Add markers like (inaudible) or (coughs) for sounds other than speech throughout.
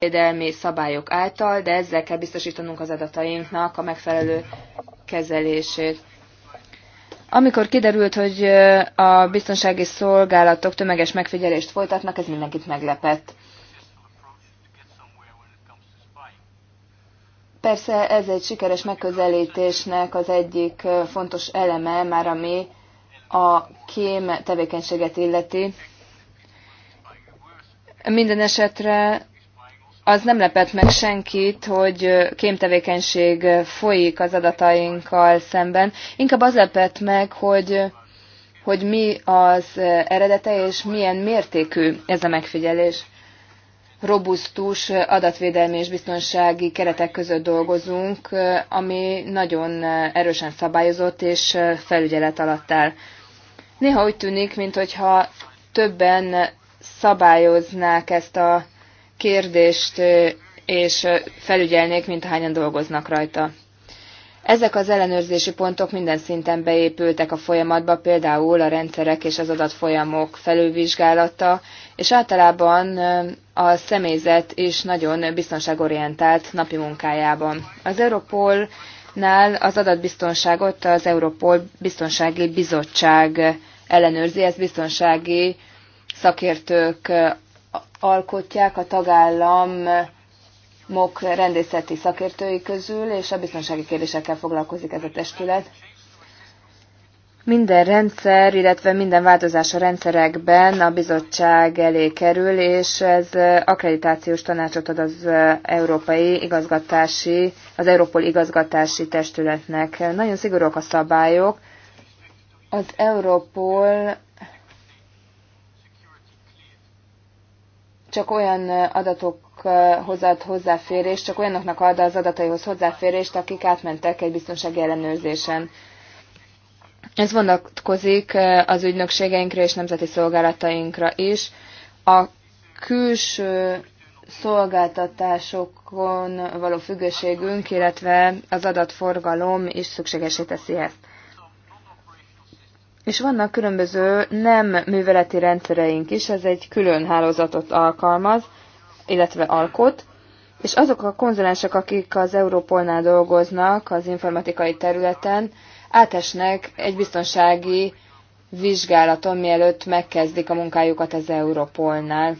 védelmi szabályok által, de ezzel kell biztosítanunk az adatainknak a megfelelő kezelését. Amikor kiderült, hogy a biztonsági szolgálatok tömeges megfigyelést folytatnak, ez mindenkit meglepett. Persze ez egy sikeres megközelítésnek az egyik fontos eleme, már ami a kém tevékenységet illeti. Minden esetre az nem lepett meg senkit, hogy kémtevékenység folyik az adatainkkal szemben. Inkább az lepett meg, hogy, hogy mi az eredete és milyen mértékű ez a megfigyelés. Robusztus adatvédelmi és biztonsági keretek között dolgozunk, ami nagyon erősen szabályozott és felügyelet alatt áll. Néha úgy tűnik, mintha többen szabályoznák ezt a kérdést, és felügyelnék, mint hányan dolgoznak rajta. Ezek az ellenőrzési pontok minden szinten beépültek a folyamatba, például a rendszerek és az adatfolyamok felülvizsgálata, és általában a személyzet is nagyon biztonságorientált napi munkájában. Az Europolnál az adatbiztonságot az Europol Biztonsági Bizottság ellenőrzi, ez biztonsági szakértők alkotják a tagállamok rendészeti szakértői közül, és a biztonsági kérdésekkel foglalkozik ez a testület. Minden rendszer, illetve minden változás a rendszerekben a bizottság elé kerül, és ez akkreditációs tanácsot ad az Európai Igazgatási, az Európol Igazgatási Testületnek. Nagyon szigorúak a szabályok. Az Európol csak olyan adatokhoz ad hozzáférést, csak olyanoknak ad az adataihoz hozzáférést, akik átmentek egy biztonsági ellenőrzésen. Ez vonatkozik az ügynökségeinkre és nemzeti szolgálatainkra is. A külső szolgáltatásokon való függőségünk, illetve az adatforgalom is szükségesé teszi ezt. És vannak különböző nem műveleti rendszereink is, ez egy külön hálózatot alkalmaz, illetve alkot, és azok a konzulensek, akik az Európolnál dolgoznak az informatikai területen, átesnek egy biztonsági vizsgálaton, mielőtt megkezdik a munkájukat az Európolnál.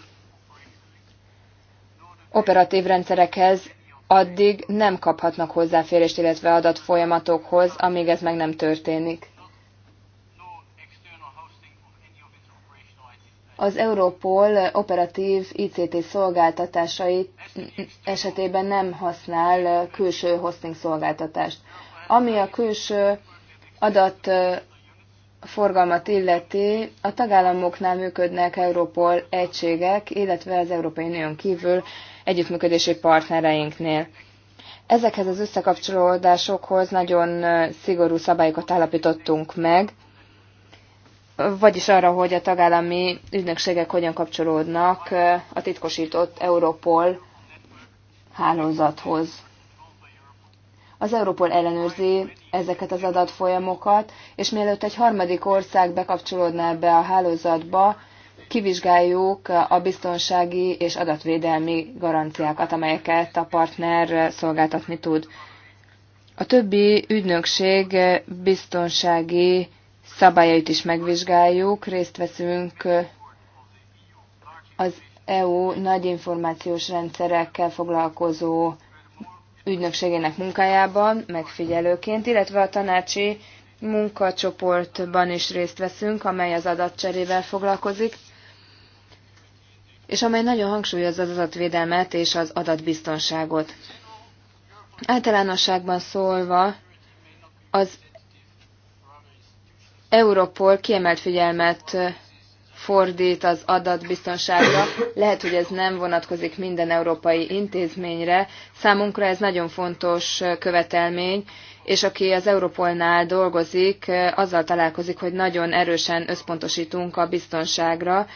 Operatív rendszerekhez addig nem kaphatnak hozzáférést, illetve adatfolyamatokhoz, amíg ez meg nem történik. az Europol operatív ICT szolgáltatásai esetében nem használ külső hosting szolgáltatást. Ami a külső adat forgalmat illeti, a tagállamoknál működnek Europol egységek, illetve az Európai Unión kívül együttműködési partnereinknél. Ezekhez az összekapcsolódásokhoz nagyon szigorú szabályokat állapítottunk meg, vagyis arra, hogy a tagállami ügynökségek hogyan kapcsolódnak a titkosított Europol hálózathoz. Az Europol ellenőrzi ezeket az adatfolyamokat, és mielőtt egy harmadik ország bekapcsolódna ebbe a hálózatba, kivizsgáljuk a biztonsági és adatvédelmi garanciákat, amelyeket a partner szolgáltatni tud. A többi ügynökség biztonsági szabályait is megvizsgáljuk, részt veszünk az EU nagy információs rendszerekkel foglalkozó ügynökségének munkájában, megfigyelőként, illetve a tanácsi munkacsoportban is részt veszünk, amely az adatcserével foglalkozik, és amely nagyon hangsúlyozza az adatvédelmet és az adatbiztonságot. Általánosságban szólva, az Europol kiemelt figyelmet fordít az adatbiztonságra. Lehet, hogy ez nem vonatkozik minden európai intézményre. Számunkra ez nagyon fontos követelmény, és aki az Europolnál dolgozik, azzal találkozik, hogy nagyon erősen összpontosítunk a biztonságra,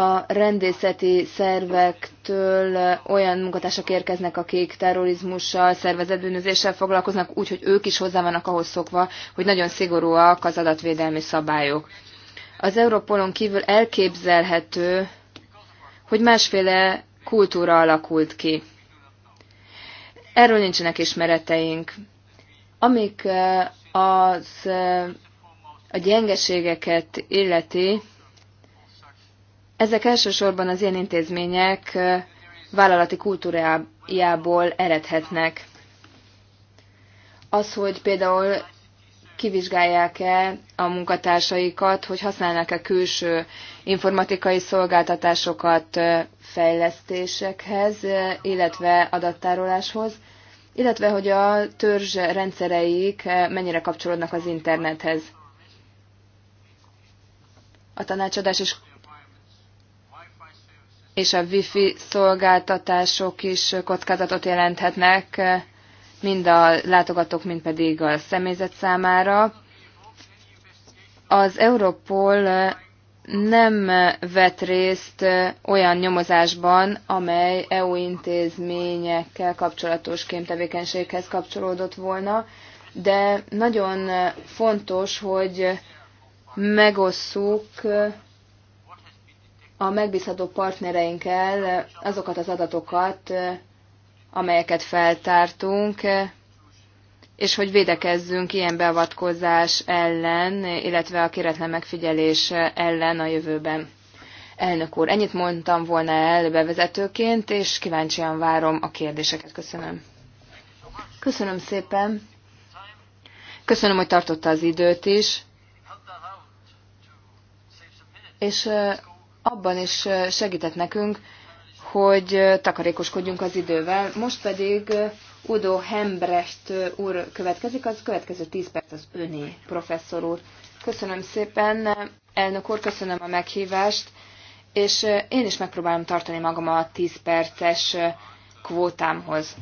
a rendészeti szervektől olyan munkatársak érkeznek, akik terrorizmussal, szervezetbűnözéssel foglalkoznak, úgyhogy ők is hozzá vannak ahhoz szokva, hogy nagyon szigorúak az adatvédelmi szabályok. Az Európolon kívül elképzelhető, hogy másféle kultúra alakult ki. Erről nincsenek ismereteink. Amik az, a gyengeségeket illeti, ezek elsősorban az ilyen intézmények vállalati kultúrájából eredhetnek. Az, hogy például kivizsgálják-e a munkatársaikat, hogy használnak-e külső informatikai szolgáltatásokat fejlesztésekhez, illetve adattároláshoz, illetve hogy a törzs rendszereik mennyire kapcsolódnak az internethez. A tanácsadás és és a wifi szolgáltatások is kockázatot jelenthetnek mind a látogatók, mind pedig a személyzet számára. Az Europol nem vett részt olyan nyomozásban, amely EU intézményekkel kapcsolatos kémtevékenységhez kapcsolódott volna, de nagyon fontos, hogy megosszuk a megbízható partnereinkkel azokat az adatokat, amelyeket feltártunk, és hogy védekezzünk ilyen beavatkozás ellen, illetve a kéretlen megfigyelés ellen a jövőben. Elnök úr, ennyit mondtam volna el bevezetőként, és kíváncsian várom a kérdéseket. Köszönöm. Köszönöm szépen. Köszönöm, hogy tartotta az időt is. És abban is segített nekünk, hogy takarékoskodjunk az idővel. Most pedig Udo Hembrecht úr következik, az következő 10 perc az öné, professzor úr. Köszönöm szépen, elnök úr, köszönöm a meghívást, és én is megpróbálom tartani magam a 10 perces kvótámhoz.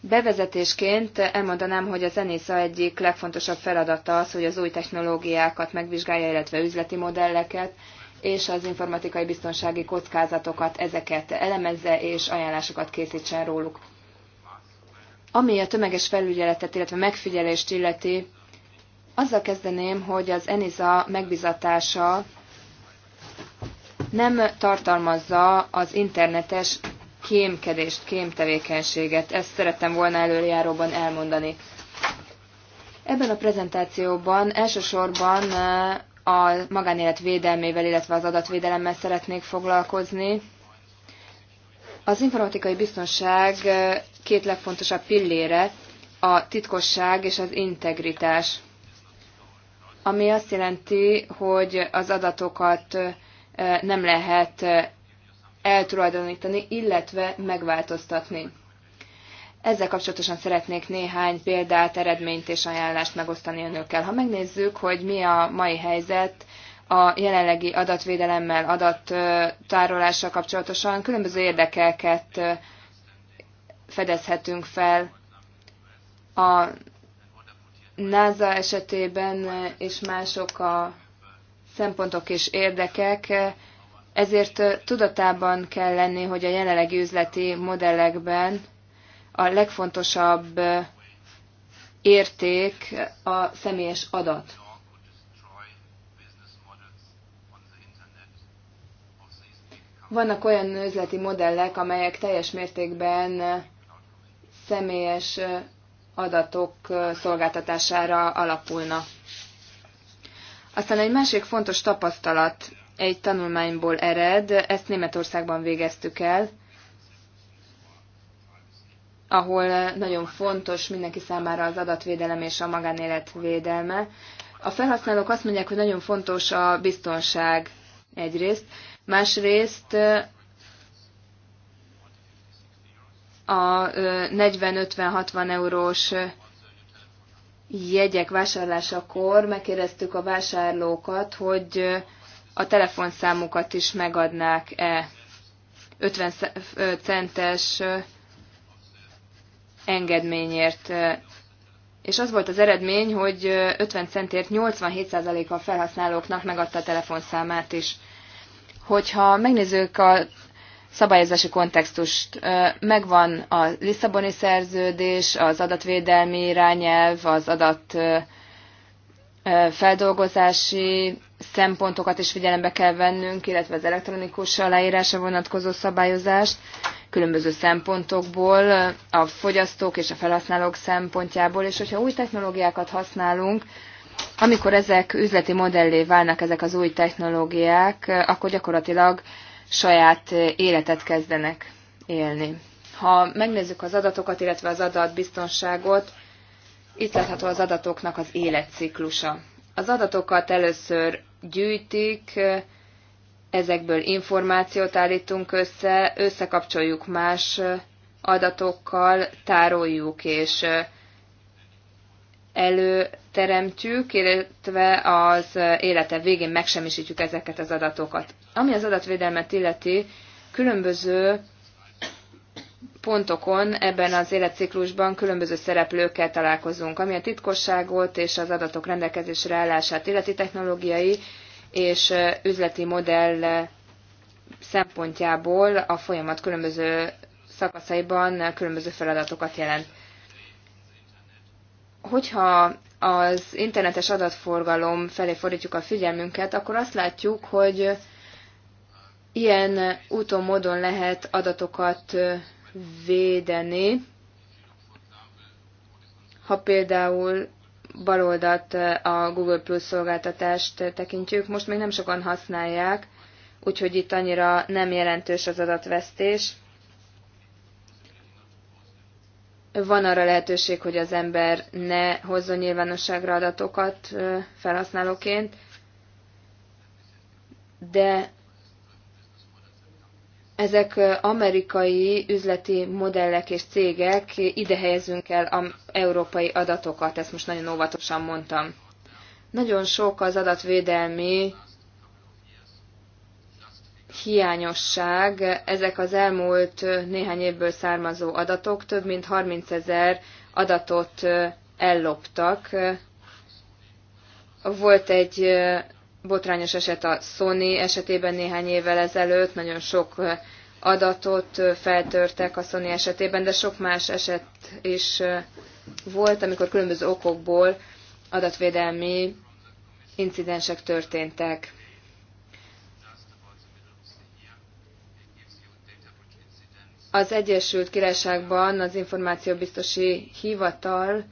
Bevezetésként elmondanám, hogy az ENISA egyik legfontosabb feladata az, hogy az új technológiákat megvizsgálja, illetve üzleti modelleket, és az informatikai biztonsági kockázatokat, ezeket elemezze és ajánlásokat készítsen róluk. Ami a tömeges felügyeletet, illetve megfigyelést illeti, azzal kezdeném, hogy az ENISA megbizatása nem tartalmazza az internetes kémkedést, kémtevékenységet. Ezt szerettem volna előjáróban elmondani. Ebben a prezentációban elsősorban a magánélet védelmével, illetve az adatvédelemmel szeretnék foglalkozni. Az informatikai biztonság két legfontosabb pillére a titkosság és az integritás, ami azt jelenti, hogy az adatokat nem lehet eltulajdonítani, illetve megváltoztatni. Ezzel kapcsolatosan szeretnék néhány példát, eredményt és ajánlást megosztani önökkel. Ha megnézzük, hogy mi a mai helyzet a jelenlegi adatvédelemmel, adattárolással kapcsolatosan, különböző érdekeket fedezhetünk fel. A NASA esetében és mások a szempontok és érdekek, ezért tudatában kell lenni, hogy a jelenlegi üzleti modellekben a legfontosabb érték a személyes adat. Vannak olyan üzleti modellek, amelyek teljes mértékben személyes adatok szolgáltatására alapulnak. Aztán egy másik fontos tapasztalat egy tanulmányból ered, ezt Németországban végeztük el, ahol eh, nagyon fontos mindenki számára az adatvédelem és a magánélet védelme. A felhasználók azt mondják, hogy nagyon fontos a biztonság egyrészt, másrészt eh, a 40-50-60 eh, eurós jegyek vásárlásakor megkérdeztük a vásárlókat, hogy a telefonszámukat is megadnák-e 50 centes engedményért. És az volt az eredmény, hogy 50 centért 87%-a a felhasználóknak megadta a telefonszámát is. Hogyha megnézzük a szabályozási kontextust. Megvan a Lisszaboni szerződés, az adatvédelmi irányelv, az adat feldolgozási szempontokat is figyelembe kell vennünk, illetve az elektronikus aláírása vonatkozó szabályozást különböző szempontokból, a fogyasztók és a felhasználók szempontjából, és hogyha új technológiákat használunk, amikor ezek üzleti modellé válnak ezek az új technológiák, akkor gyakorlatilag saját életet kezdenek élni. Ha megnézzük az adatokat, illetve az adatbiztonságot, itt látható az adatoknak az életciklusa. Az adatokat először gyűjtik, ezekből információt állítunk össze, összekapcsoljuk más adatokkal, tároljuk és előteremtjük, illetve az élete végén megsemmisítjük ezeket az adatokat. Ami az adatvédelmet illeti, különböző pontokon ebben az életciklusban különböző szereplőkkel találkozunk, ami a titkosságot és az adatok rendelkezésre állását illeti technológiai és üzleti modell szempontjából a folyamat különböző szakaszaiban különböző feladatokat jelent. Hogyha az internetes adatforgalom felé fordítjuk a figyelmünket, akkor azt látjuk, hogy ilyen úton, módon lehet adatokat védeni. Ha például baloldat a Google Plus szolgáltatást tekintjük, most még nem sokan használják, úgyhogy itt annyira nem jelentős az adatvesztés. Van arra lehetőség, hogy az ember ne hozzon nyilvánosságra adatokat felhasználóként, de ezek amerikai üzleti modellek és cégek, ide helyezünk el a európai adatokat, ezt most nagyon óvatosan mondtam. Nagyon sok az adatvédelmi hiányosság, ezek az elmúlt néhány évből származó adatok, több mint 30 ezer adatot elloptak. Volt egy botrányos eset a Sony esetében néhány évvel ezelőtt, nagyon sok adatot feltörtek a Sony esetében, de sok más eset is volt, amikor különböző okokból adatvédelmi incidensek történtek. Az Egyesült Királyságban az információbiztosi hivatal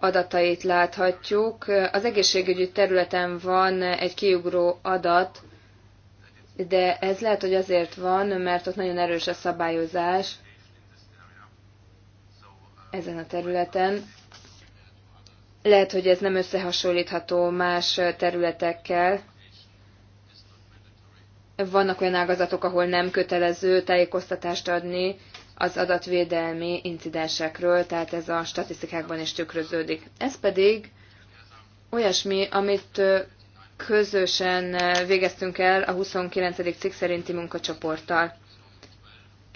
adatait láthatjuk. Az egészségügyi területen van egy kiugró adat, de ez lehet, hogy azért van, mert ott nagyon erős a szabályozás ezen a területen. Lehet, hogy ez nem összehasonlítható más területekkel. Vannak olyan ágazatok, ahol nem kötelező tájékoztatást adni, az adatvédelmi incidensekről, tehát ez a statisztikákban is tükröződik. Ez pedig olyasmi, amit közösen végeztünk el a 29. cikk szerinti munkacsoporttal.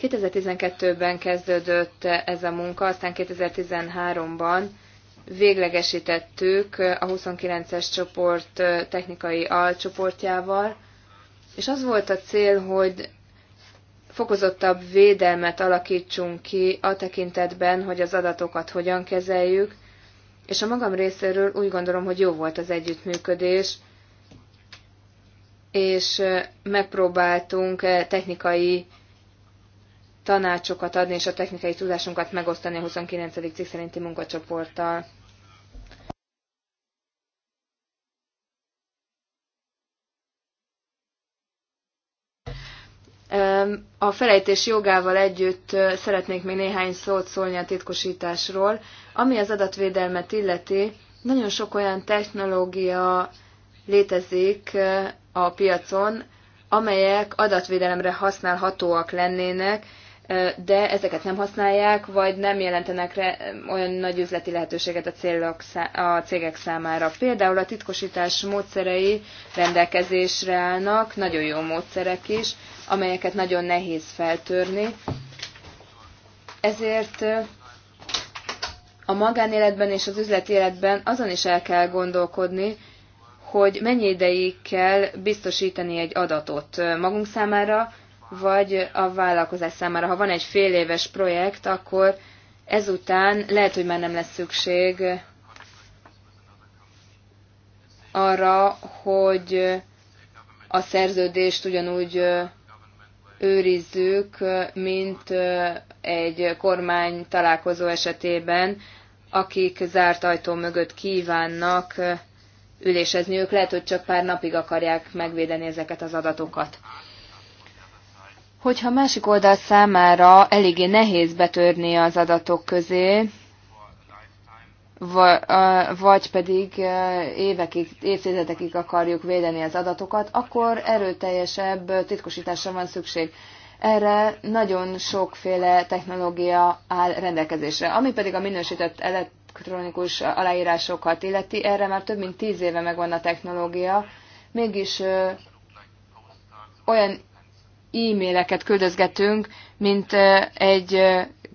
2012-ben kezdődött ez a munka, aztán 2013-ban véglegesítettük a 29-es csoport technikai alcsoportjával, és az volt a cél, hogy fokozottabb védelmet alakítsunk ki a tekintetben, hogy az adatokat hogyan kezeljük, és a magam részéről úgy gondolom, hogy jó volt az együttműködés, és megpróbáltunk technikai tanácsokat adni, és a technikai tudásunkat megosztani a 29. cikk szerinti munkacsoporttal. A felejtés jogával együtt szeretnék még néhány szót szólni a titkosításról. Ami az adatvédelmet illeti, nagyon sok olyan technológia létezik a piacon, amelyek adatvédelemre használhatóak lennének, de ezeket nem használják, vagy nem jelentenek olyan nagy üzleti lehetőséget a, célok, a cégek számára. Például a titkosítás módszerei rendelkezésre állnak, nagyon jó módszerek is, amelyeket nagyon nehéz feltörni. Ezért a magánéletben és az üzleti életben azon is el kell gondolkodni, hogy mennyi ideig kell biztosítani egy adatot magunk számára, vagy a vállalkozás számára. Ha van egy fél éves projekt, akkor ezután lehet, hogy már nem lesz szükség arra, hogy a szerződést ugyanúgy őrizzük, mint egy kormány találkozó esetében, akik zárt ajtó mögött kívánnak ülésezni. Ők lehet, hogy csak pár napig akarják megvédeni ezeket az adatokat hogyha másik oldal számára eléggé nehéz betörni az adatok közé, vagy pedig e, évekig, évtizedekig akarjuk védeni az adatokat, akkor erőteljesebb titkosításra van szükség. Erre nagyon sokféle technológia áll rendelkezésre. Ami pedig a minősített elektronikus aláírásokat illeti, erre már több mint tíz éve megvan a technológia, mégis olyan e-maileket küldözgetünk, mint egy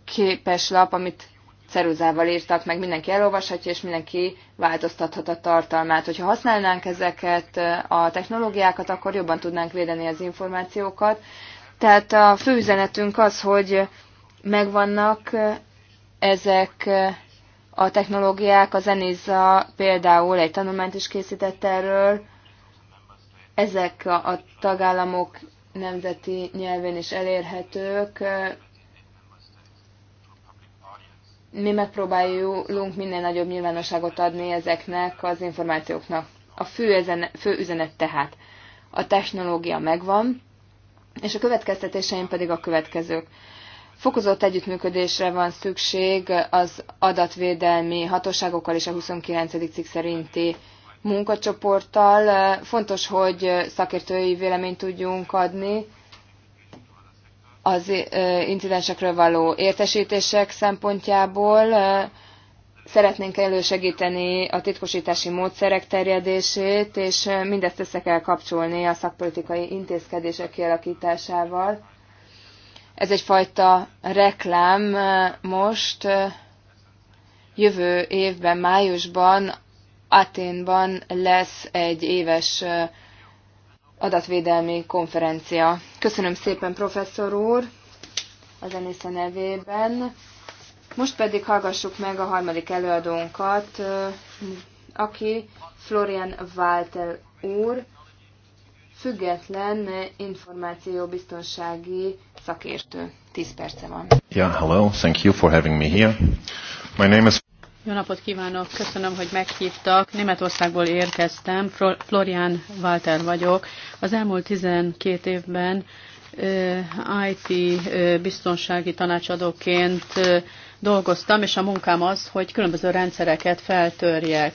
képes lap, amit ceruzával írtak meg, mindenki elolvashatja, és mindenki változtathat a tartalmát. Hogyha használnánk ezeket a technológiákat, akkor jobban tudnánk védeni az információkat. Tehát a fő üzenetünk az, hogy megvannak ezek a technológiák, az ENISA például egy tanulmányt is készített erről, ezek a tagállamok nemzeti nyelven is elérhetők. Mi megpróbáljuk minél nagyobb nyilvánosságot adni ezeknek az információknak. A fő, fő üzenet tehát. A technológia megvan, és a következtetéseim pedig a következők. Fokozott együttműködésre van szükség az adatvédelmi hatóságokkal és a 29. cikk szerinti munkacsoporttal. Eh, fontos, hogy eh, szakértői véleményt tudjunk adni az eh, incidensekről való értesítések szempontjából. Szeretnénk elősegíteni a titkosítási módszerek terjedését, és mindezt össze kell kapcsolni a szakpolitikai intézkedések kialakításával. Ez egyfajta reklám most jövő évben, májusban Aténban lesz egy éves adatvédelmi konferencia. Köszönöm szépen, professzor úr, az Enisza nevében. Most pedig hallgassuk meg a harmadik előadónkat, aki Florian Walter úr, független információbiztonsági szakértő. Tíz perce van. Yeah, hello, thank you for having me here. My name is jó napot kívánok, köszönöm, hogy meghívtak. Németországból érkeztem, Florian Walter vagyok. Az elmúlt 12 évben IT biztonsági tanácsadóként dolgoztam, és a munkám az, hogy különböző rendszereket feltörjek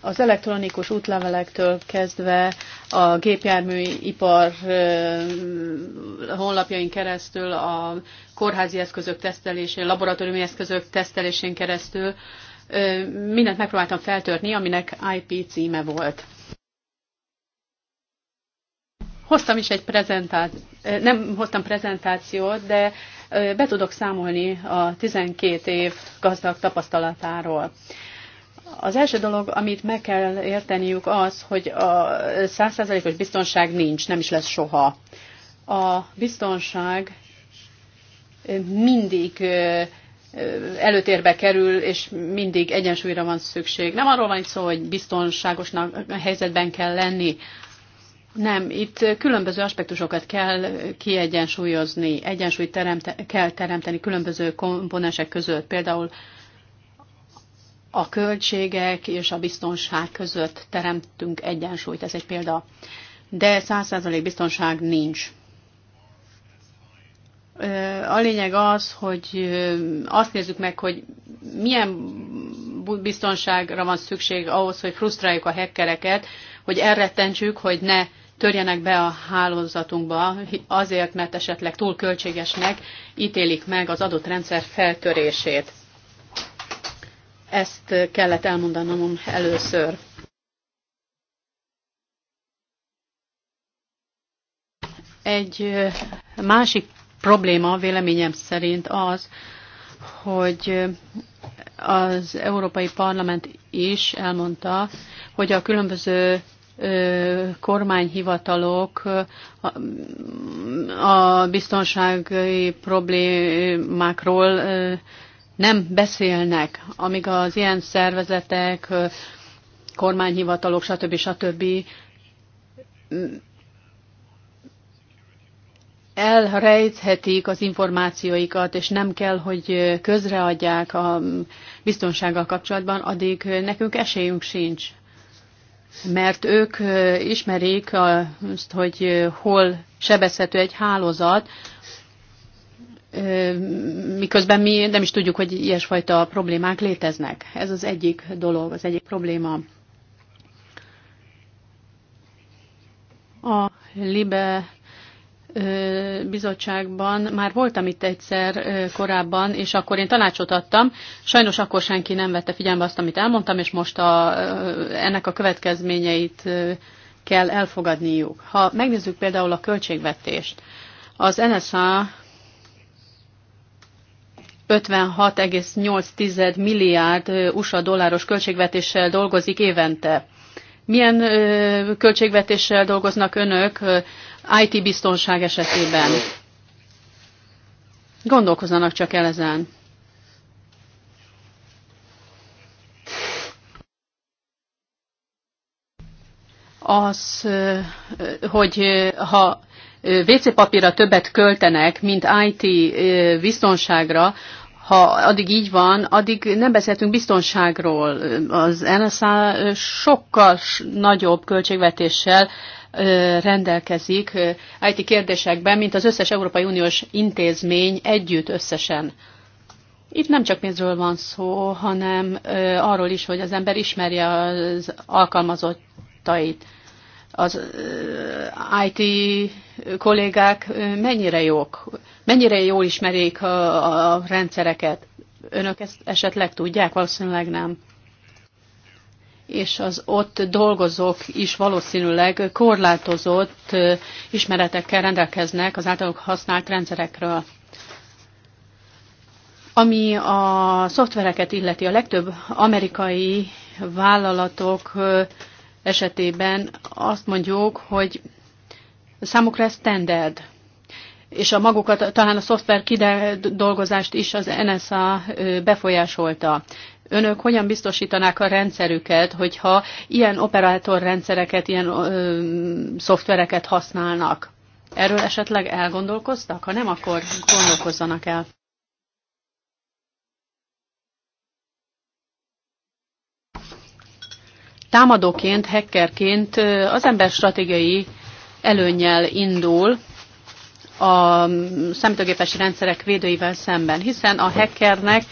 az elektronikus útlevelektől kezdve a gépjárműipar honlapjain keresztül, a kórházi eszközök tesztelésén, laboratóriumi eszközök tesztelésén keresztül mindent megpróbáltam feltörni, aminek IP címe volt. Hoztam is egy prezentációt, nem hoztam prezentációt, de be tudok számolni a 12 év gazdag tapasztalatáról. Az első dolog, amit meg kell érteniük az, hogy a százszerzalékos biztonság nincs, nem is lesz soha. A biztonság mindig előtérbe kerül, és mindig egyensúlyra van szükség. Nem arról van szó, hogy biztonságosnak helyzetben kell lenni. Nem, itt különböző aspektusokat kell kiegyensúlyozni, egyensúlyt teremte, kell teremteni különböző komponensek között, például a költségek és a biztonság között teremtünk egyensúlyt. Ez egy példa. De 100% biztonság nincs. A lényeg az, hogy azt nézzük meg, hogy milyen biztonságra van szükség ahhoz, hogy frusztráljuk a hackereket, hogy elrettentsük, hogy ne törjenek be a hálózatunkba azért, mert esetleg túl költségesnek ítélik meg az adott rendszer feltörését. Ezt kellett elmondanom először. Egy másik probléma véleményem szerint az, hogy az Európai Parlament is elmondta, hogy a különböző kormányhivatalok a biztonsági problémákról nem beszélnek, amíg az ilyen szervezetek, kormányhivatalok, stb. stb. elrejthetik az információikat, és nem kell, hogy közreadják a biztonsággal kapcsolatban, addig nekünk esélyünk sincs. Mert ők ismerik azt, hogy hol sebezhető egy hálózat, miközben mi nem is tudjuk, hogy ilyesfajta problémák léteznek. Ez az egyik dolog, az egyik probléma. A LIBE bizottságban már voltam itt egyszer korábban, és akkor én tanácsot adtam. Sajnos akkor senki nem vette figyelembe azt, amit elmondtam, és most a, ennek a következményeit kell elfogadniuk. Ha megnézzük például a költségvetést, az NSA 56,8 milliárd USA dolláros költségvetéssel dolgozik évente. Milyen költségvetéssel dolgoznak önök IT biztonság esetében? Gondolkozzanak csak el ezen. Az, hogy ha WC papírra többet költenek, mint IT biztonságra, ha addig így van, addig nem beszéltünk biztonságról. Az NSA sokkal nagyobb költségvetéssel rendelkezik IT kérdésekben, mint az összes Európai Uniós intézmény együtt összesen. Itt nem csak pénzről van szó, hanem arról is, hogy az ember ismerje az alkalmazottait az IT kollégák mennyire jók, mennyire jól ismerik a, a rendszereket. Önök ezt esetleg tudják? Valószínűleg nem. És az ott dolgozók is valószínűleg korlátozott ismeretekkel rendelkeznek az általuk használt rendszerekről. Ami a szoftvereket illeti, a legtöbb amerikai vállalatok esetében azt mondjuk, hogy számukra ez standard, és a magukat, talán a szoftver kidolgozást is az NSA befolyásolta. Önök hogyan biztosítanák a rendszerüket, hogyha ilyen operátorrendszereket, ilyen ö, szoftvereket használnak? Erről esetleg elgondolkoztak? Ha nem, akkor gondolkozzanak el. támadóként, hackerként az ember stratégiai előnyel indul a számítógépes rendszerek védőivel szemben, hiszen a hackernek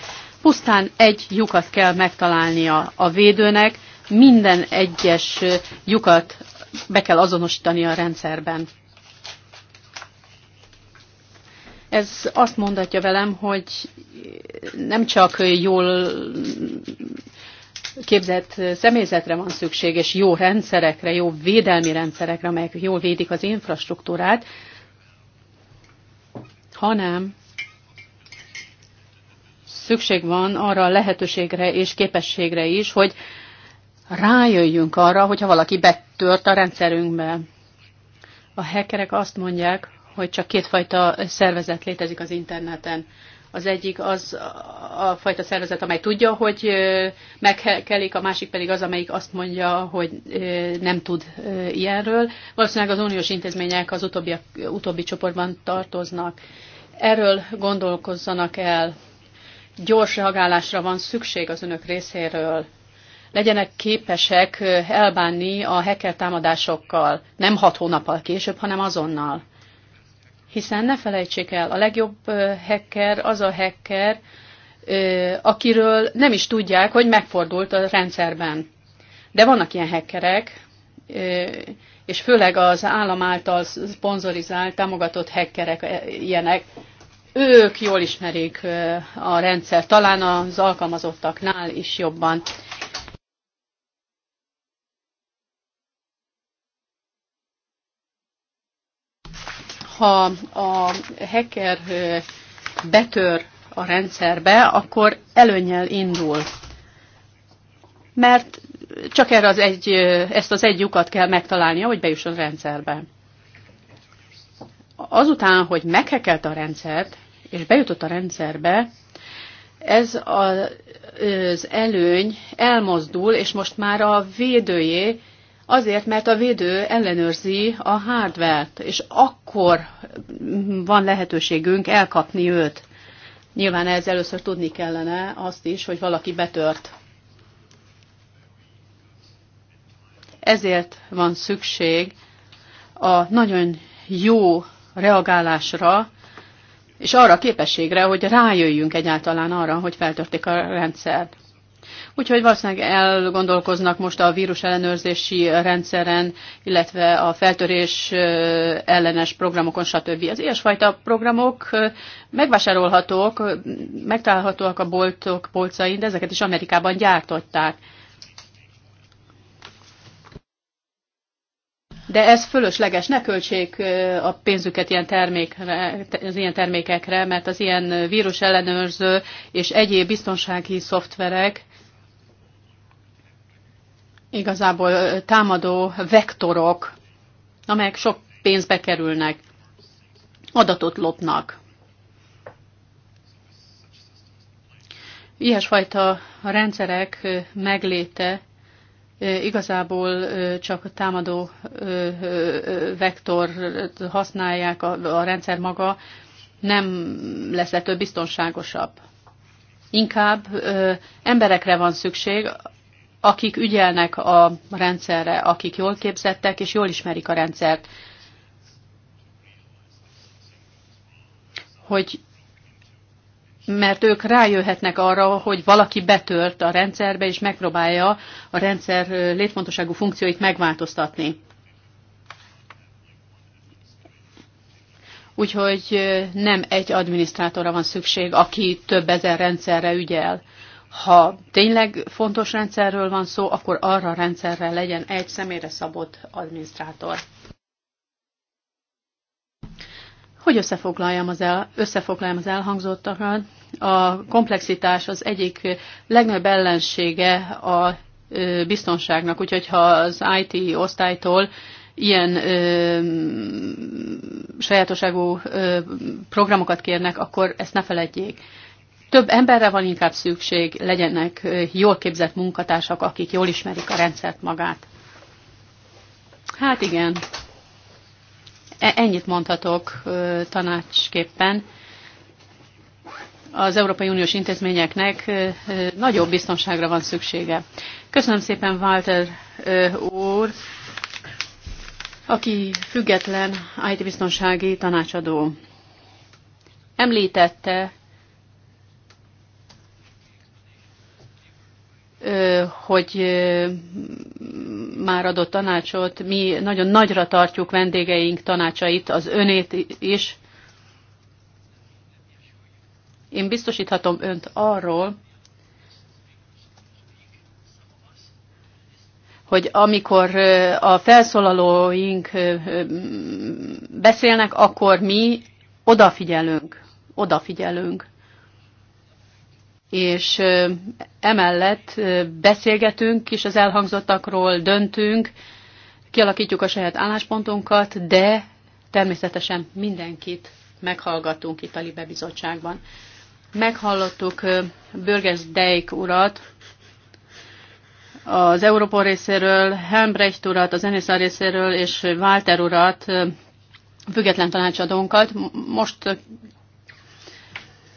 pusztán egy lyukat kell megtalálnia a védőnek, minden egyes lyukat be kell azonosítani a rendszerben. Ez azt mondatja velem, hogy nem csak jól képzett személyzetre van szükség, és jó rendszerekre, jó védelmi rendszerekre, amelyek jól védik az infrastruktúrát, hanem szükség van arra a lehetőségre és képességre is, hogy rájöjjünk arra, hogyha valaki betört a rendszerünkbe. A hackerek azt mondják, hogy csak kétfajta szervezet létezik az interneten. Az egyik az a fajta szervezet, amely tudja, hogy megkelik, a másik pedig az, amelyik azt mondja, hogy nem tud ilyenről. Valószínűleg az uniós intézmények az utóbbi, utóbbi csoportban tartoznak. Erről gondolkozzanak el. Gyors reagálásra van szükség az önök részéről legyenek képesek elbánni a hacker támadásokkal, nem hat hónappal később, hanem azonnal. Hiszen ne felejtsék el, a legjobb hacker az a hacker, akiről nem is tudják, hogy megfordult a rendszerben. De vannak ilyen hackerek, és főleg az állam által szponzorizált, támogatott hackerek ilyenek, ők jól ismerik a rendszer, talán az alkalmazottaknál is jobban. ha a hacker betör a rendszerbe, akkor előnyel indul. Mert csak erre az egy, ezt az egy lyukat kell megtalálnia, hogy bejusson a rendszerbe. Azután, hogy meghekelt a rendszert, és bejutott a rendszerbe, ez az előny elmozdul, és most már a védőjé Azért, mert a védő ellenőrzi a hardvert, és akkor van lehetőségünk elkapni őt. Nyilván ez először tudni kellene azt is, hogy valaki betört. Ezért van szükség a nagyon jó reagálásra, és arra a képességre, hogy rájöjjünk egyáltalán arra, hogy feltörték a rendszert. Úgyhogy valószínűleg elgondolkoznak most a vírus ellenőrzési rendszeren, illetve a feltörés ellenes programokon, stb. Az ilyesfajta programok megvásárolhatók, megtalálhatóak a boltok polcain, de ezeket is Amerikában gyártották. De ez fölösleges, ne költsék a pénzüket ilyen termékre, az ilyen termékekre, mert az ilyen vírus ellenőrző és egyéb biztonsági szoftverek igazából támadó vektorok, amelyek sok pénzbe kerülnek, adatot lopnak. Ilyesfajta rendszerek megléte igazából csak a támadó vektor használják a, rendszer maga, nem lesz ettől biztonságosabb. Inkább emberekre van szükség, akik ügyelnek a rendszerre, akik jól képzettek és jól ismerik a rendszert. Hogy mert ők rájöhetnek arra, hogy valaki betört a rendszerbe, és megpróbálja a rendszer létfontosságú funkcióit megváltoztatni. Úgyhogy nem egy adminisztrátorra van szükség, aki több ezer rendszerre ügyel. Ha tényleg fontos rendszerről van szó, akkor arra a rendszerre legyen egy személyre szabott adminisztrátor. Hogy összefoglaljam az, el, összefoglaljam az elhangzottakat, a komplexitás az egyik legnagyobb ellensége a biztonságnak, úgyhogy ha az IT osztálytól ilyen ö, sajátoságú ö, programokat kérnek, akkor ezt ne feledjék több emberre van inkább szükség, legyenek jól képzett munkatársak, akik jól ismerik a rendszert magát. Hát igen, e, ennyit mondhatok tanácsképpen. Az Európai Uniós intézményeknek nagyobb biztonságra van szüksége. Köszönöm szépen Walter úr, aki független IT-biztonsági tanácsadó. Említette hogy már adott tanácsot. Mi nagyon nagyra tartjuk vendégeink tanácsait, az önét is. Én biztosíthatom önt arról, hogy amikor a felszólalóink beszélnek, akkor mi odafigyelünk. Odafigyelünk és emellett beszélgetünk is az elhangzottakról, döntünk, kialakítjuk a saját álláspontunkat, de természetesen mindenkit meghallgatunk itt a Libe Bizottságban. Meghallottuk Börges Deik urat, az Európa részéről, Helmbrecht urat, az Enisza részéről és Walter urat, független tanácsadónkat. Most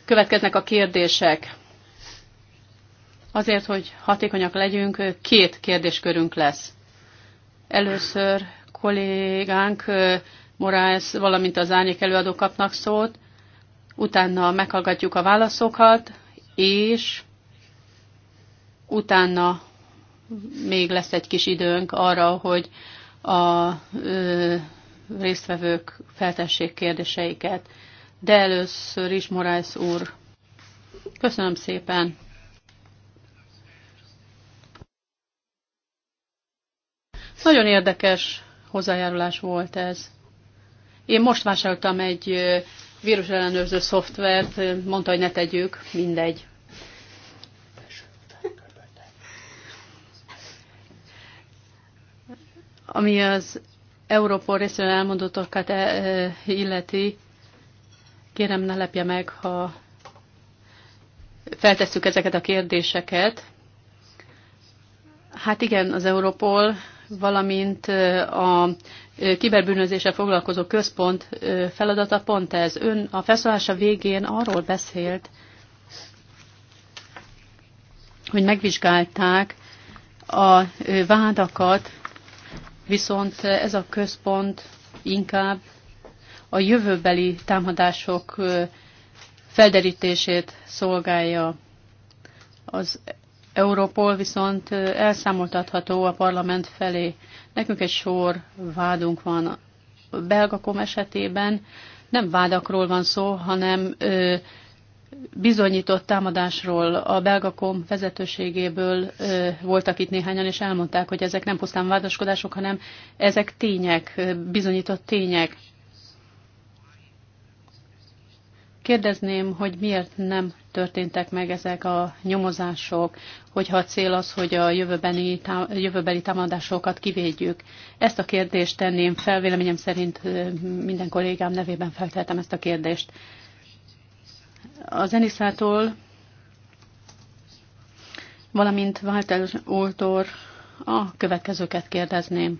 következnek a kérdések. Azért, hogy hatékonyak legyünk, két kérdéskörünk lesz. Először kollégánk Morales, valamint az árnyék előadó kapnak szót, utána meghallgatjuk a válaszokat, és utána még lesz egy kis időnk arra, hogy a ö, résztvevők feltessék kérdéseiket. De először is Morales úr. Köszönöm szépen. Nagyon érdekes hozzájárulás volt ez. Én most vásároltam egy vírusellenőrző szoftvert, mondta, hogy ne tegyük, mindegy. Ami az Európol részéről elmondottakat e, e, illeti, kérem ne lepje meg, ha feltesszük ezeket a kérdéseket. Hát igen, az Európol valamint a kiberbűnözéssel foglalkozó központ feladata pont ez. Ön a felszólása végén arról beszélt, hogy megvizsgálták a vádakat, viszont ez a központ inkább a jövőbeli támadások felderítését szolgálja. Az Europol viszont elszámoltatható a parlament felé. Nekünk egy sor vádunk van. A Belgakom esetében nem vádakról van szó, hanem ö, bizonyított támadásról a Belgakom vezetőségéből ö, voltak itt néhányan, és elmondták, hogy ezek nem pusztán vádaskodások, hanem ezek tények, bizonyított tények. Kérdezném, hogy miért nem történtek meg ezek a nyomozások, hogyha a cél az, hogy a jövőbeni, tá jövőbeli támadásokat kivédjük. Ezt a kérdést tenném fel, véleményem szerint minden kollégám nevében felteltem ezt a kérdést. Az Zeniszától, valamint Walter Ultor a következőket kérdezném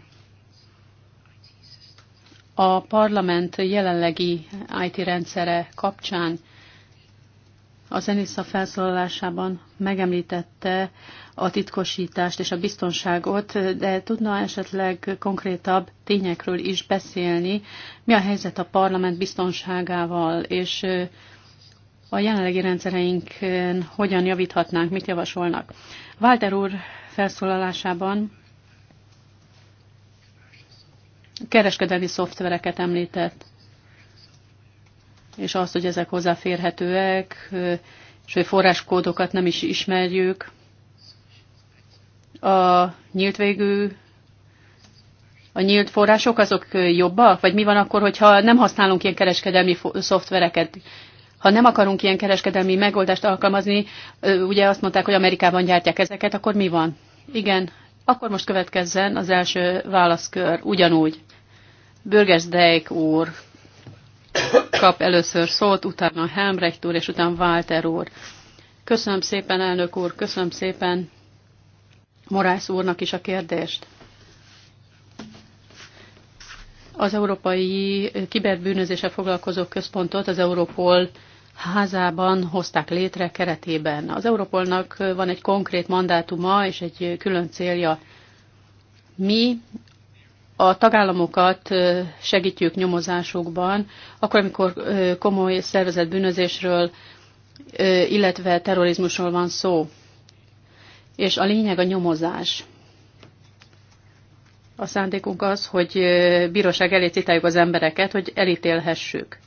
a parlament jelenlegi IT rendszere kapcsán az Enisza felszólalásában megemlítette a titkosítást és a biztonságot, de tudna esetleg konkrétabb tényekről is beszélni, mi a helyzet a parlament biztonságával, és a jelenlegi rendszereinken hogyan javíthatnánk, mit javasolnak. Walter úr felszólalásában kereskedelmi szoftvereket említett, és azt, hogy ezek hozzáférhetőek, és hogy forráskódokat nem is ismerjük. A nyílt végű, a nyílt források azok jobbak? Vagy mi van akkor, hogyha nem használunk ilyen kereskedelmi szoftvereket? Ha nem akarunk ilyen kereskedelmi megoldást alkalmazni, ugye azt mondták, hogy Amerikában gyártják ezeket, akkor mi van? Igen, akkor most következzen az első válaszkör, ugyanúgy. Bürgersdeik úr kap először szót, utána Helmrecht úr, és utána Walter úr. Köszönöm szépen, elnök úr, köszönöm szépen Morász úrnak is a kérdést. Az Európai Kiberbűnözése foglalkozó központot az Európol házában hozták létre keretében. Az Európolnak van egy konkrét mandátuma és egy külön célja. Mi a tagállamokat segítjük nyomozásokban, akkor, amikor komoly szervezett bűnözésről, illetve terrorizmusról van szó. És a lényeg a nyomozás. A szándékunk az, hogy bíróság elé citáljuk az embereket, hogy elítélhessük.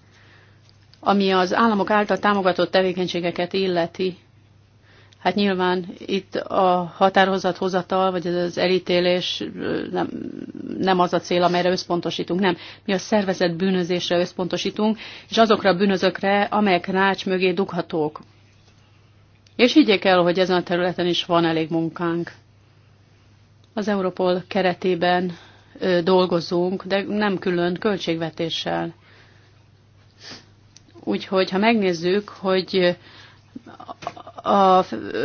Ami az államok által támogatott tevékenységeket illeti, hát nyilván itt a határozathozatal, vagy az elítélés nem, nem az a cél, amelyre összpontosítunk, nem. Mi a szervezet bűnözésre összpontosítunk, és azokra a bűnözökre, amelyek rács mögé dughatók. És higgyék el, hogy ezen a területen is van elég munkánk. Az Europol keretében dolgozunk, de nem külön költségvetéssel. Úgyhogy ha megnézzük, hogy a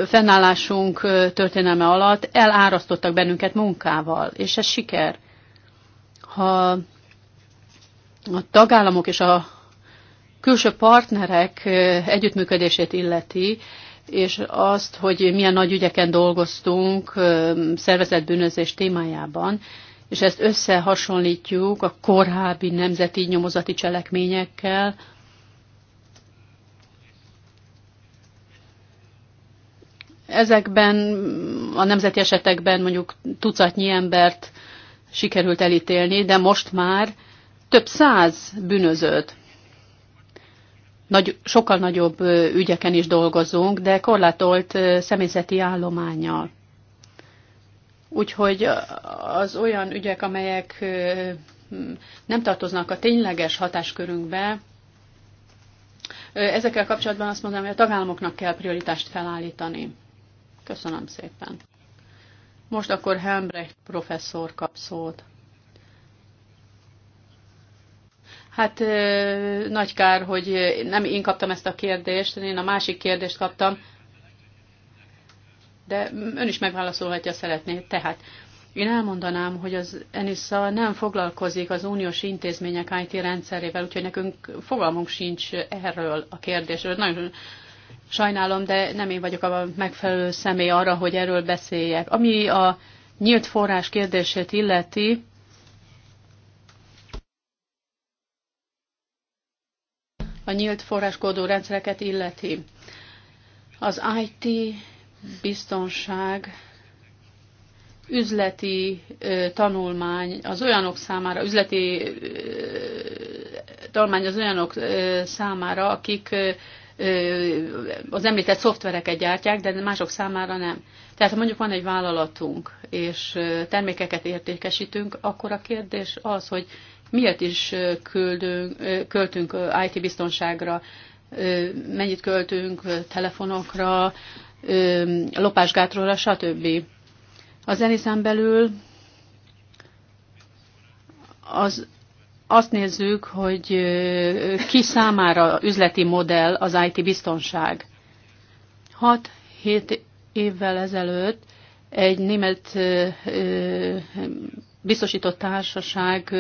fennállásunk történelme alatt elárasztottak bennünket munkával, és ez siker. Ha a tagállamok és a külső partnerek együttműködését illeti, és azt, hogy milyen nagy ügyeken dolgoztunk szervezetbűnözés témájában, és ezt összehasonlítjuk a korábbi nemzeti nyomozati cselekményekkel, Ezekben a nemzeti esetekben mondjuk tucatnyi embert sikerült elítélni, de most már több száz bűnözőt. Nagy, sokkal nagyobb ügyeken is dolgozunk, de korlátolt személyzeti állományjal. Úgyhogy az olyan ügyek, amelyek nem tartoznak a tényleges hatáskörünkbe, ezekkel kapcsolatban azt mondanám, hogy a tagállamoknak kell prioritást felállítani. Köszönöm szépen. Most akkor Helmbrecht professzor kap szót. Hát nagy kár, hogy nem én kaptam ezt a kérdést, én a másik kérdést kaptam, de ön is megválaszolhatja, szeretné. Tehát én elmondanám, hogy az ENISZA nem foglalkozik az uniós intézmények IT rendszerével, úgyhogy nekünk fogalmunk sincs erről a kérdésről. Nagyon Sajnálom, de nem én vagyok a megfelelő személy arra, hogy erről beszéljek. Ami a nyílt forrás kérdését illeti, a nyílt forráskódó rendszereket illeti. Az IT biztonság üzleti ö, tanulmány az olyanok számára, üzleti ö, tanulmány az olyanok ö, számára, akik ö, az említett szoftvereket gyártják, de mások számára nem. Tehát ha mondjuk van egy vállalatunk, és termékeket értékesítünk, akkor a kérdés az, hogy miért is küldünk, költünk IT biztonságra, mennyit költünk telefonokra, lopásgátróra, stb. A zenészen belül az azt nézzük, hogy ki számára üzleti modell az IT biztonság. 6-7 évvel ezelőtt egy német biztosított társaság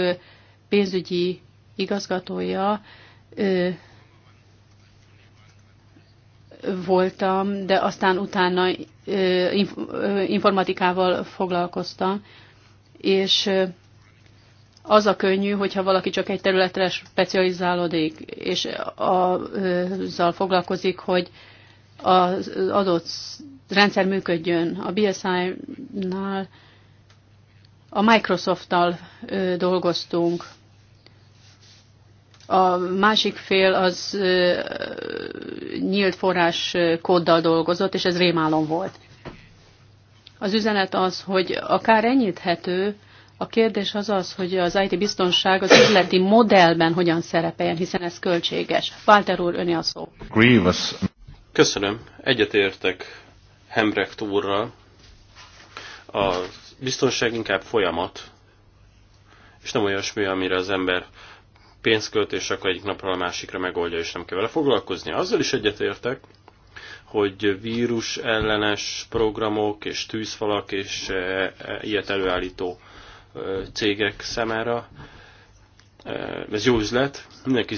pénzügyi igazgatója voltam, de aztán utána informatikával foglalkoztam, és az a könnyű, hogyha valaki csak egy területre specializálódik, és azzal foglalkozik, hogy az adott rendszer működjön. A BSI-nál a Microsoft-tal dolgoztunk. A másik fél az nyílt forrás kóddal dolgozott, és ez rémálom volt. Az üzenet az, hogy akár enyíthető, a kérdés az az, hogy az IT biztonság az üzleti modellben hogyan szerepeljen, hiszen ez költséges. Walter úr, öné a szó. Grievous. Köszönöm. Egyetértek Hembrecht úrral. A biztonság inkább folyamat, és nem olyasmi, amire az ember pénzt költ, és akkor egyik napról a másikra megoldja, és nem kell vele foglalkozni. Azzal is egyetértek, hogy vírus ellenes programok és tűzfalak és e, e, ilyet előállító cégek számára ez jó üzlet, mindenki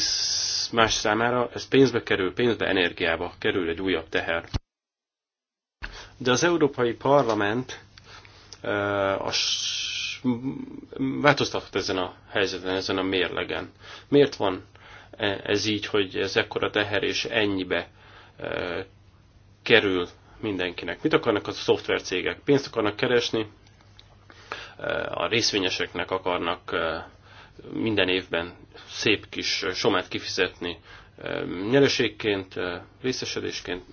más számára ez pénzbe kerül, pénzbe, energiába kerül egy újabb teher. De az Európai Parlament változtatott változtathat ezen a helyzeten, ezen a mérlegen. Miért van e-, ez így, hogy ez ekkora teher és ennyibe kerül mindenkinek? Mit akarnak a szoftvercégek? Pénzt akarnak keresni? a részvényeseknek akarnak minden évben szép kis somát kifizetni nyereségként, részesedésként.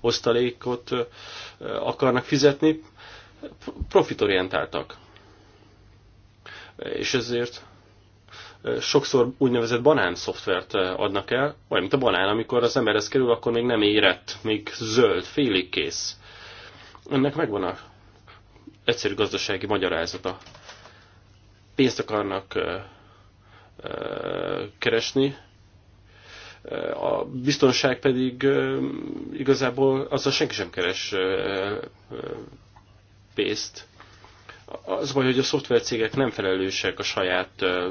osztalékot akarnak fizetni, profitorientáltak. És ezért sokszor úgynevezett banán szoftvert eh, adnak el, vagy mint a banán, amikor az emberhez kerül, akkor még nem érett, még zöld, félig kész. Ennek megvan a egyszerű gazdasági magyarázata. Pénzt akarnak eh, eh, keresni, a biztonság pedig igazából azzal senki sem keres pénzt az baj, hogy a szoftvercégek nem felelősek a saját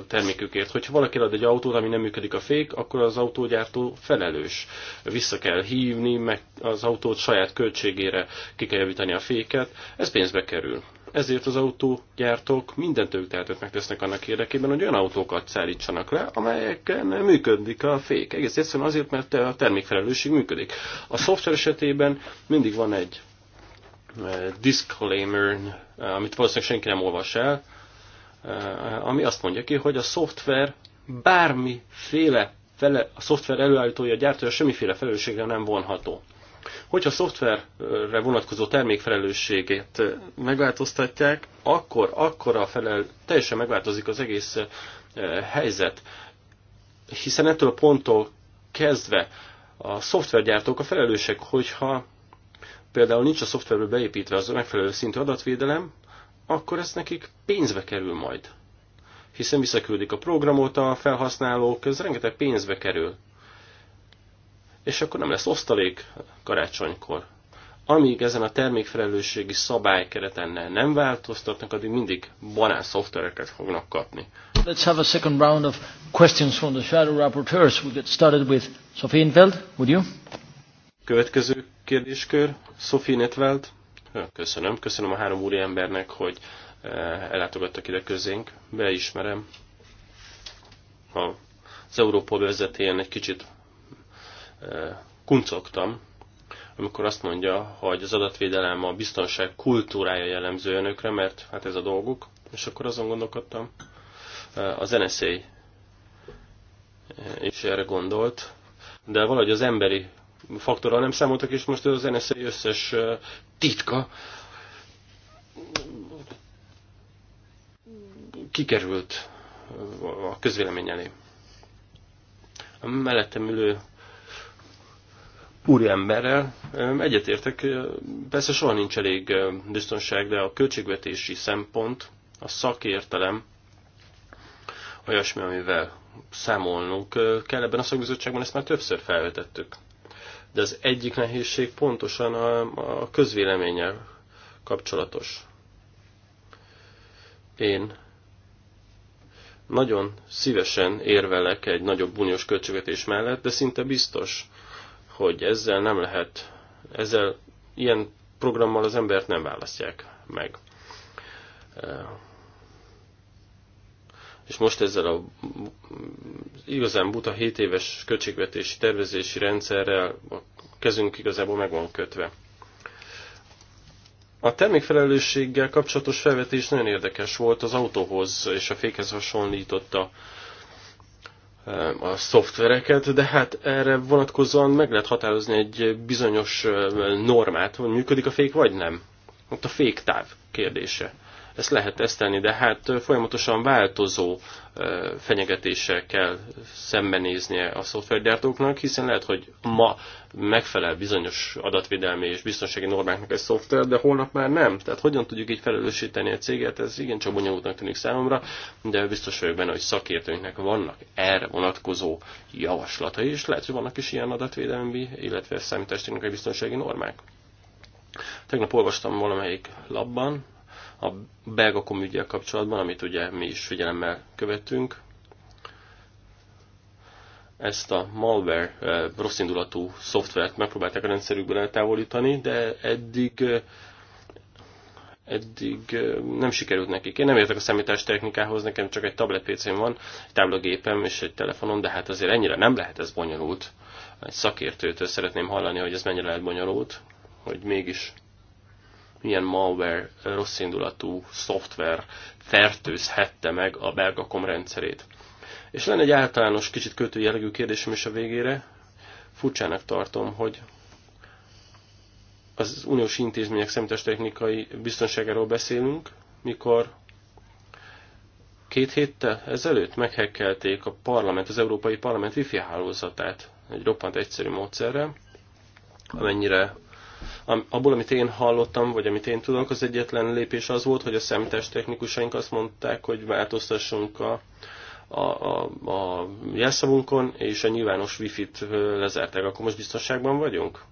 termékükért. Hogyha valaki ad egy autót, ami nem működik a fék, akkor az autógyártó felelős. Vissza kell hívni, meg az autót saját költségére ki kell javítani a féket, ez pénzbe kerül. Ezért az autógyártók mindent ők tehetőt megtesznek annak érdekében, hogy olyan autókat szállítsanak le, amelyeken működik a fék. Egész egyszerűen azért, mert a termékfelelősség működik. A szoftver esetében mindig van egy disclaimer, eh, amit valószínűleg senki nem olvas el, eh, ami azt mondja ki, hogy a szoftver bármiféle fele, a szoftver előállítója, a gyártója semmiféle felelősségre nem vonható. Hogyha a szoftverre vonatkozó termékfelelősségét eh, megváltoztatják, akkor, akkor a felel, teljesen megváltozik az egész helyzet. Hiszen ettől a ponttól kezdve a szoftvergyártók a felelősek, hogyha például nincs a szoftverbe beépítve az megfelelő szintű adatvédelem, akkor ez nekik pénzbe kerül majd. Hiszen visszaküldik a programot a felhasználók, ez rengeteg pénzbe kerül. És akkor nem lesz osztalék karácsonykor. Amíg ezen a termékfelelősségi szabálykereten nem változtatnak, addig mindig banán szoftvereket fognak kapni. Let's have a second round of questions from the shadow rapporteurs. We'll get started with Sophie Infeld, would you? Következő kérdéskör, Sophie Netveld. Köszönöm. Köszönöm a három úri embernek, hogy ellátogattak ide közénk. Beismerem. Az Európa vezetén egy kicsit kuncogtam, amikor azt mondja, hogy az adatvédelem a biztonság kultúrája jellemző önökre, mert hát ez a dolguk. És akkor azon gondolkodtam, az NSA is erre gondolt, de valahogy az emberi faktorral nem számoltak, és most az NSZ összes titka kikerült a közvélemény elé. A mellettem ülő úriemberrel egyetértek, persze soha nincs elég biztonság, de a költségvetési szempont, a szakértelem olyasmi, amivel számolnunk kell ebben a szakbizottságban, ezt már többször felvetettük de az egyik nehézség pontosan a, a közvéleménnyel kapcsolatos. Én nagyon szívesen érvelek egy nagyobb uniós költségvetés mellett, de szinte biztos, hogy ezzel nem lehet, ezzel ilyen programmal az embert nem választják meg és most ezzel a igazán buta 7 éves költségvetési tervezési rendszerrel a kezünk igazából meg van kötve. A termékfelelősséggel kapcsolatos felvetés nagyon érdekes volt, az autóhoz és a fékhez hasonlította eh, a szoftvereket, de hát erre vonatkozóan meg lehet határozni egy bizonyos eh, normát, hogy működik a fék vagy nem. Ott a féktáv kérdése. Ezt lehet tesztelni, de hát folyamatosan változó fenyegetésekkel szembenéznie a szoftvergyártóknak, hiszen lehet, hogy ma megfelel bizonyos adatvédelmi és biztonsági normáknak egy szoftver, de holnap már nem. Tehát hogyan tudjuk így felelősíteni a céget, ez igencsak bonyolultnak tűnik számomra, de biztos vagyok benne, hogy szakértőinknek vannak erre vonatkozó javaslatai, és lehet, hogy vannak is ilyen adatvédelmi, illetve számítástechnikai biztonsági normák. Tegnap olvastam valamelyik labban, a belga komügyel kapcsolatban, amit ugye mi is figyelemmel követünk. Ezt a malware eh, rosszindulatú szoftvert megpróbálták a rendszerükből eltávolítani, de eddig eh, eddig eh, nem sikerült nekik. Én nem értek a számítás technikához, nekem csak egy tablet pc van, egy táblagépem és egy telefonom, de hát azért ennyire nem lehet ez bonyolult. Egy szakértőtől szeretném hallani, hogy ez mennyire lehet bonyolult, hogy mégis milyen malware, rosszindulatú szoftver fertőzhette meg a Bergakom rendszerét. És lenne egy általános, kicsit kötőjellegű kérdésem is a végére. Furcsának tartom, hogy az uniós intézmények technikai biztonságáról beszélünk, mikor két héttel ezelőtt meghekkelték a parlament, az Európai Parlament wifi hálózatát egy roppant egyszerű módszerrel, amennyire abból, amit én hallottam, vagy amit én tudok, az egyetlen lépés az volt, hogy a számítástechnikusaink azt mondták, hogy változtassunk a, a, a, a jelszavunkon, és a nyilvános wifi-t lezárták. Akkor most biztonságban vagyunk?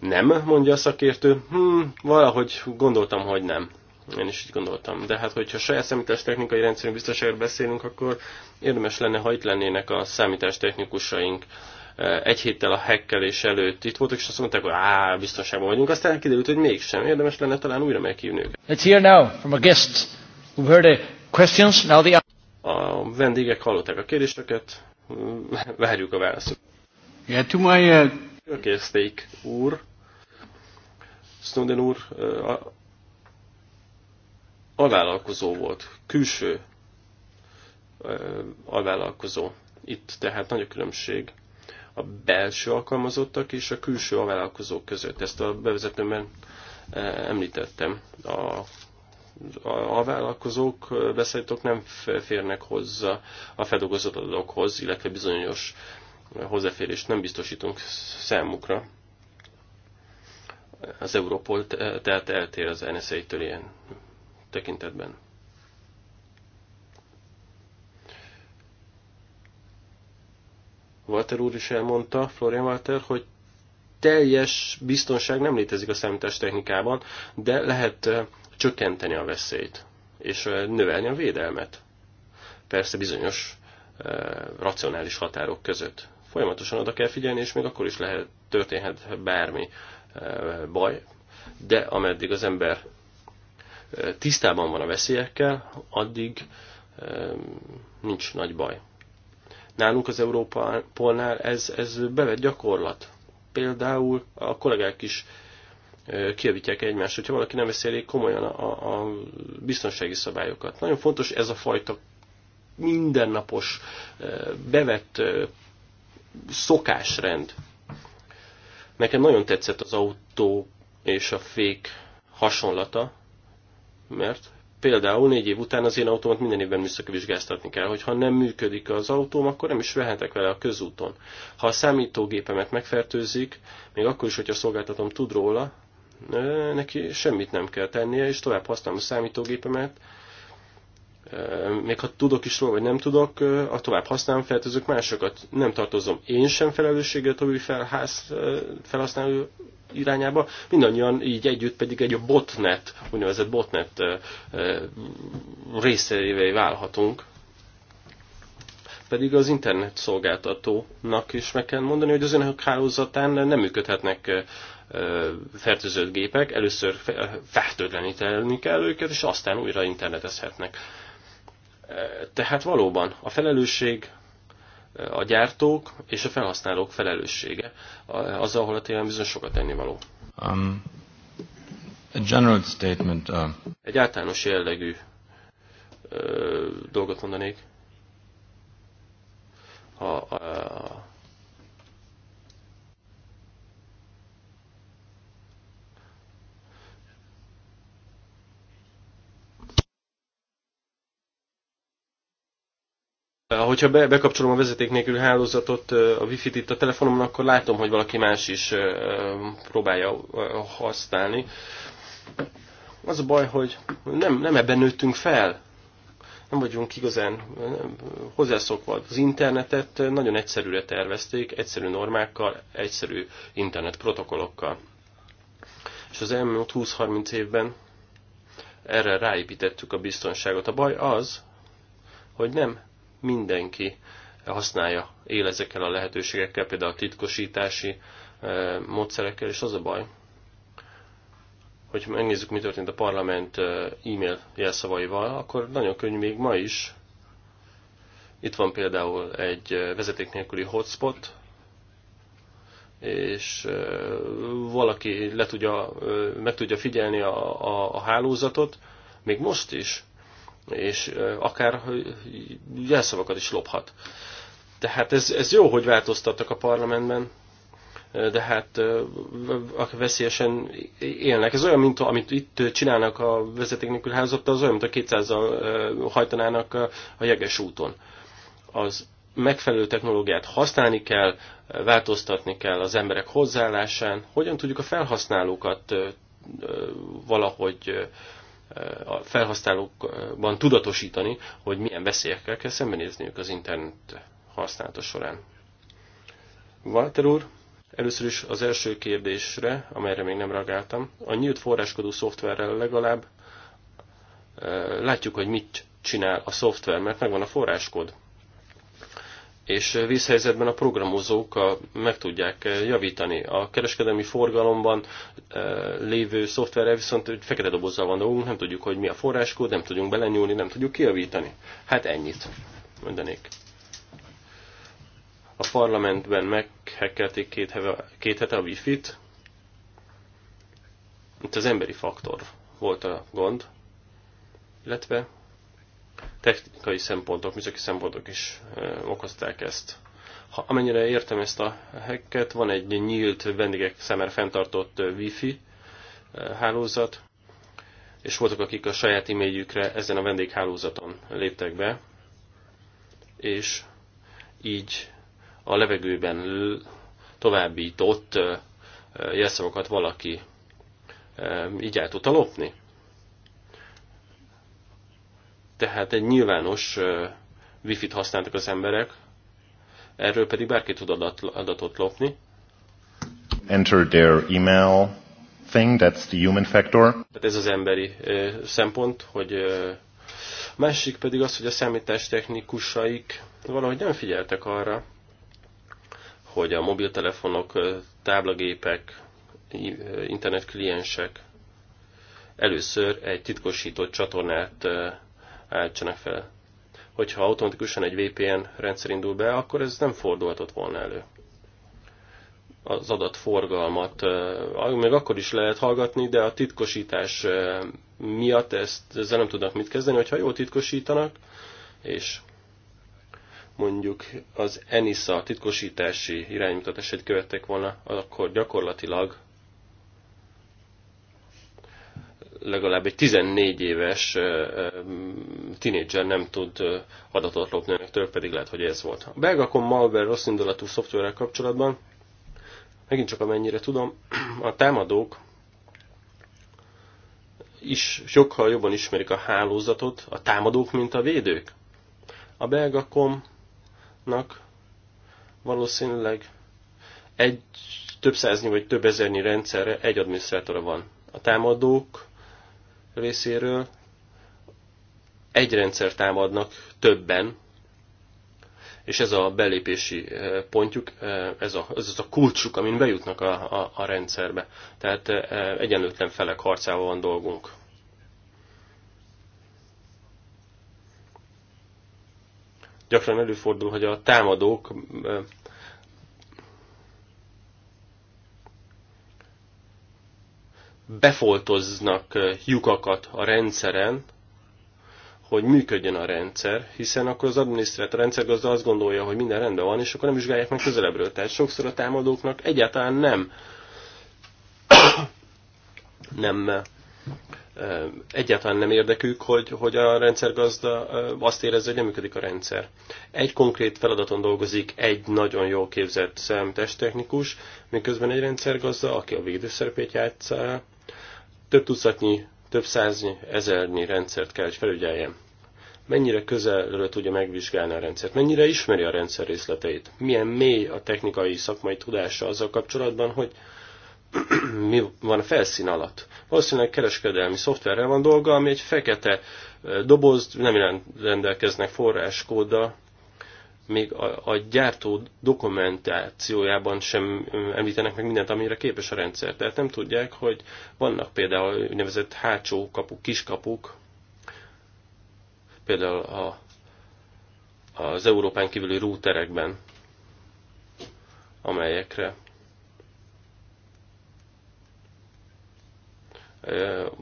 Nem, mondja a szakértő. Hm, valahogy gondoltam, hogy nem. Én is így gondoltam. De hát, hogyha saját számítástechnikai rendszerű biztonságról beszélünk, akkor érdemes lenne, ha itt lennének a számítástechnikusaink. technikusaink egy héttel a hekkelés előtt itt voltak, és azt mondták, hogy á, biztonságban vagyunk. Aztán kiderült, hogy mégsem érdemes lenne talán újra meghívni őket. Let's hear now from a guest who heard the questions, now the... A vendégek hallották a kérdéseket, várjuk a válaszokat. Yeah, to my... Uh... úr, Snowden úr, uh, a alvállalkozó volt, külső uh, alvállalkozó. Itt tehát nagy a különbség a belső alkalmazottak és a külső a vállalkozók között. Ezt a bevezetőmben eh, említettem. A a vállalkozók, eh, beszállítók nem férnek hozzá a feldolgozott adatokhoz, illetve bizonyos eh, hozzáférést nem biztosítunk számukra. Az Európol tehát eltér az nsz től ilyen tekintetben. Walter úr is elmondta, Florian Walter, hogy teljes biztonság nem létezik a számítástechnikában, de lehet csökkenteni a veszélyt, és növelni a védelmet. Persze bizonyos racionális határok között. Folyamatosan oda kell figyelni, és még akkor is lehet, történhet bármi baj, de ameddig az ember tisztában van a veszélyekkel, addig nincs nagy baj. Nálunk az Európolnál ez, ez bevett gyakorlat. Például a kollégák is kiavítják egymást, hogyha valaki nem veszi elég komolyan a, a biztonsági szabályokat. Nagyon fontos ez a fajta mindennapos, bevett szokásrend. Nekem nagyon tetszett az autó és a fék hasonlata, mert Például négy év után az én autómat minden évben műszaki kell. Hogyha nem működik az autóm, akkor nem is vehetek vele a közúton. Ha a számítógépemet megfertőzik, még akkor is, hogyha a szolgáltatom tud róla, neki semmit nem kell tennie, és tovább használom a számítógépemet, még ha tudok is róla, vagy nem tudok, a tovább használom, feltözök másokat. Nem tartozom én sem felelősséget a többi felhasználó irányába, mindannyian így együtt pedig egy botnet, úgynevezett botnet részévé válhatunk. Pedig az internet szolgáltatónak is meg kell mondani, hogy az önök hálózatán nem működhetnek fertőzött gépek, először fertőtlenítelni kell őket, és aztán újra internetezhetnek. Tehát valóban a felelősség a gyártók és a felhasználók felelőssége, az, ahol a téren bizony sokat tennivaló. Um, a general statement, uh... Egy általános jellegű uh, dolgot mondanék. a, a, Hogyha be, bekapcsolom a vezeték nélkül hálózatot, a wifi-t itt a telefonomon, akkor látom, hogy valaki más is próbálja használni. Az a baj, hogy nem, nem ebben nőttünk fel. Nem vagyunk igazán hozzászokva. Az internetet nagyon egyszerűre tervezték, egyszerű normákkal, egyszerű internet protokollokkal. És az elmúlt 20-30 évben erre ráépítettük a biztonságot. A baj az, hogy nem mindenki használja, él ezekkel a lehetőségekkel, például a titkosítási eh, módszerekkel, és az a baj, hogy megnézzük, mi történt a parlament eh, e-mail jelszavaival, akkor nagyon könnyű még ma is. Itt van például egy eh, vezeték nélküli hotspot, és valaki le tudja, meg tudja figyelni a, a, a hálózatot, még most is, és akár jelszavakat is lophat. Tehát ez, ez jó, hogy változtattak a parlamentben, de hát veszélyesen élnek. Ez olyan, mint amit itt csinálnak a vezeték nélkül az olyan, mint a 200-al hajtanának a jeges úton. Az megfelelő technológiát használni kell, változtatni kell az emberek hozzáállásán, hogyan tudjuk a felhasználókat valahogy a felhasználókban tudatosítani, hogy milyen veszélyekkel kell szembenézniük az internet használata során. Walter úr, először is az első kérdésre, amelyre még nem reagáltam. A nyílt forráskodó szoftverrel legalább látjuk, hogy mit csinál a szoftver, mert megvan a forráskód és vízhelyzetben a programozók meg tudják javítani. A kereskedelmi forgalomban lévő szoftverrel viszont egy fekete dobozzal van dolgunk, nem tudjuk, hogy mi a forráskód, nem tudjunk belenyúlni, nem tudjuk kijavítani. Hát ennyit mondanék. A parlamentben meghekkelték két, heve, két hete a wifi-t. Itt az emberi faktor volt a gond, illetve technikai szempontok, műszaki szempontok is okozták ezt. Ha, amennyire értem ezt a hacket, van egy nyílt vendégek szemmel fenntartott wifi hálózat, és voltak, akik a saját e-mailjükre ezen a vendéghálózaton léptek be, és így a levegőben továbbított jelszavakat valaki így el tudta lopni. Tehát egy nyilvános wifi-t használtak az emberek, erről pedig bárki tud adat, adatot lopni. Enter their email thing, that's the human factor. Tehát ez az emberi szempont, hogy másik pedig az, hogy a számítástechnikusaik valahogy nem figyeltek arra, hogy a mobiltelefonok, táblagépek, internetkliensek először egy titkosított csatornát állítsanak fel. Hogyha automatikusan egy VPN rendszer indul be, akkor ez nem fordulhatott volna elő. Az adatforgalmat még akkor is lehet hallgatni, de a titkosítás miatt ezt, ezzel nem tudnak mit kezdeni, hogyha jól titkosítanak, és mondjuk az ENISA titkosítási iránymutatását követtek volna, akkor gyakorlatilag legalább egy 14 éves tinédzser nem tud adatot lopni önöktől, pedig lehet, hogy ez volt. A Belgakon malware rossz indulatú szoftverrel kapcsolatban, megint csak amennyire tudom, (clears throat) a támadók is sokkal jobban ismerik a hálózatot, a támadók, mint a védők. A belgakomnak valószínűleg egy több száznyi vagy több ezernyi rendszerre egy adminisztrátora van. A támadók részéről egy rendszer támadnak többen, és ez a belépési eh, pontjuk, eh, ez, a, ez az a kulcsuk, amin bejutnak a, a, a rendszerbe. Tehát eh, egyenlőtlen felek harcával van dolgunk. Gyakran előfordul, hogy a támadók befoltoznak lyukakat a rendszeren, hogy működjön a rendszer, hiszen akkor az adminisztrátor rendszergazda azt gondolja, hogy minden rendben van, és akkor nem vizsgálják meg közelebbről. Tehát sokszor a támadóknak egyáltalán nem (coughs) nem egyáltalán nem érdekük, hogy, hogy a rendszergazda azt érezze, hogy nem működik a rendszer. Egy konkrét feladaton dolgozik egy nagyon jól képzett számítástechnikus, miközben egy rendszergazda, aki a védőszerepét játsza, több tucatnyi, több száznyi, ezernyi rendszert kell, hogy felügyeljen. Mennyire közelről tudja megvizsgálni a rendszert, mennyire ismeri a rendszer részleteit, milyen mély a technikai szakmai tudása azzal kapcsolatban, hogy (clears throat) mi van a felszín alatt. Valószínűleg kereskedelmi szoftverrel van dolga, ami egy fekete doboz, nem rendelkeznek forráskóddal, még a, a gyártó dokumentációjában sem említenek meg mindent, amire képes a rendszer. Tehát nem tudják, hogy vannak például úgynevezett hátsó kapuk, kiskapuk, például a, az Európán kívüli rúterekben, amelyekre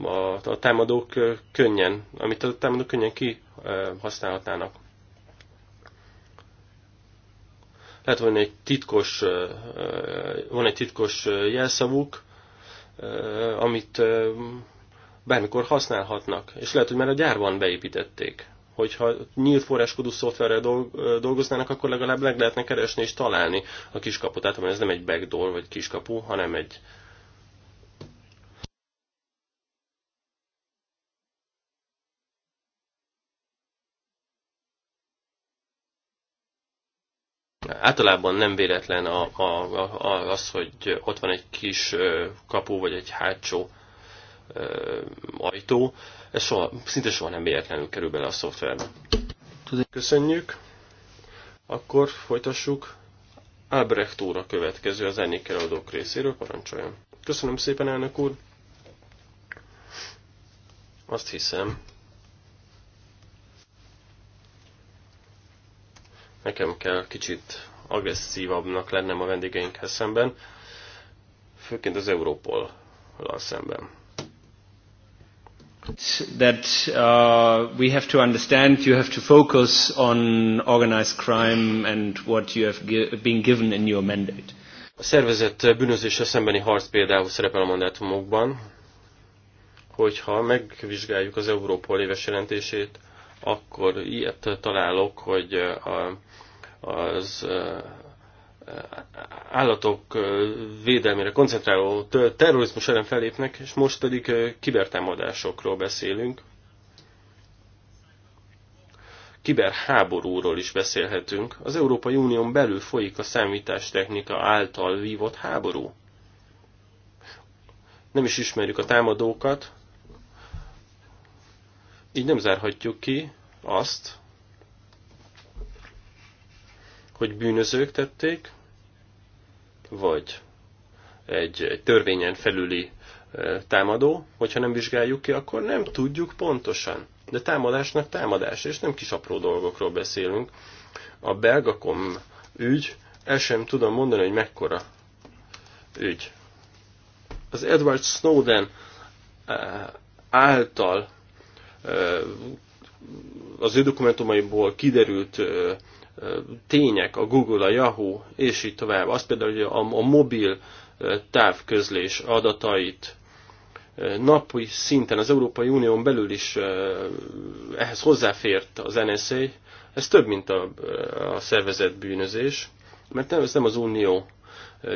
a, a támadók könnyen, amit a támadók könnyen kihasználhatnának. Lehet, van egy titkos, van egy titkos jelszavuk, amit bármikor használhatnak. És lehet, hogy már a gyárban beépítették. Hogyha nyílt forráskodó szoftverrel dolgoznának, akkor legalább meg lehetne keresni és találni a kiskaput. Tehát ez nem egy backdoor vagy kiskapu, hanem egy általában nem véletlen a, a, a, az, hogy ott van egy kis kapu, vagy egy hátsó ajtó. Ez soha, szinte soha nem véletlenül kerül bele a szoftverbe. Köszönjük. Akkor folytassuk. Albrecht úr a következő az adók részéről, parancsoljon. Köszönöm szépen, elnök úr. Azt hiszem, nekem kell kicsit agresszívabbnak lennem a vendégeinkhez szemben, főként az Európol szemben. That uh, we have to understand, you have to focus on organized crime and what you have gi been given in your mandate. A szervezett bűnözéssel szembeni harc például szerepel a mandátumokban, hogyha megvizsgáljuk az Európol éves jelentését, akkor ilyet találok, hogy uh, a az állatok védelmére koncentráló terrorizmus ellen felépnek, és most pedig kibertámadásokról beszélünk. Kiberháborúról is beszélhetünk. Az Európai Unión belül folyik a számítástechnika által vívott háború. Nem is ismerjük a támadókat, így nem zárhatjuk ki azt, hogy bűnözők tették, vagy egy, egy törvényen felüli támadó, hogyha nem vizsgáljuk ki, akkor nem tudjuk pontosan. De támadásnak támadás, és nem kis apró dolgokról beszélünk. A belgakom ügy, el sem tudom mondani, hogy mekkora ügy. Az Edward Snowden által az ő dokumentumaiból kiderült tények, a Google, a Yahoo, és így tovább. Az például, hogy a, a mobil távközlés adatait napi szinten az Európai Unión belül is ehhez hozzáfért az NSA, ez több, mint a, a szervezett bűnözés, mert nem, ez nem az Unió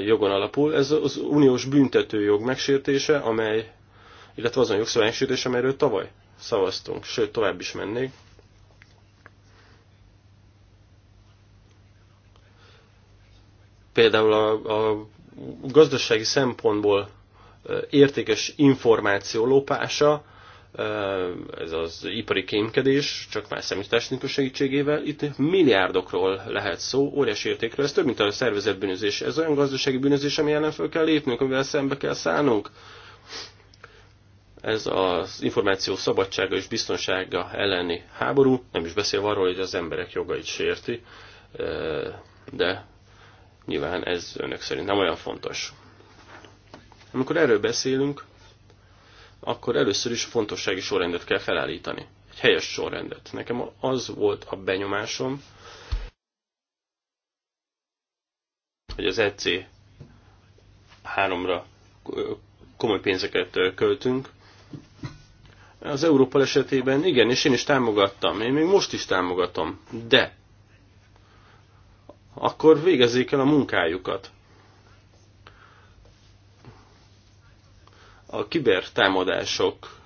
jogon alapul, ez az uniós büntetőjog megsértése, amely, illetve azon jogszabály megsértése, amelyről tavaly szavaztunk, sőt tovább is mennék. például a, a gazdasági szempontból értékes információ lopása, ez az ipari kémkedés, csak már szemításnélkül segítségével, itt milliárdokról lehet szó, óriási értékről, ez több, mint a szervezetbűnözés. Ez olyan gazdasági bűnözés, ami ellen fel kell lépnünk, amivel szembe kell szállnunk. Ez az információ szabadsága és biztonsága elleni háború, nem is beszél arról, hogy az emberek jogait sérti, de Nyilván ez önök szerint nem olyan fontos. Amikor erről beszélünk, akkor először is fontossági sorrendet kell felállítani. Egy helyes sorrendet. Nekem az volt a benyomásom, hogy az EC 3-ra komoly pénzeket költünk. Az Európa esetében igen, és én is támogattam, én még most is támogatom, de akkor végezzék el a munkájukat. A kibertámadások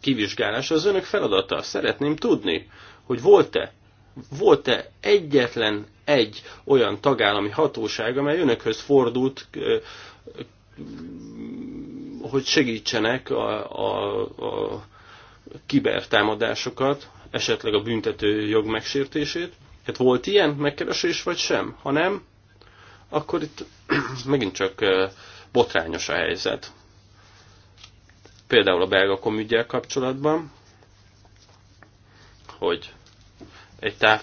kivizsgálása az önök feladata. Szeretném tudni, hogy volt-e volt-e egyetlen egy olyan tagállami hatóság, amely önökhöz fordult, hogy segítsenek a, a, a kibertámadásokat, esetleg a büntető jog megsértését? Hát volt ilyen megkeresés, vagy sem? Ha nem, akkor itt (clears throat) megint csak botrányos a helyzet. Például a belga komügyel kapcsolatban, hogy egy táv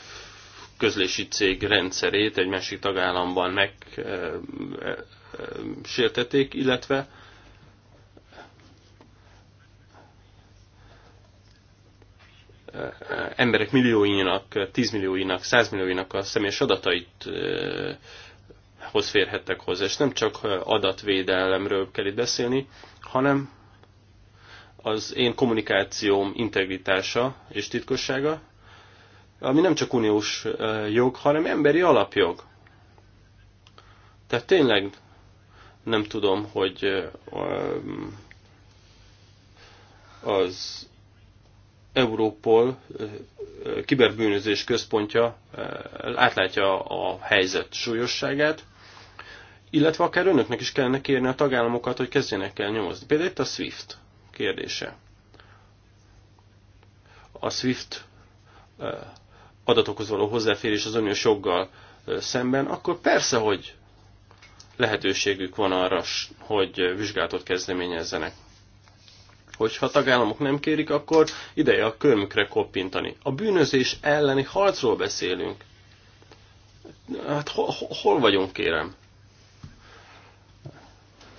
közlési cég rendszerét egy másik tagállamban megsértették, illetve emberek millióinak, tízmillióinak, százmillióinak a személyes adatait hoz férhettek hozzá. És nem csak adatvédelemről kell itt beszélni, hanem az én kommunikációm integritása és titkossága, ami nem csak uniós jog, hanem emberi alapjog. Tehát tényleg nem tudom, hogy az Európol kiberbűnözés központja átlátja a helyzet súlyosságát, illetve akár önöknek is kellene kérni a tagállamokat, hogy kezdjenek el nyomozni. Például itt a SWIFT kérdése. A SWIFT adatokhoz való hozzáférés az önös joggal szemben, akkor persze, hogy lehetőségük van arra, hogy vizsgálatot kezdeményezzenek hogyha a tagállamok nem kérik, akkor ideje a körmükre koppintani. A bűnözés elleni harcról beszélünk. Hát ho hol vagyunk, kérem?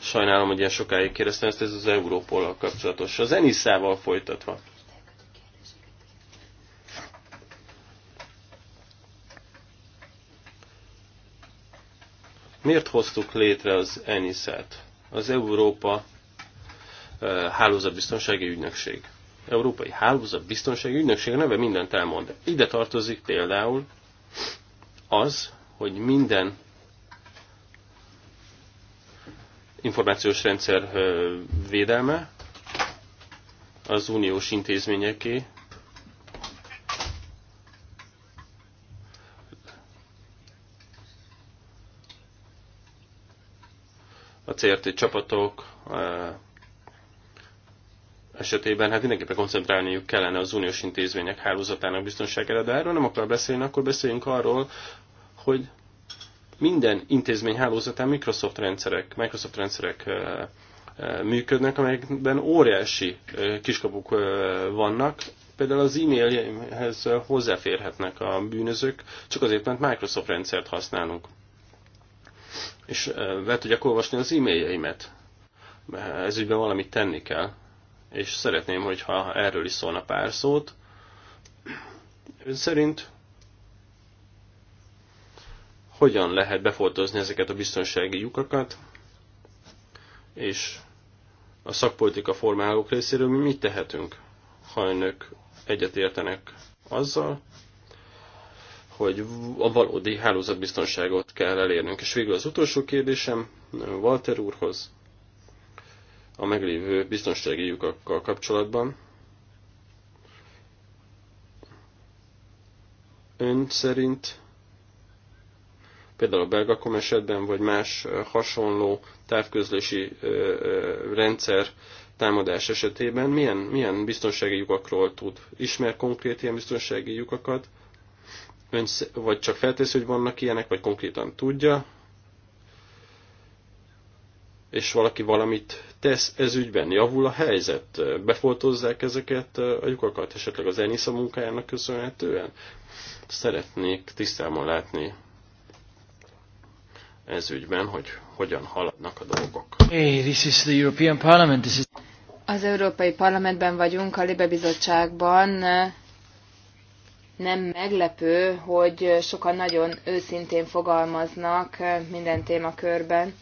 Sajnálom, hogy ilyen sokáig kérdeztem ezt, ez az Európollal kapcsolatos. Az Enisszával folytatva. Miért hoztuk létre az Enisszát? Az Európa hálózatbiztonsági ügynökség. Európai Hálózatbiztonsági Ügynökség neve mindent elmond. Ide tartozik például az, hogy minden információs rendszer védelme az uniós intézményeké, a CRT csapatok, esetében hát mindenképpen koncentrálniuk kellene az uniós intézmények hálózatának biztonságára, de erről nem akar beszélni, akkor beszéljünk arról, hogy minden intézmény hálózatán Microsoft rendszerek, Microsoft rendszerek működnek, amelyekben óriási kiskapuk vannak, például az e-mailhez hozzáférhetnek a bűnözők, csak azért, mert Microsoft rendszert használunk. És be tudják olvasni az e-mailjeimet. Ez ügyben valamit tenni kell és szeretném, hogyha erről is szólna pár szót. Ön szerint hogyan lehet befoltozni ezeket a biztonsági lyukakat, és a szakpolitika formálók részéről mi mit tehetünk, ha önök egyetértenek azzal, hogy a valódi hálózatbiztonságot kell elérnünk. És végül az utolsó kérdésem Walter úrhoz a meglévő biztonsági lyukakkal kapcsolatban. Ön szerint például a Belgakom esetben, vagy más hasonló távközlési rendszer támadás esetében milyen, milyen biztonsági lyukakról tud? Ismer konkrét ilyen biztonsági lyukakat? Ön, vagy csak feltesz, hogy vannak ilyenek, vagy konkrétan tudja? És valaki valamit tesz ez ügyben? Javul a helyzet? Befoltozzák ezeket a lyukakat esetleg az ENISZA munkájának köszönhetően? Szeretnék tisztában látni ez ügyben, hogy hogyan haladnak a dolgok. Hey, this is the European Parliament. This is... Az Európai Parlamentben vagyunk, a Libe Bizottságban. Nem meglepő, hogy sokan nagyon őszintén fogalmaznak minden témakörben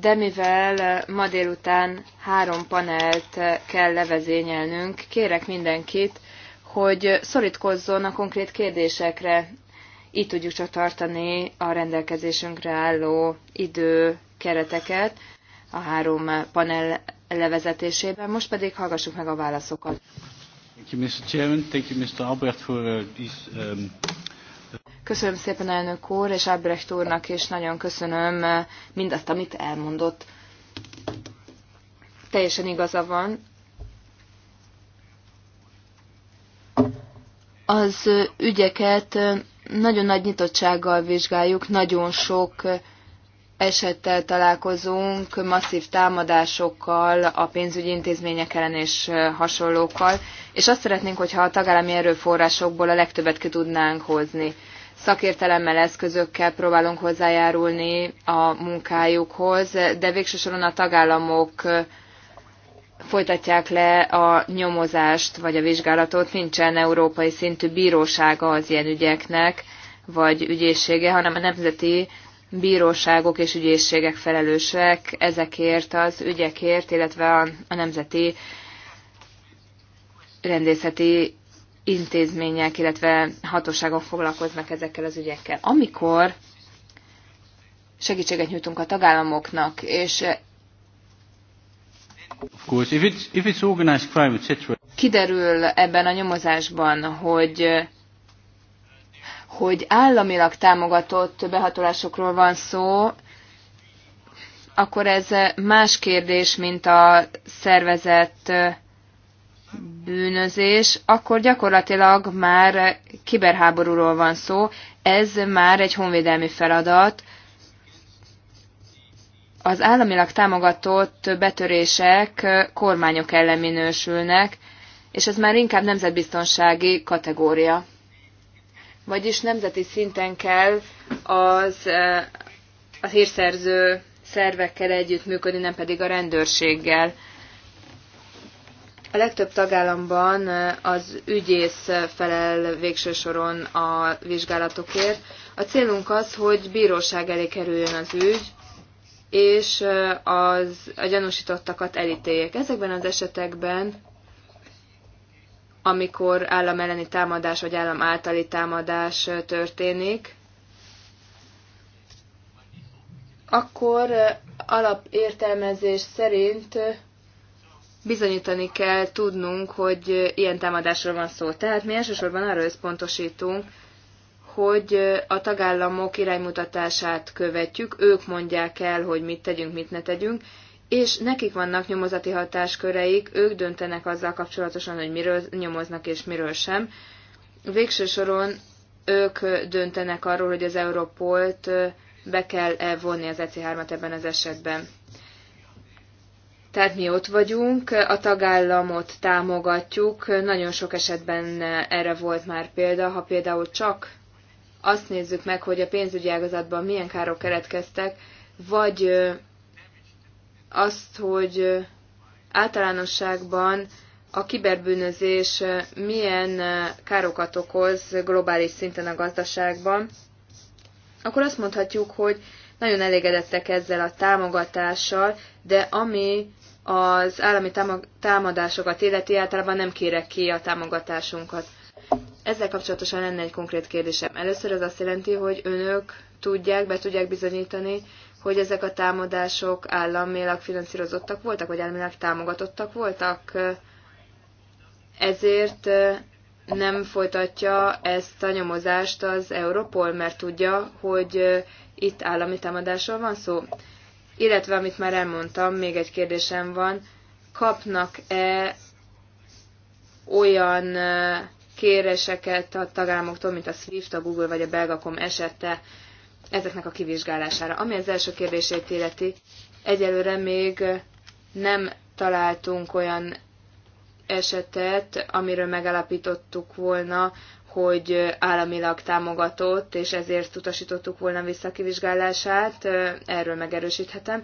de mivel eh, ma délután három panelt eh, kell levezényelnünk, kérek mindenkit, hogy szorítkozzon a konkrét kérdésekre. Így tudjuk csak tartani a rendelkezésünkre álló idő kereteket a három panel levezetésében. Most pedig hallgassuk meg a válaszokat. Thank you, Mr. Chairman. Thank you, Mr. Albert, for uh, these um, Köszönöm szépen elnök úr, és Ábrecht úrnak és nagyon köszönöm eh, mindazt, amit elmondott. Teljesen igaza van. Az eh, ügyeket eh, nagyon nagy nyitottsággal vizsgáljuk, nagyon sok esettel találkozunk, masszív támadásokkal, a pénzügyi intézmények ellen és hasonlókkal, és azt szeretnénk, hogyha a tagállami erőforrásokból a legtöbbet ki tudnánk hozni szakértelemmel, eszközökkel próbálunk hozzájárulni a munkájukhoz, de végsősoron soron a tagállamok folytatják le a nyomozást vagy a vizsgálatot, nincsen európai szintű bírósága az ilyen ügyeknek, vagy ügyészsége, hanem a nemzeti bíróságok és ügyészségek felelősek ezekért az ügyekért, illetve a, a nemzeti rendészeti intézmények, illetve hatóságok foglalkoznak ezekkel az ügyekkel. Amikor segítséget nyújtunk a tagállamoknak, és eh, Kiderül ebben a nyomozásban, hogy hogy államilag támogatott behatolásokról van szó, akkor ez más kérdés, mint a szervezett eh, bűnözés, akkor gyakorlatilag már kiberháborúról van szó, ez már egy honvédelmi feladat. Az államilag támogatott betörések kormányok ellen minősülnek, és ez már inkább nemzetbiztonsági kategória. Vagyis nemzeti szinten kell az eh, a hírszerző szervekkel együttműködni, nem pedig a rendőrséggel. A legtöbb tagállamban az ügyész felel végső soron a vizsgálatokért. A célunk az, hogy bíróság elé kerüljön az ügy, és az, a gyanúsítottakat elítéljék. Ezekben az esetekben, amikor állam elleni támadás vagy állam általi támadás történik, akkor alapértelmezés szerint bizonyítani kell tudnunk, hogy ilyen támadásról van szó. Tehát mi elsősorban arra összpontosítunk, hogy a tagállamok iránymutatását követjük, ők mondják el, hogy mit tegyünk, mit ne tegyünk, és nekik vannak nyomozati hatásköreik, ők döntenek azzal kapcsolatosan, hogy miről nyomoznak és miről sem. Végső soron ők döntenek arról, hogy az Európolt be kell -e vonni az EC3-at ebben az esetben. Tehát mi ott vagyunk, a tagállamot támogatjuk, nagyon sok esetben erre volt már példa, ha például csak azt nézzük meg, hogy a pénzügyi ágazatban milyen károk keletkeztek, vagy azt, hogy általánosságban a kiberbűnözés milyen károkat okoz globális szinten a gazdaságban, akkor azt mondhatjuk, hogy nagyon elégedettek ezzel a támogatással, de ami az állami támadásokat illeti, általában nem kérek ki a támogatásunkat. Ezzel kapcsolatosan lenne egy konkrét kérdésem. Először az azt jelenti, hogy önök tudják, be tudják bizonyítani, hogy ezek a támadások államilag finanszírozottak voltak, vagy államilag támogatottak voltak. Ezért nem folytatja ezt a nyomozást az Europol, mert tudja, hogy itt állami támadásról van szó. Illetve, amit már elmondtam, még egy kérdésem van, kapnak-e olyan kéréseket a tagállamoktól, mint a SWIFT, a Google vagy a Belgacom esete ezeknek a kivizsgálására. Ami az első kérdését illeti, egyelőre még nem találtunk olyan esetet, amiről megalapítottuk volna, hogy államilag támogatott, és ezért utasítottuk volna vissza a kivizsgálását, erről megerősíthetem.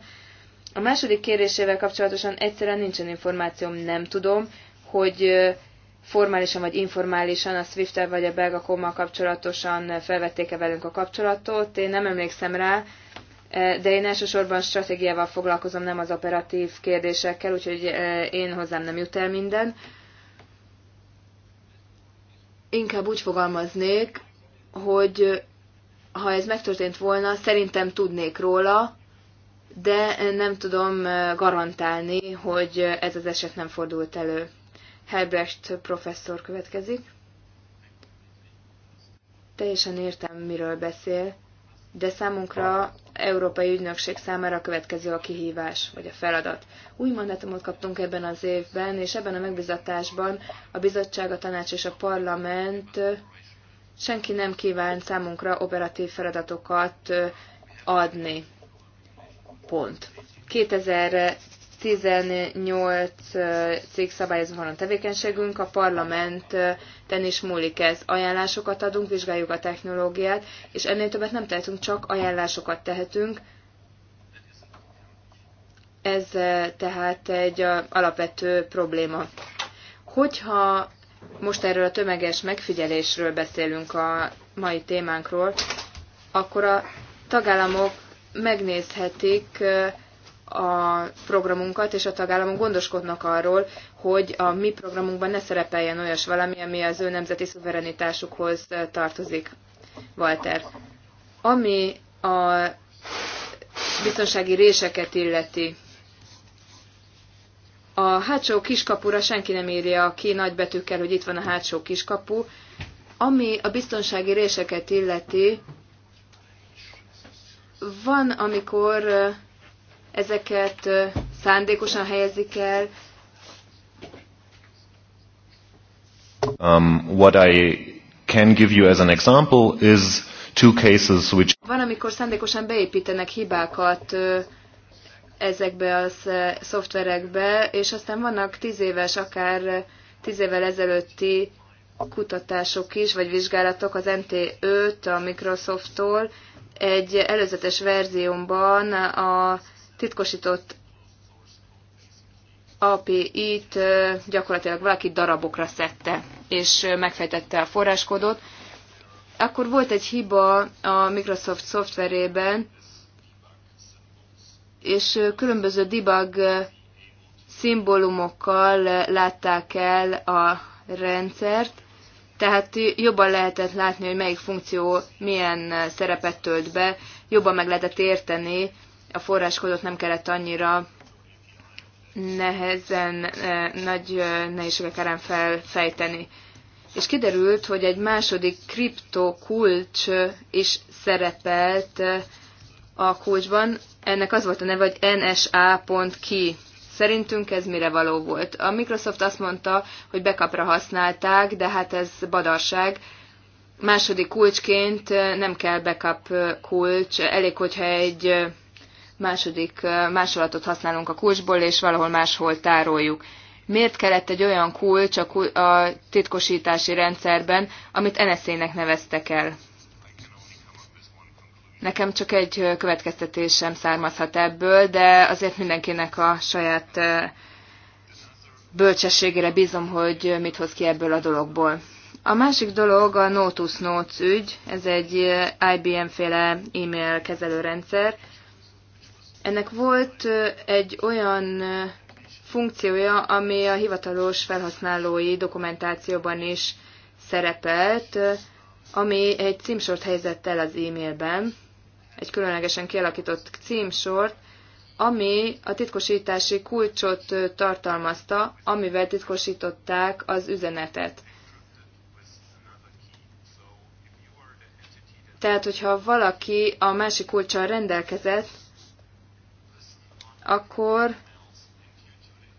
A második kérésével kapcsolatosan egyszerűen nincsen információm, nem tudom, hogy formálisan vagy informálisan a swift vagy a belga kommal kapcsolatosan felvették-e velünk a kapcsolatot. Én nem emlékszem rá, de én elsősorban stratégiával foglalkozom, nem az operatív kérdésekkel, úgyhogy én hozzám nem jut el minden inkább úgy fogalmaznék, hogy ha ez megtörtént volna, szerintem tudnék róla, de nem tudom eh, garantálni, hogy ez az eset nem fordult elő. Helbrecht professzor következik. Teljesen értem, miről beszél, de számunkra Európai Ügynökség számára a következő a kihívás, vagy a feladat. Új mandátumot kaptunk ebben az évben, és ebben a megbizatásban a bizottság, a tanács és a parlament senki nem kíván számunkra operatív feladatokat adni. Pont. 2000 18 cég szabályozó van a tevékenységünk, a parlamenten is múlik ez. Ajánlásokat adunk, vizsgáljuk a technológiát, és ennél többet nem tehetünk, csak ajánlásokat tehetünk. Ez tehát egy alapvető probléma. Hogyha most erről a tömeges megfigyelésről beszélünk a mai témánkról, akkor a tagállamok megnézhetik, a programunkat, és a tagállamok gondoskodnak arról, hogy a mi programunkban ne szerepeljen olyas valami, ami az ő nemzeti szuverenitásukhoz eh, tartozik. Walter. Ami a biztonsági réseket illeti. A hátsó kiskapura senki nem írja ki betűkkel, hogy itt van a hátsó kiskapu. Ami a biztonsági réseket illeti, van, amikor eh, ezeket szándékosan helyezik el. Um, what I can give you as an example is two cases which Van, amikor szándékosan beépítenek hibákat ezekbe a szoftverekbe, és aztán vannak tíz éves, akár tíz évvel ezelőtti kutatások is, vagy vizsgálatok az NT5 a Microsoft-tól egy előzetes verziómban a titkosított API-t gyakorlatilag valaki darabokra szedte, és megfejtette a forráskódot. Akkor volt egy hiba a Microsoft szoftverében, és különböző debug szimbólumokkal látták el a rendszert, tehát jobban lehetett látni, hogy melyik funkció milyen szerepet tölt be, jobban meg lehetett érteni, a forráskodot nem kellett annyira nehezen, eh, nagy eh, nehézségek árán felfejteni. És kiderült, hogy egy második kriptokulcs eh, is szerepelt a kulcsban. Ennek az volt a neve, hogy nsa.ki. Szerintünk ez mire való volt? A Microsoft azt mondta, hogy bekapra használták, de hát ez badarság. Második kulcsként nem kell backup kulcs, elég, hogyha egy második másolatot használunk a kulcsból, és valahol máshol tároljuk. Miért kellett egy olyan kulcs a titkosítási rendszerben, amit NSZ-nek neveztek el? Nekem csak egy következtetésem származhat ebből, de azért mindenkinek a saját bölcsességére bízom, hogy mit hoz ki ebből a dologból. A másik dolog a Notus Notes ügy, ez egy IBM-féle e-mail kezelőrendszer, ennek volt egy olyan funkciója, ami a hivatalos felhasználói dokumentációban is szerepelt, ami egy címsort helyezett el az e-mailben, egy különlegesen kialakított címsort, ami a titkosítási kulcsot tartalmazta, amivel titkosították az üzenetet. Tehát, hogyha valaki a másik kulcsal rendelkezett, akkor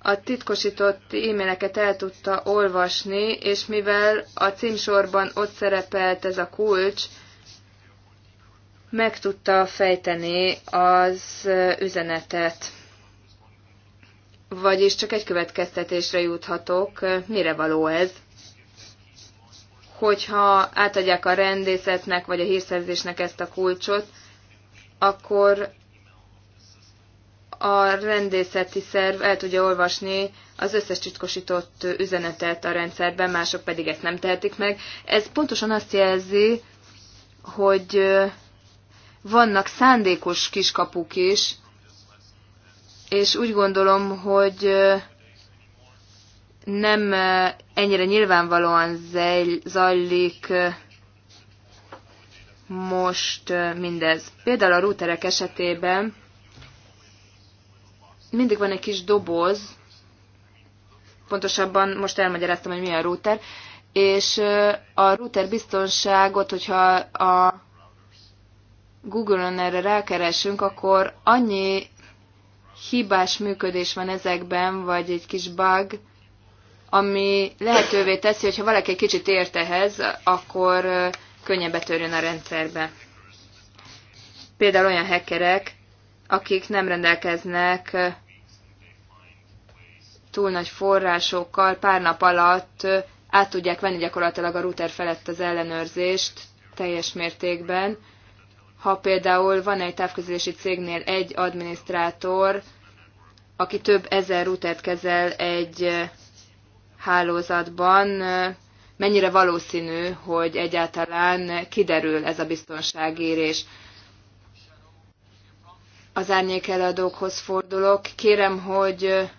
a titkosított e-maileket el tudta olvasni, és mivel a címsorban ott szerepelt ez a kulcs, meg tudta fejteni az üzenetet. Vagyis csak egy következtetésre juthatok, mire való ez. Hogyha átadják a rendészetnek vagy a hírszerzésnek ezt a kulcsot, akkor a rendészeti szerv el tudja olvasni az összes titkosított üzenetet a rendszerben, mások pedig ezt nem tehetik meg. Ez pontosan azt jelzi, hogy vannak szándékos kiskapuk is, és úgy gondolom, hogy nem ennyire nyilvánvalóan zajlik most mindez. Például a routerek esetében mindig van egy kis doboz, pontosabban most elmagyaráztam, hogy milyen router, és a router biztonságot, hogyha a Google-on erre rákeresünk, akkor annyi hibás működés van ezekben, vagy egy kis bug, ami lehetővé teszi, hogyha valaki egy kicsit ért ehhez, akkor könnyebb betörjön a rendszerbe. Például olyan hackerek, akik nem rendelkeznek túl nagy forrásokkal, pár nap alatt át tudják venni gyakorlatilag a router felett az ellenőrzést teljes mértékben. Ha például van egy távközlési cégnél egy adminisztrátor, aki több ezer routert kezel egy hálózatban, mennyire valószínű, hogy egyáltalán kiderül ez a biztonságérés az árnyékeladókhoz fordulok. Kérem, hogy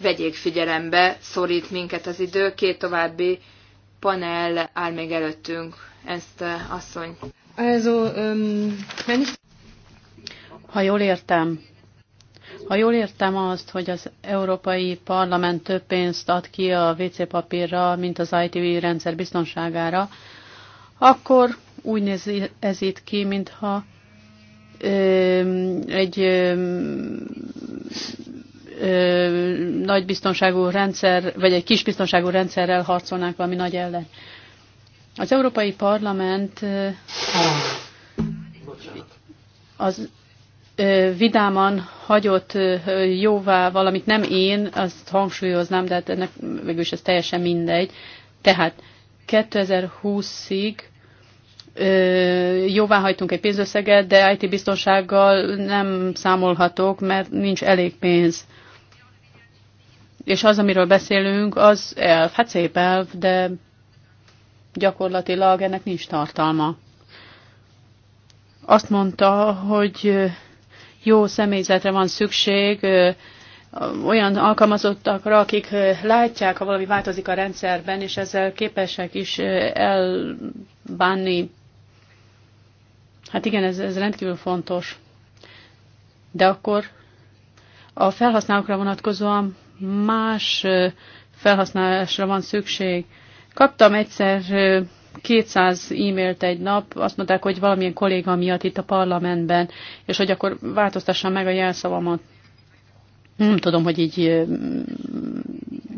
vegyék figyelembe, szorít minket az idő. Két további panel áll még előttünk. Ezt asszony. Also, um, ha jól értem, ha jól értem azt, hogy az Európai Parlament több pénzt ad ki a WC papírra, mint az ITV rendszer biztonságára, akkor úgy néz ez itt ki, mintha egy nagy biztonságú rendszer, vagy egy kis biztonságú rendszerrel harcolnánk valami nagy ellen. Az Európai Parlament az vidáman hagyott jóvá valamit, nem én, azt hangsúlyoznám, de hát ennek is ez teljesen mindegy. Tehát 2020-ig jóvá hagytunk egy pénzösszeget, de IT biztonsággal nem számolhatok, mert nincs elég pénz. És az, amiről beszélünk, az elf, hát szép elf, de gyakorlatilag ennek nincs tartalma. Azt mondta, hogy jó személyzetre van szükség, olyan alkalmazottakra, akik látják, ha valami változik a rendszerben, és ezzel képesek is elbánni. Hát igen, ez, ez rendkívül fontos. De akkor a felhasználókra vonatkozóan más felhasználásra van szükség. Kaptam egyszer 200 e-mailt egy nap, azt mondták, hogy valamilyen kolléga miatt itt a parlamentben, és hogy akkor változtassam meg a jelszavamat. Nem tudom, hogy így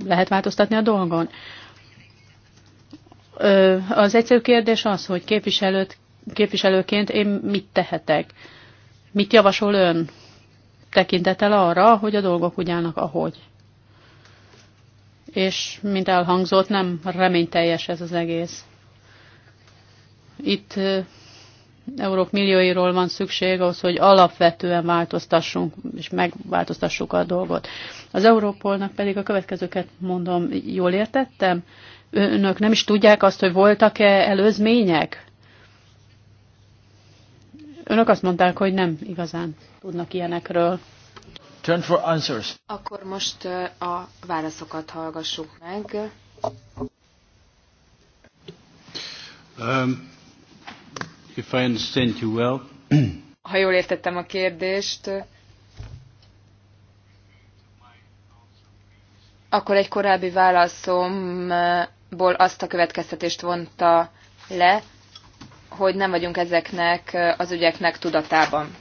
lehet változtatni a dolgon. Az egyszerű kérdés az, hogy képviselőt képviselőként én mit tehetek? Mit javasol ön? Tekintettel arra, hogy a dolgok úgy állnak, ahogy. És, mint elhangzott, nem reményteljes ez az egész. Itt eurók millióiról van szükség ahhoz, hogy alapvetően változtassunk, és megváltoztassuk a dolgot. Az Európolnak pedig a következőket mondom, jól értettem? Önök nem is tudják azt, hogy voltak-e előzmények? Önök azt mondták, hogy nem igazán tudnak ilyenekről. Turn for answers. Akkor most a válaszokat hallgassuk meg. Um, if I understand you well. (clears throat) Ha jól értettem a kérdést, akkor egy korábbi válaszomból azt a következtetést vonta le, hogy nem vagyunk ezeknek az ügyeknek tudatában.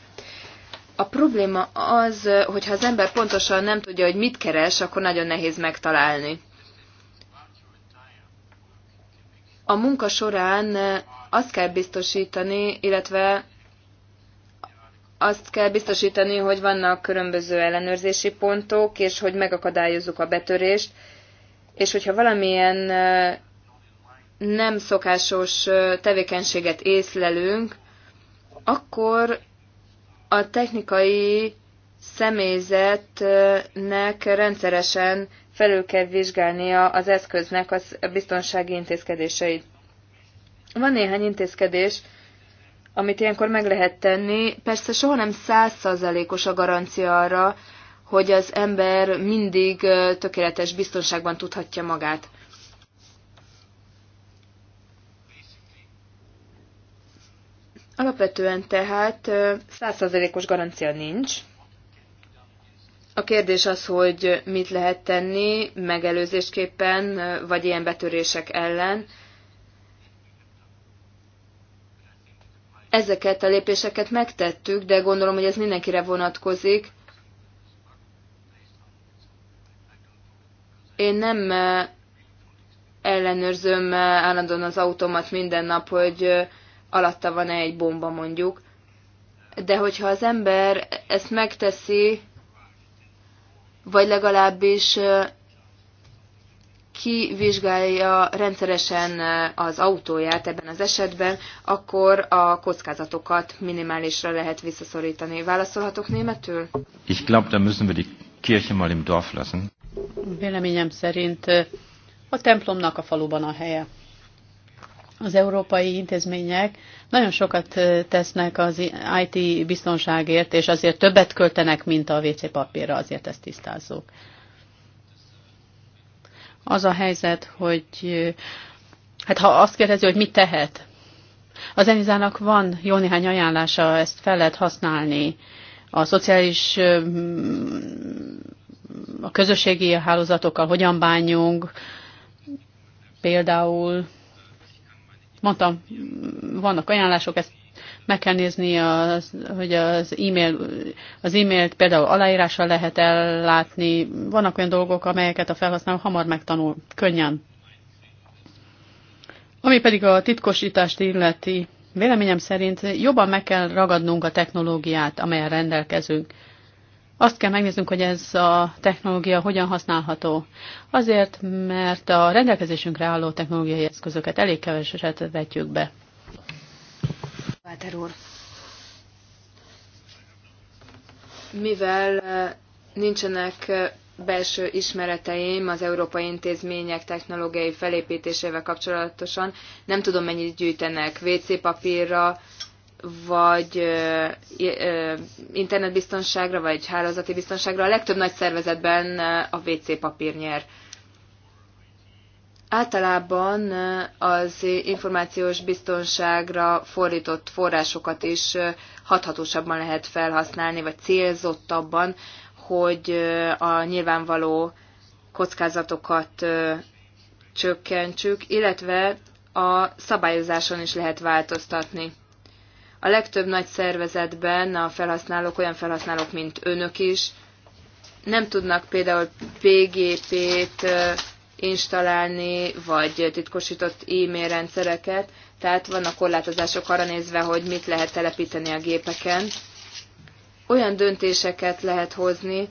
A probléma az, hogyha az ember pontosan nem tudja, hogy mit keres, akkor nagyon nehéz megtalálni. A munka során azt kell biztosítani, illetve azt kell biztosítani, hogy vannak különböző ellenőrzési pontok, és hogy megakadályozzuk a betörést, és hogyha valamilyen nem szokásos tevékenységet észlelünk, akkor a technikai személyzetnek rendszeresen felül kell vizsgálnia az eszköznek a biztonsági intézkedéseit. Van néhány intézkedés, amit ilyenkor meg lehet tenni. Persze soha nem százszerzelékos a garancia arra, hogy az ember mindig tökéletes biztonságban tudhatja magát. Alapvetően tehát százszerzelékos garancia nincs. A kérdés az, hogy mit lehet tenni megelőzésképpen, vagy ilyen betörések ellen. Ezeket a lépéseket megtettük, de gondolom, hogy ez mindenkire vonatkozik. Én nem ellenőrzöm állandóan az automat minden nap, hogy alatta van-e egy bomba mondjuk, de hogyha az ember ezt megteszi, vagy legalábbis kivizsgálja rendszeresen az autóját ebben az esetben, akkor a kockázatokat minimálisra lehet visszaszorítani. Válaszolhatok németül? Ich glaube, da müssen wir die Kirche mal im Dorf lassen. Véleményem szerint a templomnak a faluban a helye az európai intézmények nagyon sokat tesznek az IT biztonságért, és azért többet költenek, mint a WC papírra, azért ezt tisztázzuk. Az a helyzet, hogy hát ha azt kérdezi, hogy mit tehet, az Enizának van jó néhány ajánlása, ezt fel lehet használni. A szociális a közösségi hálózatokkal hogyan bánjunk, például mondtam, vannak ajánlások, ezt meg kell nézni, az, hogy az, e-mail, az e-mailt például aláírással lehet ellátni. Vannak olyan dolgok, amelyeket a felhasználó hamar megtanul, könnyen. Ami pedig a titkosítást illeti, véleményem szerint jobban meg kell ragadnunk a technológiát, amelyen rendelkezünk. Azt kell megnéznünk, hogy ez a technológia hogyan használható. Azért, mert a rendelkezésünkre álló technológiai eszközöket elég keveset vetjük be. Walter úr. Mivel eh, nincsenek eh, belső ismereteim az európai intézmények technológiai felépítésével kapcsolatosan, nem tudom, mennyit gyűjtenek WC papírra, vagy internetbiztonságra, vagy hálózati biztonságra. A legtöbb nagy szervezetben a WC papír nyer. Általában az információs biztonságra fordított forrásokat is hathatósabban lehet felhasználni, vagy célzottabban, hogy a nyilvánvaló kockázatokat csökkentsük, illetve a szabályozáson is lehet változtatni. A legtöbb nagy szervezetben a felhasználók olyan felhasználók, mint önök is, nem tudnak például PGP-t installálni, vagy titkosított e-mail rendszereket, tehát vannak korlátozások arra nézve, hogy mit lehet telepíteni a gépeken. Olyan döntéseket lehet hozni,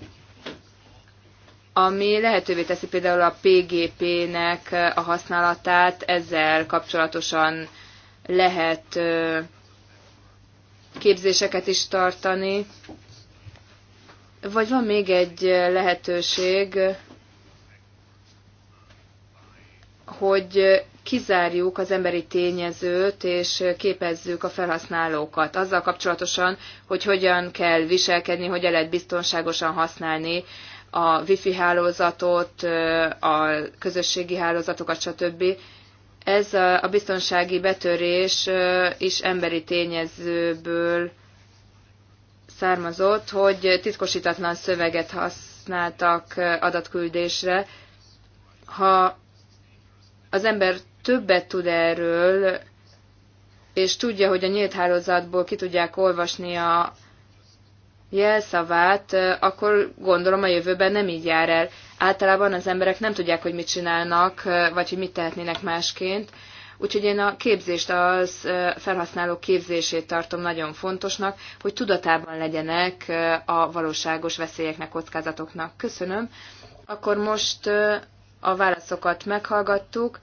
ami lehetővé teszi például a PGP-nek a használatát, ezzel kapcsolatosan lehet képzéseket is tartani. Vagy van még egy lehetőség, hogy kizárjuk az emberi tényezőt, és képezzük a felhasználókat azzal kapcsolatosan, hogy hogyan kell viselkedni, hogyan lehet biztonságosan használni a wifi hálózatot, a közösségi hálózatokat, stb. Ez a biztonsági betörés is emberi tényezőből származott, hogy titkosítatlan szöveget használtak adatküldésre. Ha az ember többet tud erről, és tudja, hogy a nyílt hálózatból ki tudják olvasni a jelszavát, akkor gondolom a jövőben nem így jár el általában az emberek nem tudják, hogy mit csinálnak, vagy hogy mit tehetnének másként. Úgyhogy én a képzést, az felhasználók képzését tartom nagyon fontosnak, hogy tudatában legyenek a valóságos veszélyeknek, kockázatoknak. Köszönöm. Akkor most a válaszokat meghallgattuk,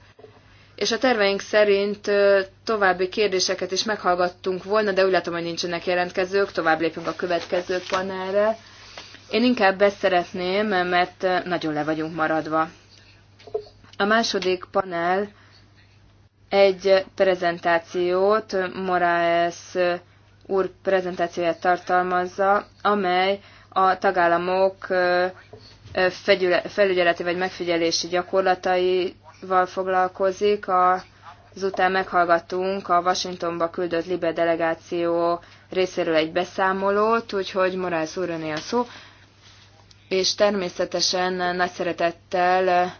és a terveink szerint további kérdéseket is meghallgattunk volna, de úgy látom, hogy nincsenek jelentkezők, tovább lépünk a következő panelre. Én inkább beszeretném, mert nagyon le vagyunk maradva. A második panel egy prezentációt, Moraes úr prezentációját tartalmazza, amely a tagállamok felügyeleti vagy megfigyelési gyakorlataival foglalkozik. Azután meghallgatunk a Washingtonba küldött Libe delegáció részéről egy beszámolót, úgyhogy Moraes úr a szó és természetesen nagy szeretettel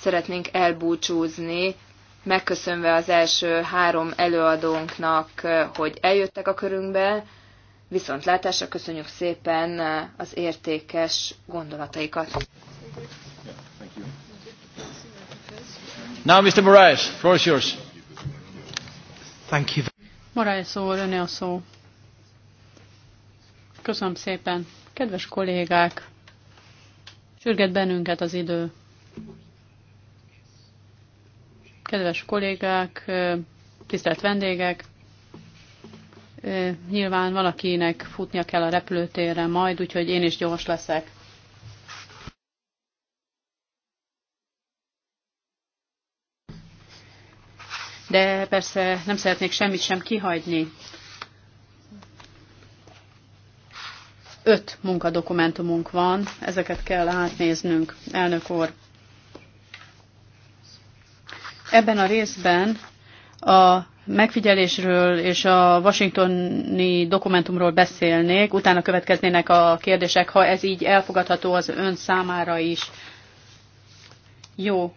szeretnénk elbúcsúzni, megköszönve az első három előadónknak, hogy eljöttek a körünkbe, látásra köszönjük szépen az értékes gondolataikat. Now, Mr. Moraes, floor is yours. Thank you. Moraes úr, a szó. Köszönöm szépen. Kedves kollégák, sürget bennünket az idő. Kedves kollégák, tisztelt vendégek, nyilván valakinek futnia kell a repülőtérre majd, úgyhogy én is gyors leszek. De persze nem szeretnék semmit sem kihagyni. Öt munkadokumentumunk van, ezeket kell átnéznünk, elnök úr. Ebben a részben a megfigyelésről és a washingtoni dokumentumról beszélnék, utána következnének a kérdések, ha ez így elfogadható az ön számára is. Jó,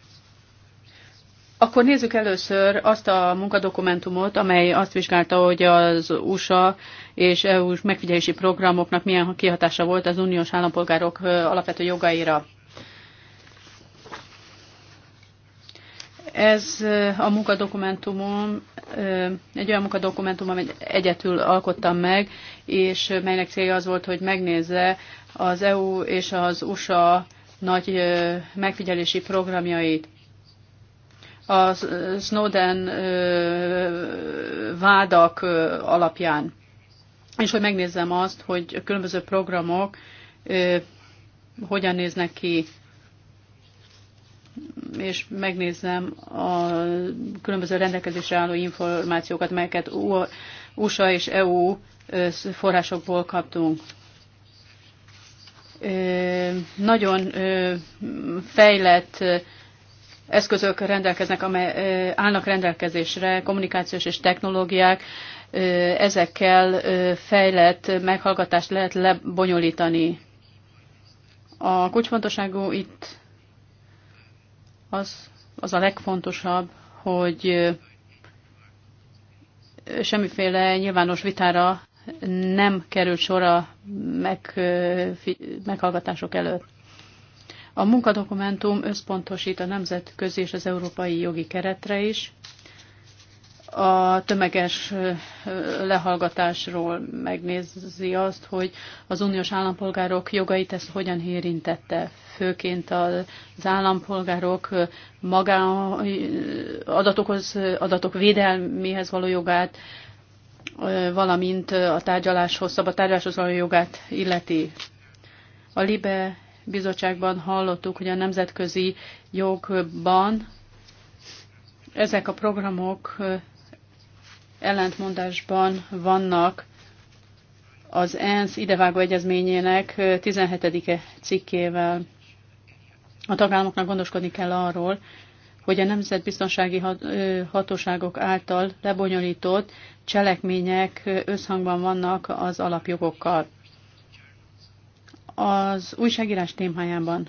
akkor nézzük először azt a munkadokumentumot, amely azt vizsgálta, hogy az USA és EU-s megfigyelési programoknak milyen kihatása volt az uniós állampolgárok alapvető jogaira. Ez a munkadokumentumom egy olyan munkadokumentum, amit egyetül alkottam meg, és melynek célja az volt, hogy megnézze az EU és az USA nagy megfigyelési programjait a Snowden vádak alapján. És hogy megnézzem azt, hogy a különböző programok hogyan néznek ki, és megnézzem a különböző rendelkezésre álló információkat, melyeket USA és EU forrásokból kaptunk nagyon fejlett eszközök rendelkeznek, amely állnak rendelkezésre, kommunikációs és technológiák, ezekkel fejlett meghallgatást lehet lebonyolítani. A kulcsfontosságú itt az, az a legfontosabb, hogy semmiféle nyilvános vitára nem került sor a meg, meghallgatások előtt. A munkadokumentum összpontosít a nemzetközi és az európai jogi keretre is, a tömeges lehallgatásról megnézi azt, hogy az uniós állampolgárok jogait ezt hogyan érintette. Főként az állampolgárok magá adatokhoz, adatok védelméhez való jogát, valamint a tárgyaláshoz, szabad tárgyaláshoz való jogát illeti. A LIBE bizottságban hallottuk, hogy a nemzetközi jogban ezek a programok ellentmondásban vannak az ENSZ idevágó egyezményének 17. cikkével. A tagállamoknak gondoskodni kell arról, hogy a nemzetbiztonsági hatóságok által lebonyolított cselekmények összhangban vannak az alapjogokkal az újságírás témájában.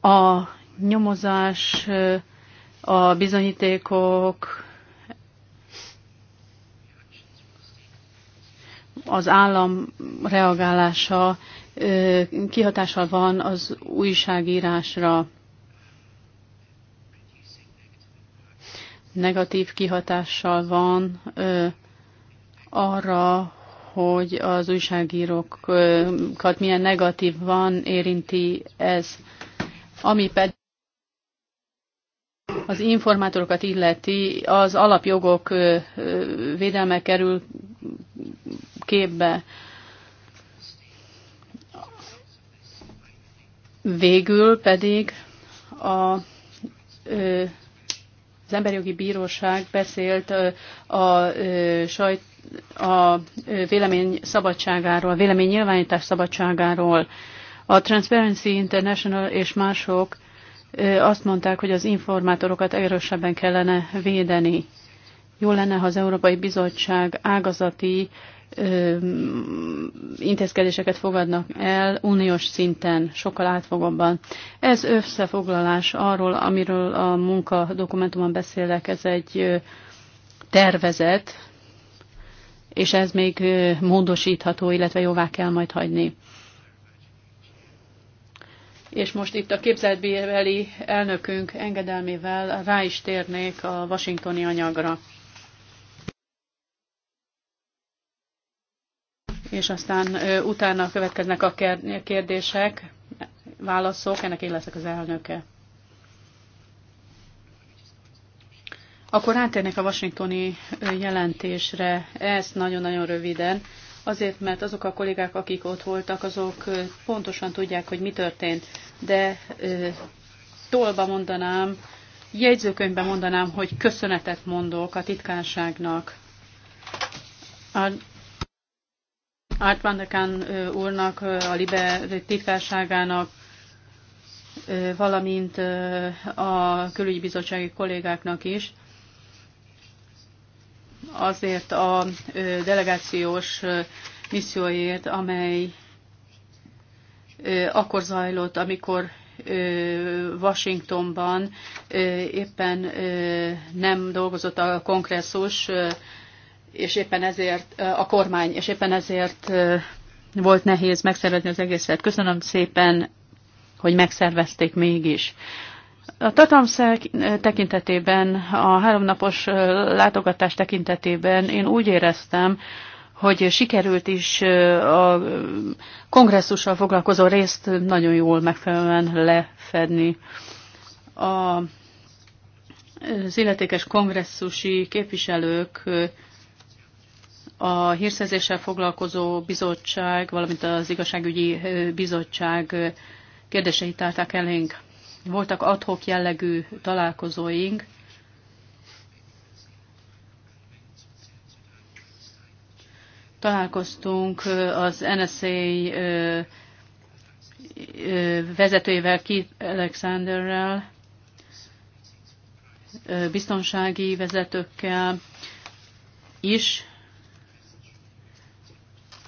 A nyomozás, a bizonyítékok, az állam reagálása kihatással van az újságírásra. negatív kihatással van ö, arra, hogy az újságírókat milyen negatív van érinti ez. Ami pedig az informátorokat illeti, az alapjogok védelme kerül képbe. Végül pedig a az Emberjogi Bíróság beszélt a, sajt, a vélemény szabadságáról, a vélemény nyilvánítás szabadságáról. A Transparency International és mások azt mondták, hogy az informátorokat erősebben kellene védeni. Jó lenne, ha az Európai Bizottság ágazati intézkedéseket fogadnak el uniós szinten, sokkal átfogóbban. Ez összefoglalás arról, amiről a munka dokumentumon beszélek, ez egy tervezet, és ez még módosítható, illetve jóvá kell majd hagyni. És most itt a képzeltbéveli elnökünk engedelmével rá is térnék a washingtoni anyagra. és aztán utána következnek a kérdések, válaszok, ennek én leszek az elnöke. Akkor átérnék a washingtoni jelentésre. ezt nagyon-nagyon röviden. Azért, mert azok a kollégák, akik ott voltak, azok pontosan tudják, hogy mi történt. De tolba mondanám, jegyzőkönyvben mondanám, hogy köszönetet mondok a titkárságnak, a Art van de Kahn úrnak, a Libe titkárságának, valamint a külügyi bizottsági kollégáknak is. Azért a delegációs misszióért, amely akkor zajlott, amikor Washingtonban éppen nem dolgozott a kongresszus, és éppen ezért a kormány, és éppen ezért volt nehéz megszervezni az egészet. Köszönöm szépen, hogy megszervezték mégis. A Tatamszel tekintetében, a háromnapos látogatás tekintetében én úgy éreztem, hogy sikerült is a kongresszussal foglalkozó részt nagyon jól megfelelően lefedni. A, az illetékes kongresszusi képviselők a hírszerzéssel foglalkozó bizottság, valamint az igazságügyi bizottság kérdéseit tárták elénk. Voltak adhok jellegű találkozóink, találkoztunk az NSA vezetőjével, Keith Alexanderrel, biztonsági vezetőkkel is,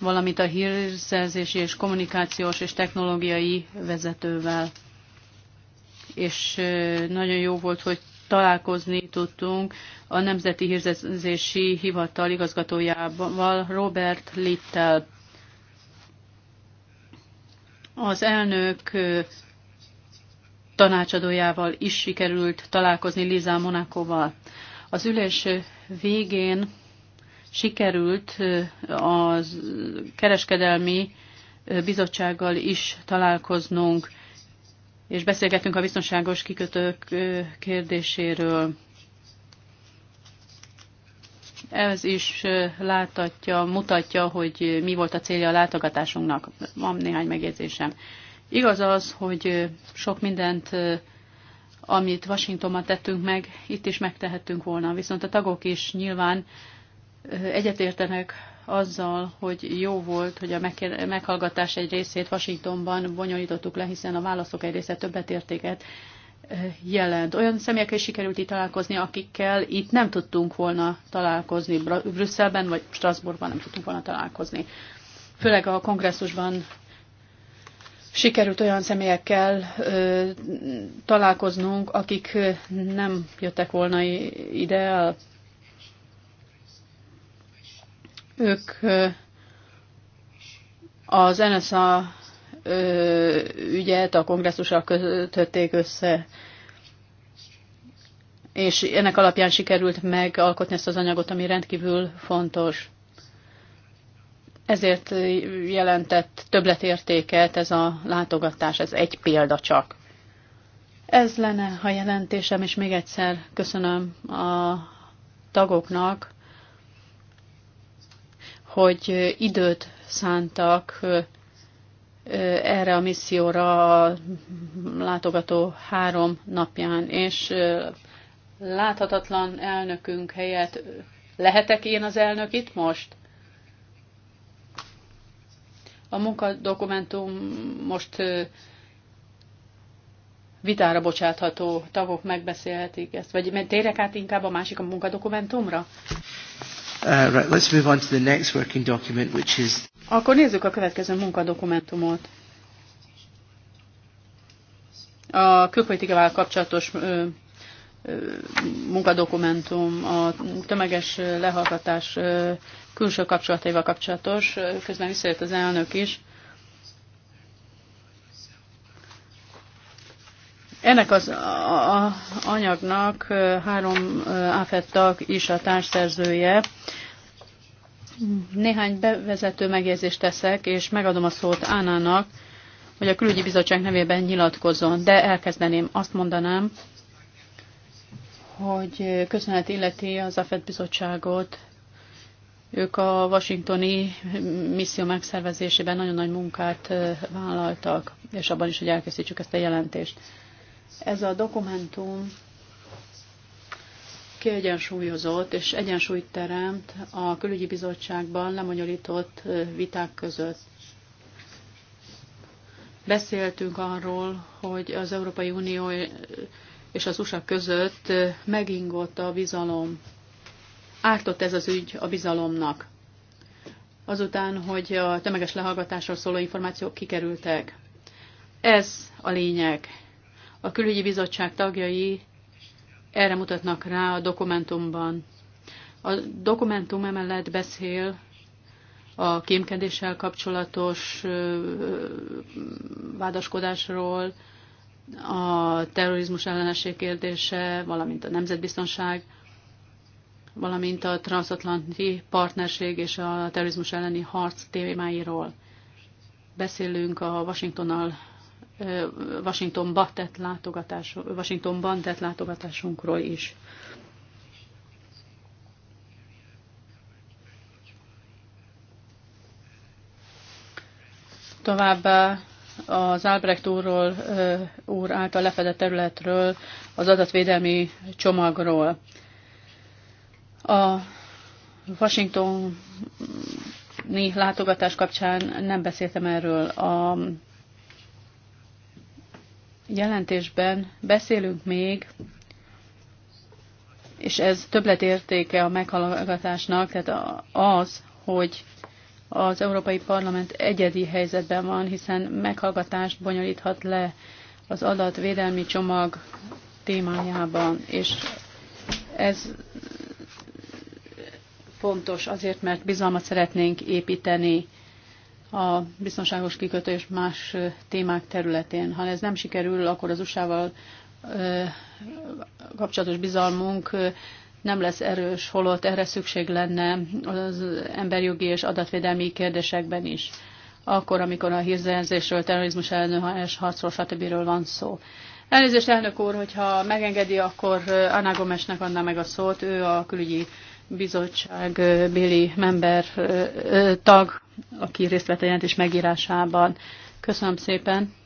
valamint a hírszerzési és kommunikációs és technológiai vezetővel. És nagyon jó volt, hogy találkozni tudtunk a Nemzeti Hírszerzési Hivatal igazgatójával, Robert Littel. Az elnök tanácsadójával is sikerült találkozni Lizá Monakóval. Az ülés végén sikerült a kereskedelmi bizottsággal is találkoznunk, és beszélgetünk a biztonságos kikötők kérdéséről. Ez is láthatja, mutatja, hogy mi volt a célja a látogatásunknak. Van néhány megjegyzésem. Igaz az, hogy sok mindent, amit Washingtonban tettünk meg, itt is megtehettünk volna, viszont a tagok is nyilván Egyetértenek azzal, hogy jó volt, hogy a meghallgatás egy részét Washingtonban bonyolítottuk le, hiszen a válaszok egy része értéket eh, jelent. Olyan személyekkel is sikerült itt találkozni, akikkel itt nem tudtunk volna találkozni, Brüsszelben vagy Strasbourgban nem tudtunk volna találkozni. Főleg a kongresszusban sikerült olyan személyekkel ö, eh, találkoznunk, akik eh, nem jöttek volna ide a ők az NSA ügyet a kongresszussal kötötték össze, és ennek alapján sikerült megalkotni ezt az anyagot, ami rendkívül fontos. Ezért jelentett többletértéket ez a látogatás, ez egy példa csak. Ez lenne a jelentésem, és még egyszer köszönöm a tagoknak, hogy időt szántak erre a misszióra a látogató három napján, és láthatatlan elnökünk helyett lehetek én az elnök itt most? A munkadokumentum most vitára bocsátható, tagok megbeszélhetik ezt, vagy térek át inkább a másik a munkadokumentumra? Uh, right, let's move on to the next working document, which is... Akkor nézzük a következő munkadokumentumot. A külpolitikával kapcsolatos ö, ö, munkadokumentum, a tömeges lehallgatás ö, külső kapcsolataival kapcsolatos, közben visszajött az elnök is. Ennek az a, a, anyagnak három áfettag is a társszerzője. Néhány bevezető megjegyzést teszek, és megadom a szót Ánának, hogy a külügyi bizottság nevében nyilatkozzon, de elkezdeném, azt mondanám, hogy köszönet illeti az AFED bizottságot. Ők a washingtoni misszió megszervezésében nagyon nagy munkát vállaltak, és abban is, hogy elkészítsük ezt a jelentést. Ez a dokumentum kiegyensúlyozott és egyensúlyt teremt a külügyi bizottságban lemonyolított viták között. Beszéltünk arról, hogy az Európai Unió és az USA között megingott a bizalom. Ártott ez az ügy a bizalomnak. Azután, hogy a tömeges lehallgatásról szóló információk kikerültek. Ez a lényeg. A külügyi bizottság tagjai erre mutatnak rá a dokumentumban. A dokumentum emellett beszél a kémkedéssel kapcsolatos vádaskodásról, a terrorizmus ellenesség kérdése, valamint a nemzetbiztonság, valamint a transatlanti partnerség és a terrorizmus elleni harc témáiról. Beszélünk a Washingtonnal Washingtonba tett látogatás, Washingtonban tett látogatásunkról is. Továbbá az Albrecht úrról, úr által lefedett területről, az adatvédelmi csomagról. A Washingtoni látogatás kapcsán nem beszéltem erről. A jelentésben beszélünk még, és ez többletértéke a meghallgatásnak, tehát az, hogy az Európai Parlament egyedi helyzetben van, hiszen meghallgatást bonyolíthat le az adatvédelmi csomag témájában, és ez fontos azért, mert bizalmat szeretnénk építeni a biztonságos kikötés más témák területén. Ha ez nem sikerül, akkor az USA-val kapcsolatos bizalmunk nem lesz erős, holott erre szükség lenne az emberjogi és adatvédelmi kérdésekben is. Akkor, amikor a hírzerzésről, terrorizmus ellenes harcról, stb. van szó. Elnézést, elnök úr, hogyha megengedi, akkor Anna Gomesnek adná meg a szót, ő a külügyi bizottság member tag, aki részt vett a jelentés megírásában. Köszönöm szépen.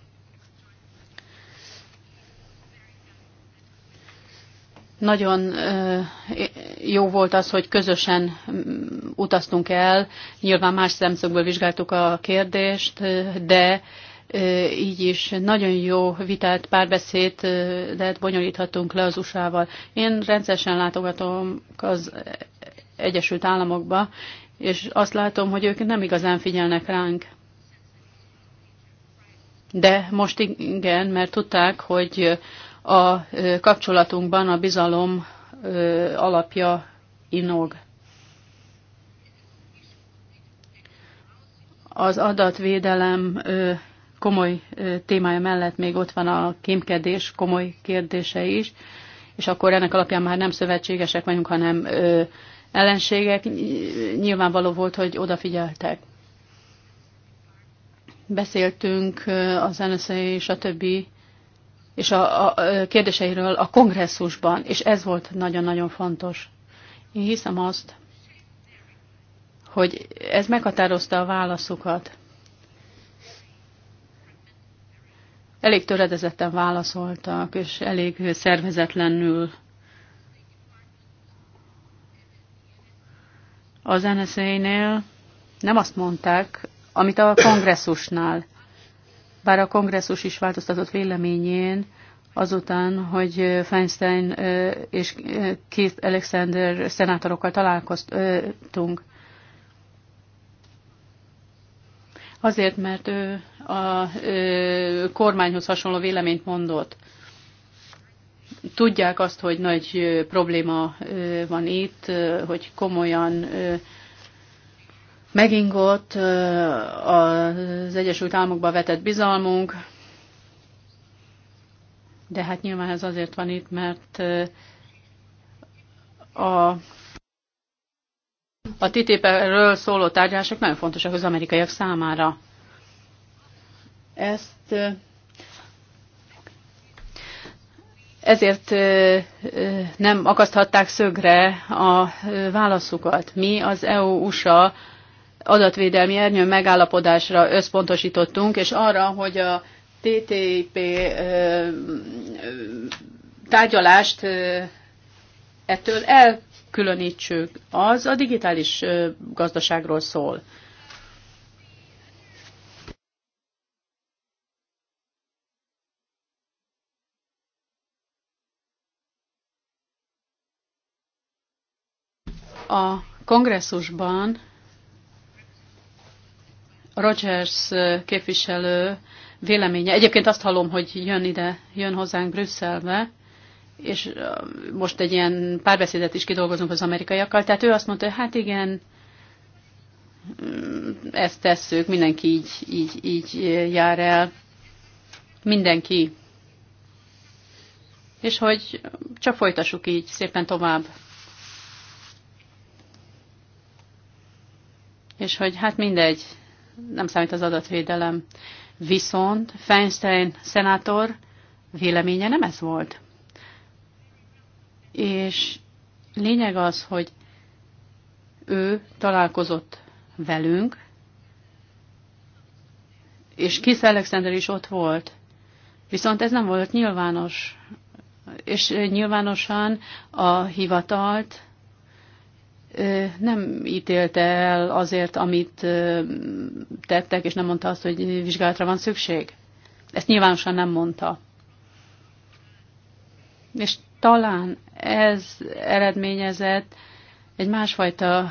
Nagyon jó volt az, hogy közösen utaztunk el, nyilván más szemszögből vizsgáltuk a kérdést, de így is nagyon jó vitát, párbeszédet bonyolíthatunk le az USA-val. Én rendszeresen látogatom az Egyesült Államokba, és azt látom, hogy ők nem igazán figyelnek ránk. De most igen, mert tudták, hogy a kapcsolatunkban a bizalom alapja inog. Az adatvédelem komoly témája mellett még ott van a kémkedés komoly kérdése is, és akkor ennek alapján már nem szövetségesek vagyunk, hanem ellenségek, nyilvánvaló volt, hogy odafigyeltek. Beszéltünk az NSA és a többi és a, a kérdéseiről a kongresszusban, és ez volt nagyon-nagyon fontos. Én hiszem azt, hogy ez meghatározta a válaszukat. Elég töredezetten válaszoltak, és elég szervezetlenül Az NSA-nél nem azt mondták, amit a kongresszusnál. Bár a kongresszus is változtatott véleményén, azután, hogy Feinstein és Keith Alexander szenátorokkal találkoztunk. Azért, mert ő a kormányhoz hasonló véleményt mondott tudják azt, hogy nagy probléma van itt, hogy komolyan megingott az Egyesült Államokba vetett bizalmunk, de hát nyilván ez azért van itt, mert a, a TTIP-ről szóló tárgyalások nagyon fontosak az amerikaiak számára. Ezt ezért nem akaszthatták szögre a válaszukat. Mi az EU-USA adatvédelmi ernyő megállapodásra összpontosítottunk, és arra, hogy a TTIP tárgyalást ettől elkülönítsük. Az a digitális gazdaságról szól. A kongresszusban Rogers képviselő véleménye, egyébként azt hallom, hogy jön ide, jön hozzánk Brüsszelbe, és most egy ilyen párbeszédet is kidolgozunk az amerikaiakkal, tehát ő azt mondta, hogy hát igen, mm, ezt tesszük, mindenki így, így, így jár el, mindenki. És hogy csak folytassuk így szépen tovább. és hogy hát mindegy, nem számít az adatvédelem. Viszont Feinstein szenátor véleménye nem ez volt. És lényeg az, hogy ő találkozott velünk, és Kiss Alexander is ott volt. Viszont ez nem volt nyilvános, és nyilvánosan a hivatalt nem ítélte el azért, amit tettek, és nem mondta azt, hogy vizsgálatra van szükség? Ezt nyilvánosan nem mondta. És talán ez eredményezett egy másfajta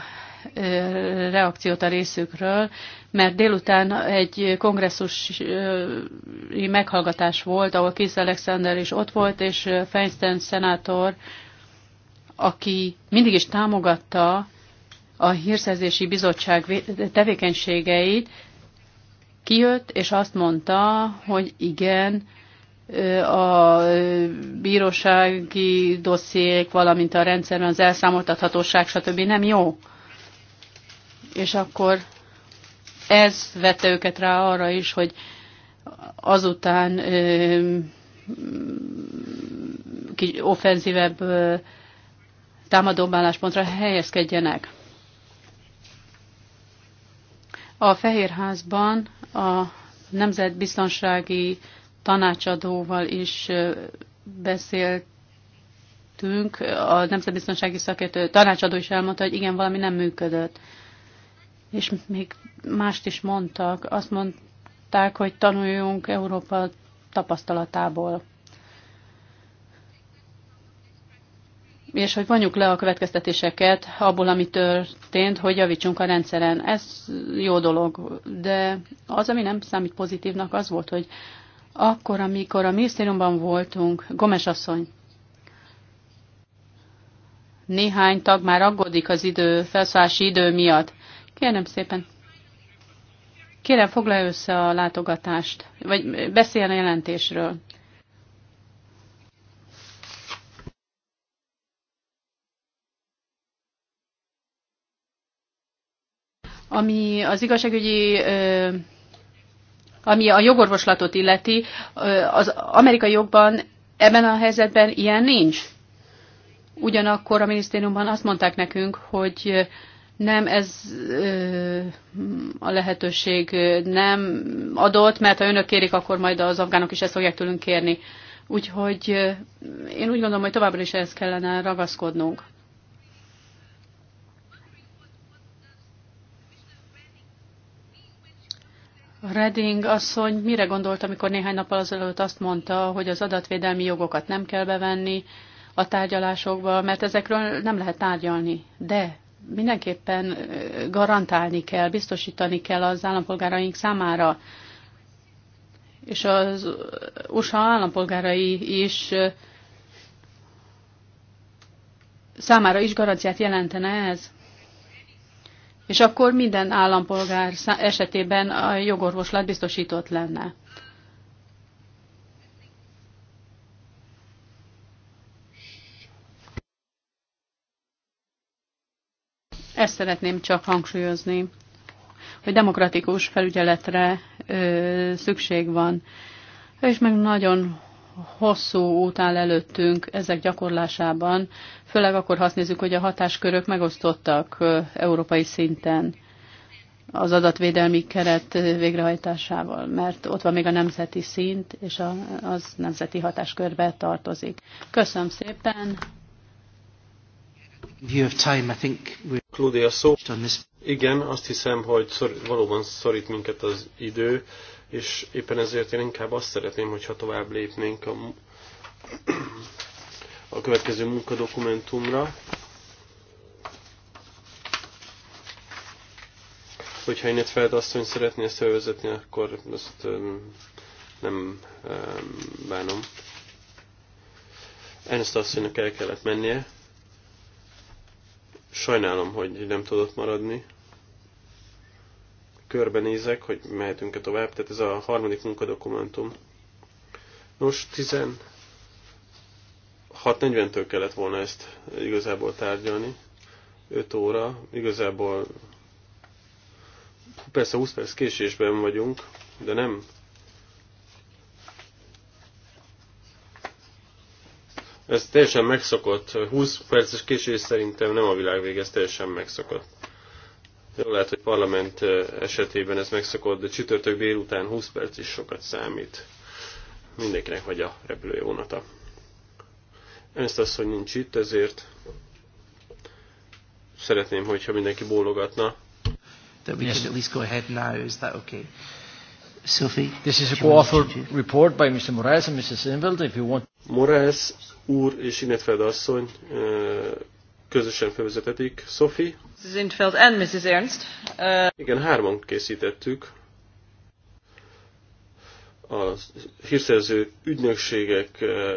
reakciót a részükről, mert délután egy kongresszusi meghallgatás volt, ahol Kiss Alexander is ott volt, és Feinstein szenátor aki mindig is támogatta a Hírszerzési Bizottság tevékenységeit, kijött és azt mondta, hogy igen, a bírósági dossziék, valamint a rendszerben az elszámoltathatóság, stb. nem jó. És akkor ez vette őket rá arra is, hogy azután ö, offenzívebb támadó álláspontra helyezkedjenek. A Fehérházban a nemzetbiztonsági tanácsadóval is beszéltünk, a nemzetbiztonsági szakértő tanácsadó is elmondta, hogy igen, valami nem működött. És még mást is mondtak. Azt mondták, hogy tanuljunk Európa tapasztalatából. és hogy vonjuk le a következtetéseket abból, ami történt, hogy javítsunk a rendszeren. Ez jó dolog, de az, ami nem számít pozitívnak, az volt, hogy akkor, amikor a minisztériumban voltunk, Gomes asszony, néhány tag már aggódik az idő, felszállási idő miatt. Kérem szépen, kérem foglalja össze a látogatást, vagy beszéljen a jelentésről. Ami az igazságügyi ami a jogorvoslatot illeti, az amerikai jogban ebben a helyzetben ilyen nincs. Ugyanakkor a minisztériumban azt mondták nekünk, hogy nem ez a lehetőség nem adott, mert ha önök kérik, akkor majd az afgánok is ezt fogják tőlünk kérni. Úgyhogy én úgy gondolom, hogy továbbra is ehhez kellene ragaszkodnunk. Reding asszony mire gondolt, amikor néhány nappal azelőtt azt mondta, hogy az adatvédelmi jogokat nem kell bevenni a tárgyalásokba, mert ezekről nem lehet tárgyalni. De mindenképpen garantálni kell, biztosítani kell az állampolgáraink számára, és az USA állampolgárai is számára is garanciát jelentene ez és akkor minden állampolgár esetében a jogorvoslat biztosított lenne. Ezt szeretném csak hangsúlyozni, hogy demokratikus felügyeletre ö, szükség van. És meg nagyon hosszú út áll előttünk ezek gyakorlásában, főleg akkor ha azt nézzük, hogy a hatáskörök megosztottak európai szinten az adatvédelmi keret végrehajtásával, mert ott van még a nemzeti szint, és a, az nemzeti hatáskörbe tartozik. Köszönöm szépen! Claudia szó. Igen, azt hiszem, hogy szor, valóban szorít minket az idő és éppen ezért én inkább azt szeretném, hogyha tovább lépnénk a, a következő munkadokumentumra, hogyha én egy feladasszony szeretné ezt felvezetni, akkor ezt nem bánom. Ernest asszonynak el kellett mennie. Sajnálom, hogy nem tudott maradni körbenézek, hogy mehetünk-e tovább, tehát ez a harmadik munkadokumentum. Nos, 16.40-től kellett volna ezt igazából tárgyalni, 5 óra, igazából persze 20 perc késésben vagyunk, de nem ez teljesen megszokott. 20 perces késés szerintem nem a világ vége, ez teljesen megszokott. Jó lehet, hogy parlament esetében ez megszokott, de csütörtök délután 20 perc is sokat számít. Mindenkinek vagy a repülője vonata. Ezt az, hogy nincs itt, ezért szeretném, hogyha mindenki bólogatna. That we yes. at least go ahead now, is that okay? Sophie, This is a co-authored report by Mr. Moraes and Mr. Inveld, if you want. Moraes úr és Inetfeld asszony közösen felvezetetik. Sophie. Mrs. Intfeld and Mrs. Ernst. Uh... Igen, hárman készítettük. A hírszerző ügynökségek uh,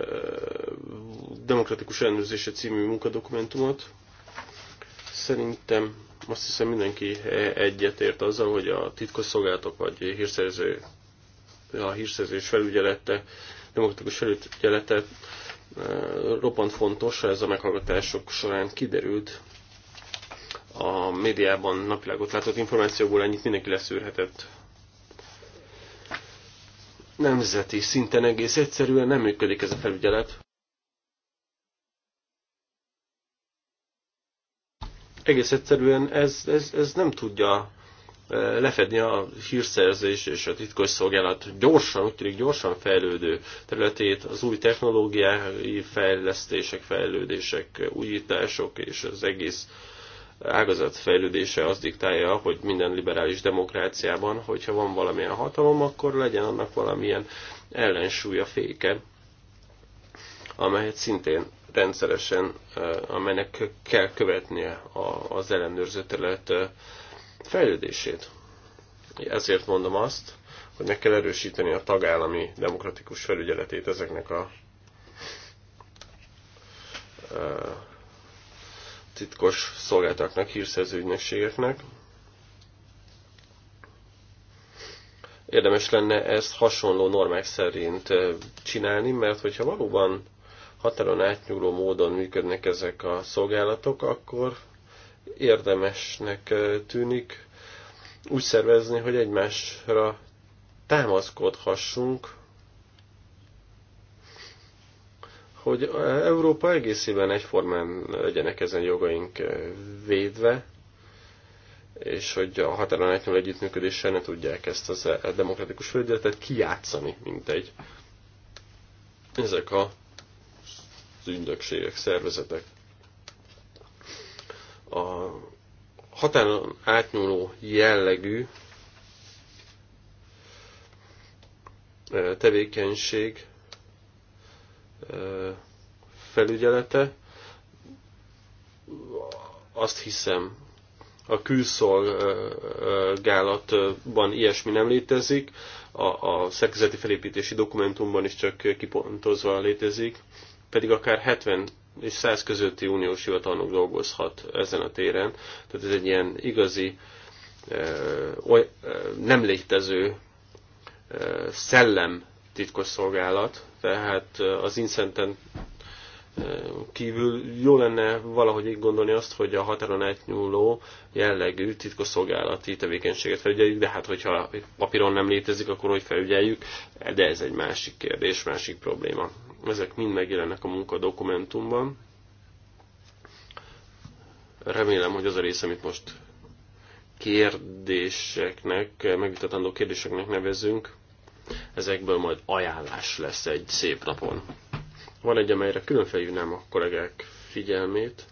demokratikus ellenőrzése című munkadokumentumot. Szerintem azt hiszem mindenki egyetért azzal, hogy a titkosszolgálatok vagy hírszerző, a hírszerzés felügyelete, demokratikus felügyelete roppant fontos, ez a meghallgatások során kiderült, a médiában napvilágot látott információból ennyit mindenki leszűrhetett. Nemzeti szinten egész egyszerűen nem működik ez a felügyelet. Egész egyszerűen ez, ez, ez nem tudja lefedni a hírszerzés és a titkosszolgálat gyorsan, úgy tűnik gyorsan fejlődő területét, az új technológiai fejlesztések, fejlődések, újítások és az egész ágazat fejlődése az diktálja, hogy minden liberális demokráciában, hogyha van valamilyen hatalom, akkor legyen annak valamilyen ellensúlya féke, amelyet szintén rendszeresen, amelynek kell követnie az ellenőrző terület fejlődését. Ezért mondom azt, hogy meg kell erősíteni a tagállami demokratikus felügyeletét ezeknek a titkos szolgáltaknak, hírszerző ügynökségeknek. Érdemes lenne ezt hasonló normák szerint csinálni, mert hogyha valóban határon átnyúló módon működnek ezek a szolgálatok, akkor érdemesnek tűnik úgy szervezni, hogy egymásra támaszkodhassunk, hogy Európa egészében egyformán legyenek ezen jogaink védve, és hogy a határon átnyúló együttműködéssel ne tudják ezt az a demokratikus felületet kijátszani, mint egy. Ezek a az ügynökségek, szervezetek a határon átnyúló jellegű tevékenység felügyelete, azt hiszem, a külszolgálatban ilyesmi nem létezik, a, a szerkezeti felépítési dokumentumban is csak kipontozva létezik, pedig akár 70 és 100 közötti uniós hivatalnok dolgozhat ezen a téren. Tehát ez egy ilyen igazi, nem létező szellem titkos szolgálat, tehát az Incenten kívül jó lenne valahogy így gondolni azt, hogy a határon átnyúló jellegű titkosszolgálati tevékenységet felügyeljük, de hát hogyha papíron nem létezik, akkor hogy felügyeljük, de ez egy másik kérdés, másik probléma. Ezek mind megjelennek a munkadokumentumban. Remélem, hogy az a része, amit most kérdéseknek, megvitatandó kérdéseknek nevezünk, ezekből majd ajánlás lesz egy szép napon. Van egy, amelyre külön felhívnám a kollégák figyelmét.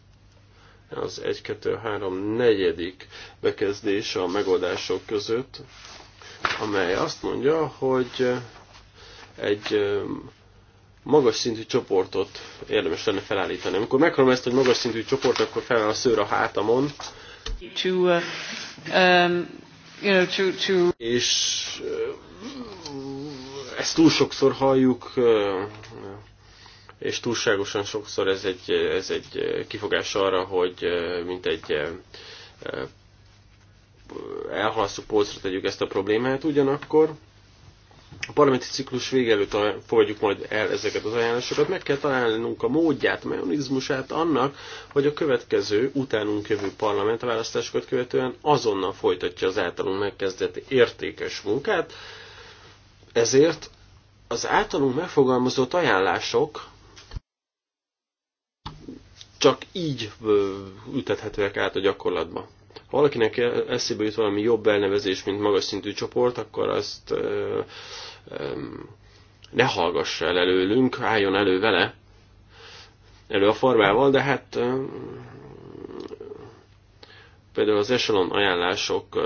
Az 1, 2, 3, 4. bekezdés a megoldások között, amely azt mondja, hogy egy magas szintű csoportot érdemes lenne felállítani. Amikor meghallom ezt, hogy magas szintű csoport, akkor fel a szőr a hátamon. To, uh, um, you know, to, to... És uh, ezt túl sokszor halljuk, uh, és túlságosan sokszor ez egy, ez egy uh, kifogás arra, hogy uh, mint egy uh, uh elhalasztjuk, polcra tegyük ezt a problémát. Ugyanakkor a parlamenti ciklus vége előtt fogadjuk majd el ezeket az ajánlásokat, meg kell találnunk a módját, a mechanizmusát annak, hogy a következő, utánunk jövő választásokat követően azonnal folytatja az általunk megkezdett értékes munkát, ezért az általunk megfogalmazott ajánlások csak így ütethetőek át a gyakorlatba. Ha valakinek eszébe jut valami jobb elnevezés, mint magas szintű csoport, akkor azt ne hallgassa el előlünk, álljon elő vele, elő a formával, de hát például az echelon ajánlások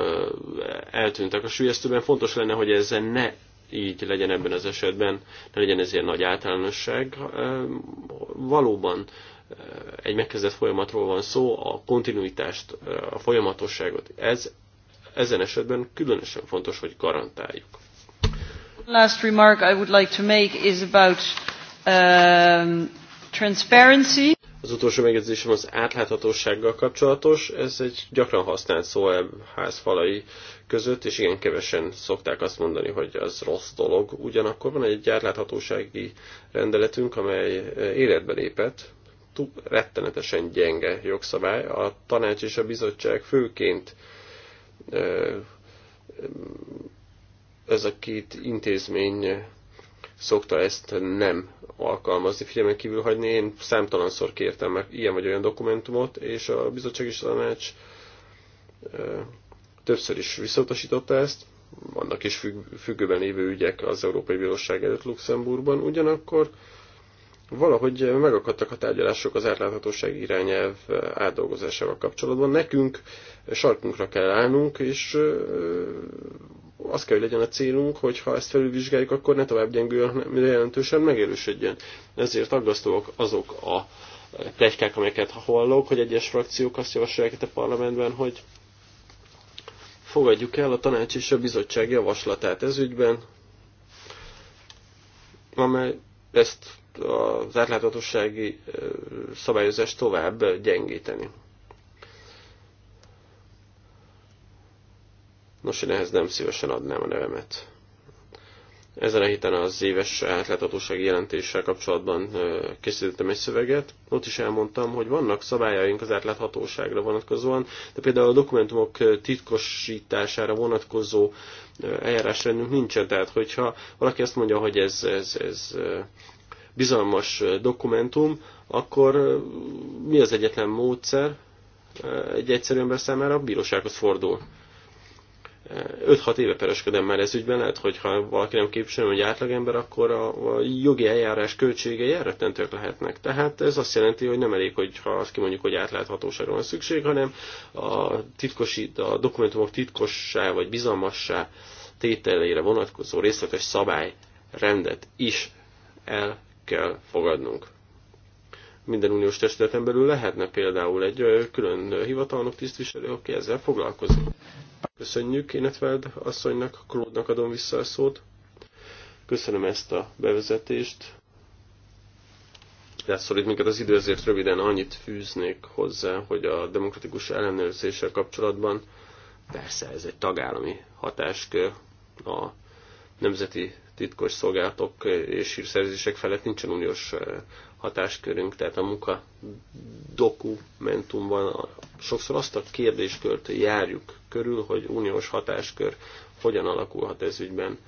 eltűntek a sülyeztőben, fontos lenne, hogy ezzel ne így legyen ebben az esetben, ne legyen ez ilyen nagy általánosság. Valóban egy megkezdett folyamatról van szó, a kontinuitást, a folyamatosságot. Ez ezen esetben különösen fontos, hogy garantáljuk. Last remark I would like to make is about um, transparency. Az utolsó megjegyzésem az átláthatósággal kapcsolatos. Ez egy gyakran használt szó e házfalai között, és igen, kevesen szokták azt mondani, hogy az rossz dolog. Ugyanakkor van egy átláthatósági rendeletünk, amely életbe lépett rettenetesen gyenge jogszabály. A tanács és a bizottság főként ez a két intézmény szokta ezt nem alkalmazni, figyelmen kívül hagyni. Én számtalanszor kértem meg ilyen vagy olyan dokumentumot, és a bizottság és a tanács többször is visszautasította ezt. Vannak is függ, függőben lévő ügyek az Európai Bíróság előtt Luxemburgban. Ugyanakkor valahogy megakadtak a tárgyalások az átláthatóság irányelv átdolgozásával kapcsolatban. Nekünk sarkunkra kell állnunk, és az kell, hogy legyen a célunk, hogy ha ezt felülvizsgáljuk, akkor ne tovább gyengüljön, hanem jelentősen megerősödjön. Ezért aggasztóak azok a plegykák, amelyeket hallok, hogy egyes frakciók azt javasolják itt a parlamentben, hogy fogadjuk el a tanács és a bizottság javaslatát ez ügyben, amely ezt az átláthatósági szabályozást tovább gyengíteni. Nos, én ehhez nem szívesen adnám a nevemet. Ezen a héten az éves átláthatósági jelentéssel kapcsolatban készítettem egy szöveget. Ott is elmondtam, hogy vannak szabályaink az átláthatóságra vonatkozóan, de például a dokumentumok titkosítására vonatkozó eljárásrendünk nincsen. Tehát, hogyha valaki azt mondja, hogy ez, ez, ez bizalmas dokumentum, akkor mi az egyetlen módszer egy egyszerű ember számára? A bírósághoz fordul. 5-6 éve pereskedem már ez ügyben, lehet, hogy ha valaki nem képviselő, hogy átlagember, akkor a, a jogi eljárás költségei elrettentők lehetnek. Tehát ez azt jelenti, hogy nem elég, hogy ha azt kimondjuk, hogy átláthatóságra van szükség, hanem a, titkosi, a dokumentumok titkossá vagy bizalmassá tételére vonatkozó részletes szabályrendet is el kell fogadnunk minden uniós testületen belül lehetne például egy külön hivatalnok tisztviselő, aki ezzel foglalkozik. Köszönjük Énetveld asszonynak, Klódnak adom vissza a szót. Köszönöm ezt a bevezetést. Rászorít minket az idő, ezért röviden annyit fűznék hozzá, hogy a demokratikus ellenőrzéssel kapcsolatban persze ez egy tagállami hatáskör, a nemzeti titkos szolgálatok és hírszerzések felett nincsen uniós eh, hatáskörünk, tehát a munka dokumentumban sokszor azt a kérdéskört járjuk körül, hogy uniós hatáskör hogyan alakulhat ez ügyben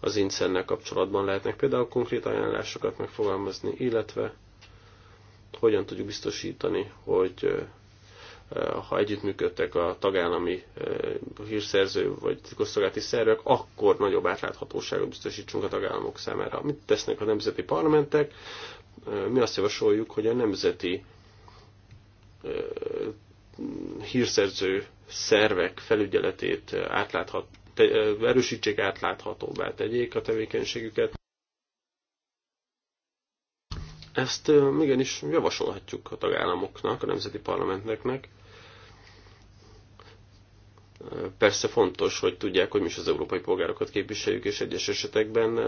az incennel kapcsolatban lehetnek például konkrét ajánlásokat megfogalmazni, illetve hogyan tudjuk biztosítani, hogy ha együttműködtek a tagállami hírszerző vagy titkosszolgálati szervek, akkor nagyobb átláthatóságot biztosítsunk a tagállamok számára. Mit tesznek a nemzeti parlamentek? Mi azt javasoljuk, hogy a nemzeti hírszerző szervek felügyeletét átláthat, te, erősítsék átláthatóbbá, tegyék a tevékenységüket. Ezt igenis javasolhatjuk a tagállamoknak, a nemzeti parlamenteknek. Persze fontos, hogy tudják, hogy mi is az európai polgárokat képviseljük, és egyes esetekben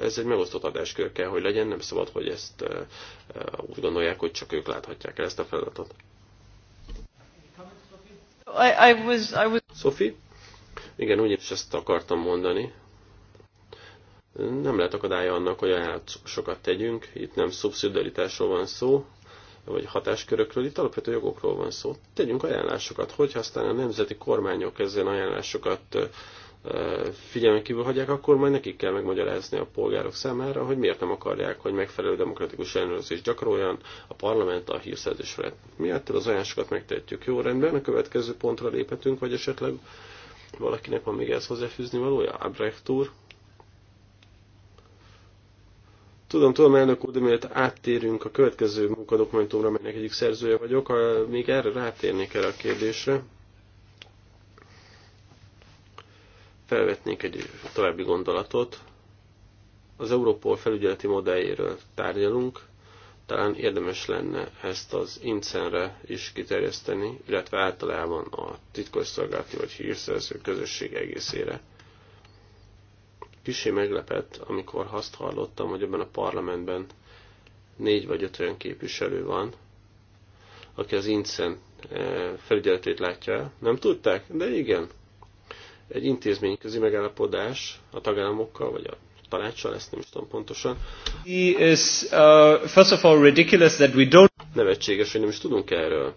ez egy megosztott adáskör kell, hogy legyen, nem szabad, hogy ezt úgy gondolják, hogy csak ők láthatják el ezt a feladatot. I, I was, I was... Sophie? Igen, úgyis ezt akartam mondani. Nem lehet akadálya annak, hogy ajánlatokat tegyünk, itt nem szubszidaritásról van szó, vagy hatáskörökről, itt alapvető jogokról van szó. Tegyünk ajánlásokat, hogyha aztán a nemzeti kormányok ezen ajánlásokat figyelmen kívül hagyják, akkor majd nekik kell megmagyarázni a polgárok számára, hogy miért nem akarják, hogy megfelelő demokratikus ellenőrzés gyakoroljan a parlament a hírszerzés felett. Mi ettől az ajánlásokat megtehetjük. Jó rendben, a következő pontra léphetünk, vagy esetleg valakinek van még ezt hozzáfűzni valója? Abrecht úr? Tudom, tudom, elnök úr, de mielőtt áttérünk a következő munkadokumentumra, melynek egyik szerzője vagyok, a, még erre rátérnék erre a kérdésre. Felvetnék egy további gondolatot. Az Európol felügyeleti modelljéről tárgyalunk. Talán érdemes lenne ezt az incenre is kiterjeszteni, illetve általában a titkosszolgálati vagy hírszerző közösség egészére Kisé meglepett, amikor azt hallottam, hogy ebben a parlamentben négy vagy öt olyan képviselő van, aki az INCEN eh, felügyeletét látja el. Nem tudták? De igen. Egy intézményközi megállapodás a tagállamokkal, vagy a tanácssal, ezt nem is tudom pontosan. He is, uh, first of all, ridiculous that we don't... Nevetséges, hogy nem is tudunk erről.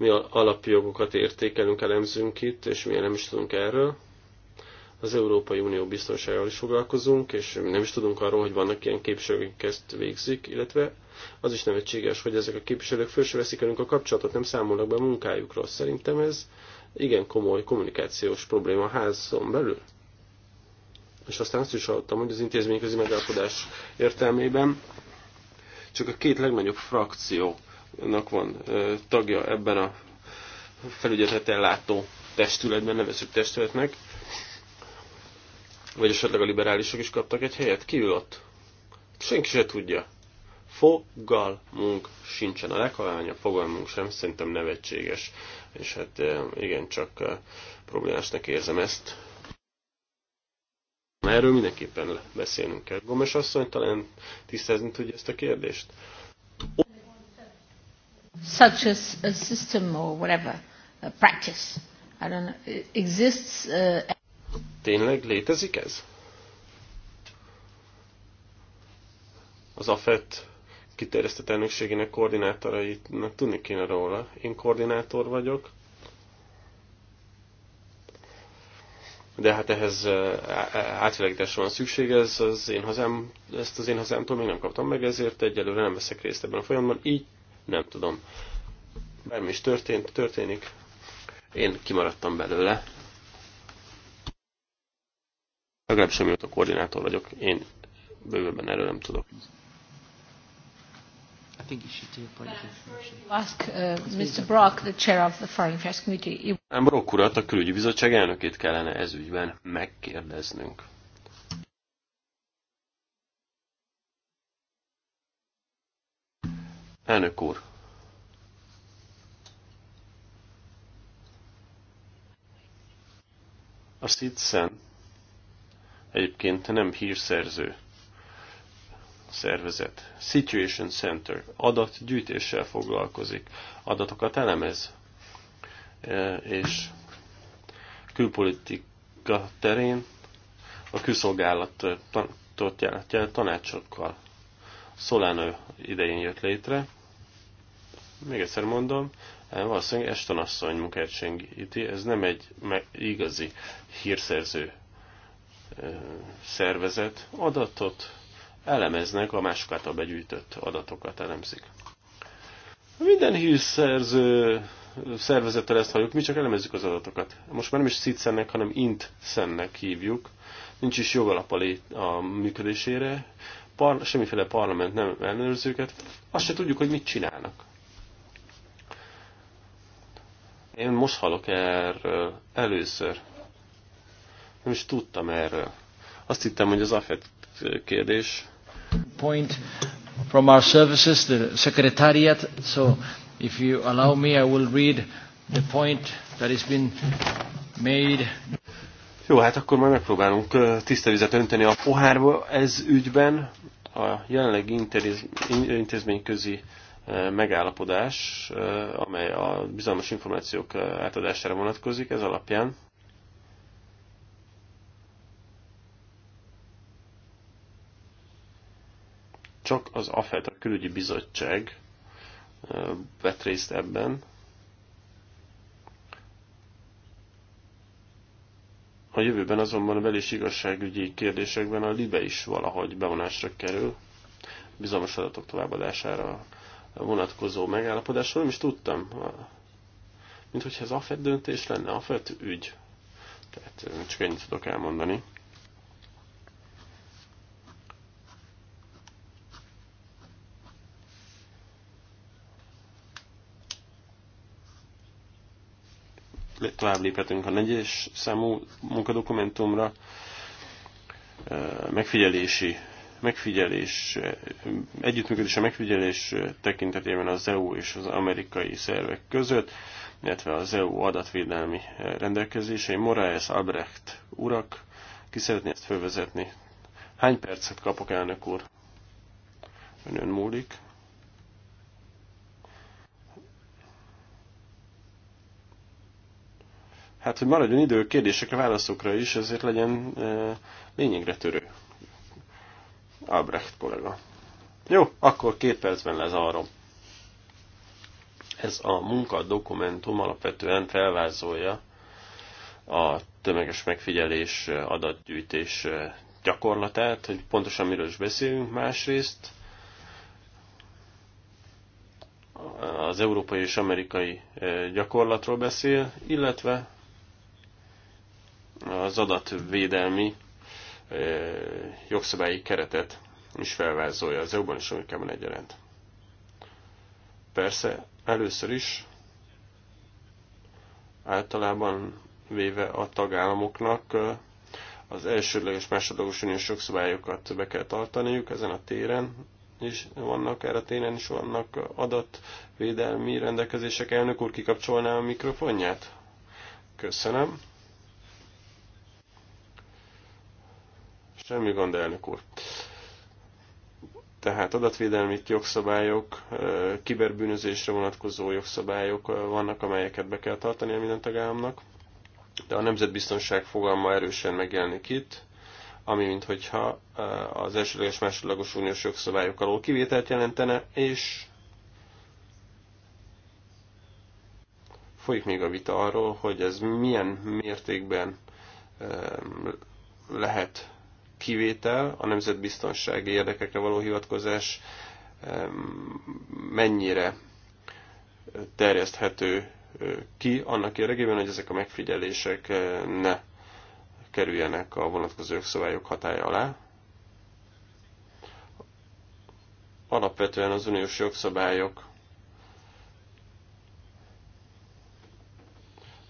mi alapjogokat értékelünk, elemzünk itt, és miért nem is tudunk erről. Az Európai Unió biztonságával is foglalkozunk, és nem is tudunk arról, hogy vannak ilyen képviselők, akik ezt végzik, illetve az is nevetséges, hogy ezek a képviselők föl veszik elünk a kapcsolatot, nem számolnak be a munkájukról. Szerintem ez igen komoly kommunikációs probléma a házon belül. És aztán azt is hallottam, hogy az intézményközi megállapodás értelmében csak a két legnagyobb frakció nak van tagja ebben a felügyeleten látó testületben, nevezük testületnek, vagy esetleg a liberálisok is kaptak egy helyet? Ki ül ott? Senki se tudja. Fogalmunk sincsen. A leghalányabb fogalmunk sem, szerintem nevetséges. És hát igen, csak problémásnak érzem ezt. Erről mindenképpen beszélnünk kell. Gomes asszony talán tisztázni tudja ezt a kérdést such as a system or whatever, a practice, I don't know, exists... Uh... Tényleg létezik ez? Az AFET kiterjesztett elnökségének koordinátorainak tudni kéne róla. Én koordinátor vagyok, de hát ehhez uh, átvilágításra van szükség, ez az én hazám, ezt az én hazámtól még nem kaptam meg, ezért egyelőre nem veszek részt ebben a folyamban. Így nem tudom. Bármi is történt, történik. Én kimaradtam belőle. Legalábbis a koordinátor vagyok, én bővebben erről nem tudok. I think you should do Ask uh, Mr. Brock, the chair of the Foreign Affairs Committee. Brock urat, a külügyi bizottság elnökét kellene ezügyben megkérdeznünk. Elnök úr! A SIDSEN egyébként nem hírszerző szervezet. Situation Center adatgyűjtéssel foglalkozik, adatokat elemez, e, és külpolitika terén a külszolgálat tanácsokkal. Solano idején jött létre, még egyszer mondom, eh, valószínűleg Eston asszony munkáját segíti, ez nem egy igazi hírszerző eh, szervezet, adatot elemeznek, a mások által begyűjtött adatokat elemzik. Minden hírszerző szervezettel ezt halljuk, mi csak elemezzük az adatokat. Most már nem is CITSZENnek, hanem INT-szennek hívjuk. Nincs is jogalap a, lét, a működésére, Par, semmiféle parlament nem ellenőrzőket, azt se tudjuk, hogy mit csinálnak. Én most hallok erről először. Nem is tudtam erről. Azt hittem, hogy az AFET kérdés. Point from our services, the secretariat. So if you allow me, I will read the point that has been made. Jó, hát akkor majd megpróbálunk tiszta vizet önteni a pohárba ez ügyben. A jelenlegi intézményközi megállapodás, amely a bizalmas információk átadására vonatkozik, ez alapján csak az AFET, a külügyi bizottság vett részt ebben. A jövőben azonban a belis igazságügyi kérdésekben a LIBE is valahogy bevonásra kerül, bizalmas adatok továbbadására vonatkozó megállapodásról, nem is tudtam. Mint hogyha ez AFED döntés lenne, AFED ügy. Tehát csak ennyit tudok elmondani. tovább léphetünk a negyes számú munkadokumentumra, megfigyelési megfigyelés, együttműködés a megfigyelés tekintetében az EU és az amerikai szervek között, illetve az EU adatvédelmi rendelkezései. Moraes Albrecht urak, ki szeretné ezt felvezetni? Hány percet kapok, elnök úr? Önön múlik. Hát, hogy maradjon idő kérdésekre, válaszokra is, ezért legyen e, lényegre törő. Albrecht kollega. Jó, akkor két percben lezárom. Ez a munkadokumentum alapvetően felvázolja a tömeges megfigyelés, adatgyűjtés gyakorlatát, hogy pontosan miről is beszélünk másrészt. Az európai és amerikai e, gyakorlatról beszél, illetve az adatvédelmi jogszabályi keretet is felvázolja az EU-ban és Amerikában egyaránt. Persze, először is általában véve a tagállamoknak az elsődleges másodlagos uniós jogszabályokat be kell tartaniuk ezen a téren, és vannak erre téren is vannak adatvédelmi rendelkezések. Elnök úr, kikapcsolná a mikrofonját? Köszönöm. Semmi gond, elnök úr. Tehát adatvédelmi jogszabályok, kiberbűnözésre vonatkozó jogszabályok vannak, amelyeket be kell tartani a minden tagállamnak. De a nemzetbiztonság fogalma erősen megjelenik itt, ami minthogyha az elsőleges másodlagos uniós jogszabályok alól kivételt jelentene, és folyik még a vita arról, hogy ez milyen mértékben lehet kivétel, a nemzetbiztonsági érdekekre való hivatkozás mennyire terjeszthető ki annak érdekében, hogy ezek a megfigyelések ne kerüljenek a vonatkozó jogszabályok hatája alá. Alapvetően az uniós jogszabályok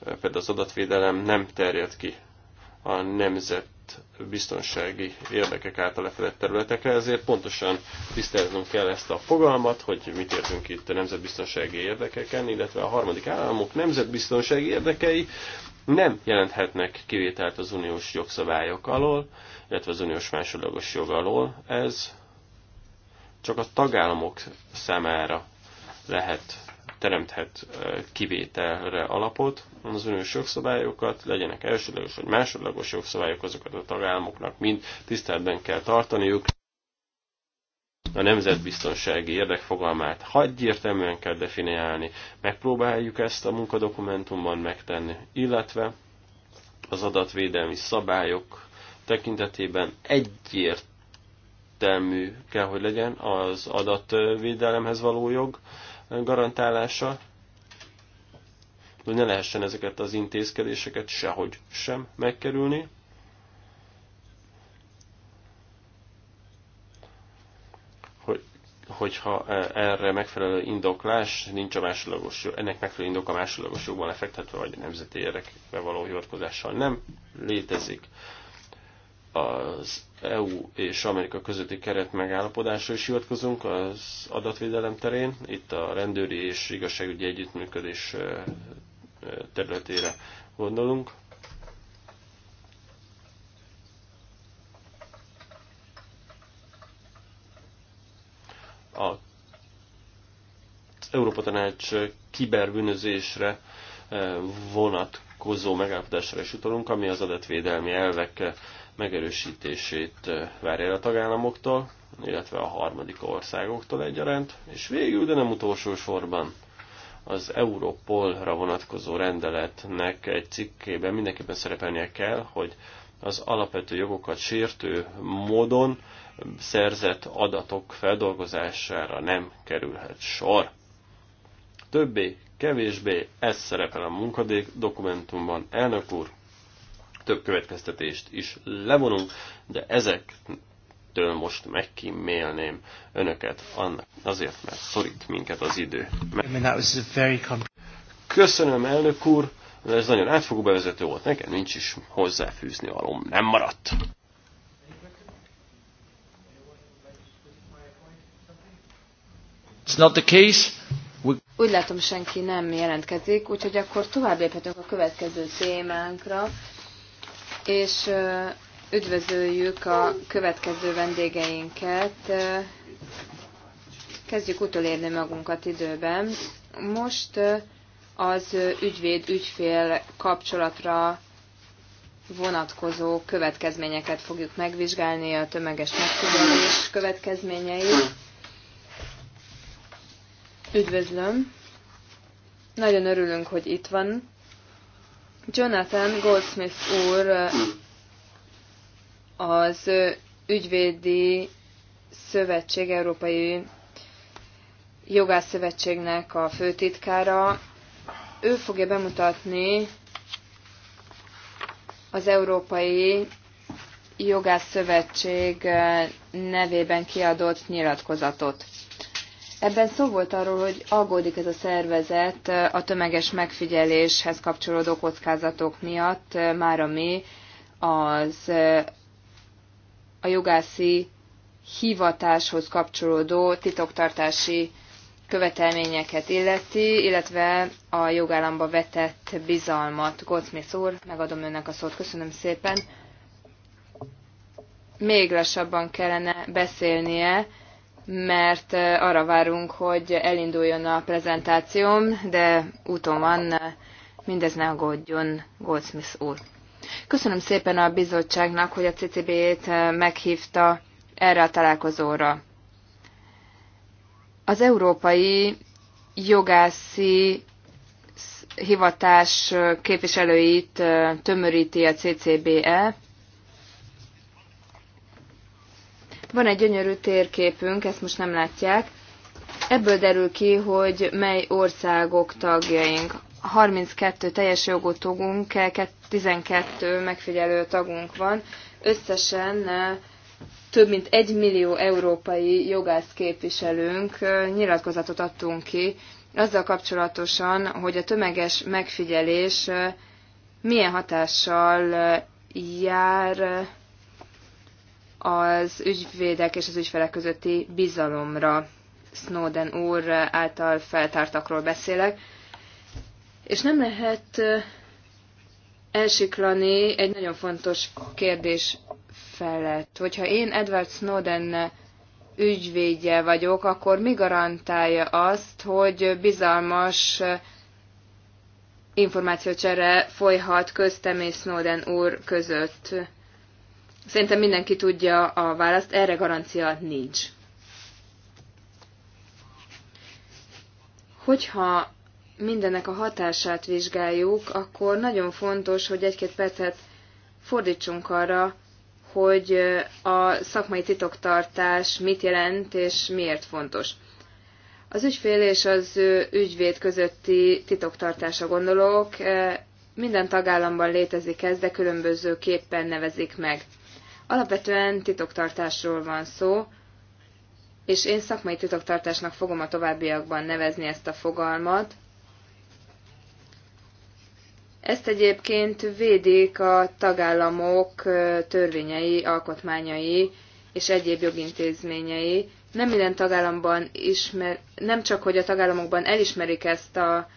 például az adatvédelem nem terjed ki a nemzet biztonsági érdekek által lefedett területekre, ezért pontosan tisztelnünk kell ezt a fogalmat, hogy mit értünk itt a nemzetbiztonsági érdekeken, illetve a harmadik államok nemzetbiztonsági érdekei nem jelenthetnek kivételt az uniós jogszabályok alól, illetve az uniós másodlagos jog alól. Ez csak a tagállamok számára lehet teremthet kivételre alapot, az uniós jogszabályokat, legyenek elsődleges vagy másodlagos jogszabályok, azokat a tagállamoknak mind tiszteletben kell tartaniuk. A nemzetbiztonsági érdekfogalmát értelműen kell definiálni, megpróbáljuk ezt a munkadokumentumban megtenni, illetve az adatvédelmi szabályok tekintetében egyértelmű kell, hogy legyen az adatvédelemhez való jog, garantálása, hogy ne lehessen ezeket az intézkedéseket sehogy sem megkerülni. Hogy, hogyha erre megfelelő indoklás, nincs a másodlagos, ennek megfelelő indok a másodlagos jogban lefektetve, vagy a nemzeti érdekbe való hivatkozással nem létezik az EU és Amerika közötti keret megállapodásra is hivatkozunk az adatvédelem terén. Itt a rendőri és igazságügyi együttműködés területére gondolunk. A Európa Tanács kiberbűnözésre vonatkozó megállapodásra is utalunk, ami az adatvédelmi elvek megerősítését eh, várja a tagállamoktól, illetve a harmadik országoktól egyaránt, és végül, de nem utolsó sorban az Europolra vonatkozó rendeletnek egy cikkében mindenképpen szerepelnie kell, hogy az alapvető jogokat sértő módon szerzett adatok feldolgozására nem kerülhet sor. Többé, kevésbé ez szerepel a dokumentumban, Elnök úr, több következtetést is levonunk, de ezektől most megkímélném önöket annak, azért, mert szorít minket az idő. Köszönöm, elnök úr, ez nagyon átfogó bevezető volt, nekem nincs is hozzáfűzni valóm, nem maradt. It's not the case. We... Úgy látom, senki nem jelentkezik, úgyhogy akkor tovább léphetünk a következő témánkra és üdvözöljük a következő vendégeinket. Kezdjük utolérni magunkat időben. Most az ügyvéd-ügyfél kapcsolatra vonatkozó következményeket fogjuk megvizsgálni, a tömeges megfigyelés következményei Üdvözlöm! Nagyon örülünk, hogy itt van Jonathan Goldsmith úr az ügyvédi szövetség, Európai Jogászszövetségnek a főtitkára. Ő fogja bemutatni az Európai Jogászszövetség nevében kiadott nyilatkozatot. Ebben szó volt arról, hogy aggódik ez a szervezet a tömeges megfigyeléshez kapcsolódó kockázatok miatt, már ami az a jogászi hivatáshoz kapcsolódó titoktartási követelményeket illeti, illetve a jogállamba vetett bizalmat. Goldsmith úr, megadom önnek a szót. Köszönöm szépen. Még lassabban kellene beszélnie, mert arra várunk, hogy elinduljon a prezentációm, de úton van, mindez ne aggódjon Goldsmith úr. Köszönöm szépen a bizottságnak, hogy a CCB-t meghívta erre a találkozóra. Az Európai Jogászi Hivatás képviselőit tömöríti a CCBE, Van egy gyönyörű térképünk, ezt most nem látják. Ebből derül ki, hogy mely országok tagjaink. 32 teljes jogú tagunk, 12 megfigyelő tagunk van. Összesen több mint egy millió európai jogász képviselőnk nyilatkozatot adtunk ki azzal kapcsolatosan, hogy a tömeges megfigyelés milyen hatással jár az ügyvédek és az ügyfelek közötti bizalomra. Snowden úr által feltártakról beszélek. És nem lehet elsiklani egy nagyon fontos kérdés felett. Hogyha én Edward Snowden ügyvédje vagyok, akkor mi garantálja azt, hogy bizalmas információcsere folyhat köztem és Snowden úr között? Szerintem mindenki tudja a választ, erre garancia nincs. Hogyha mindennek a hatását vizsgáljuk, akkor nagyon fontos, hogy egy-két percet fordítsunk arra, hogy a szakmai titoktartás mit jelent és miért fontos. Az ügyfél és az ügyvéd közötti titoktartása gondolok, minden tagállamban létezik ez, de különbözőképpen nevezik meg. Alapvetően titoktartásról van szó, és én szakmai titoktartásnak fogom a továbbiakban nevezni ezt a fogalmat. Ezt egyébként védik a tagállamok törvényei, alkotmányai és egyéb jogintézményei. Nem minden tagállamban ismer, nem csak, hogy a tagállamokban elismerik ezt a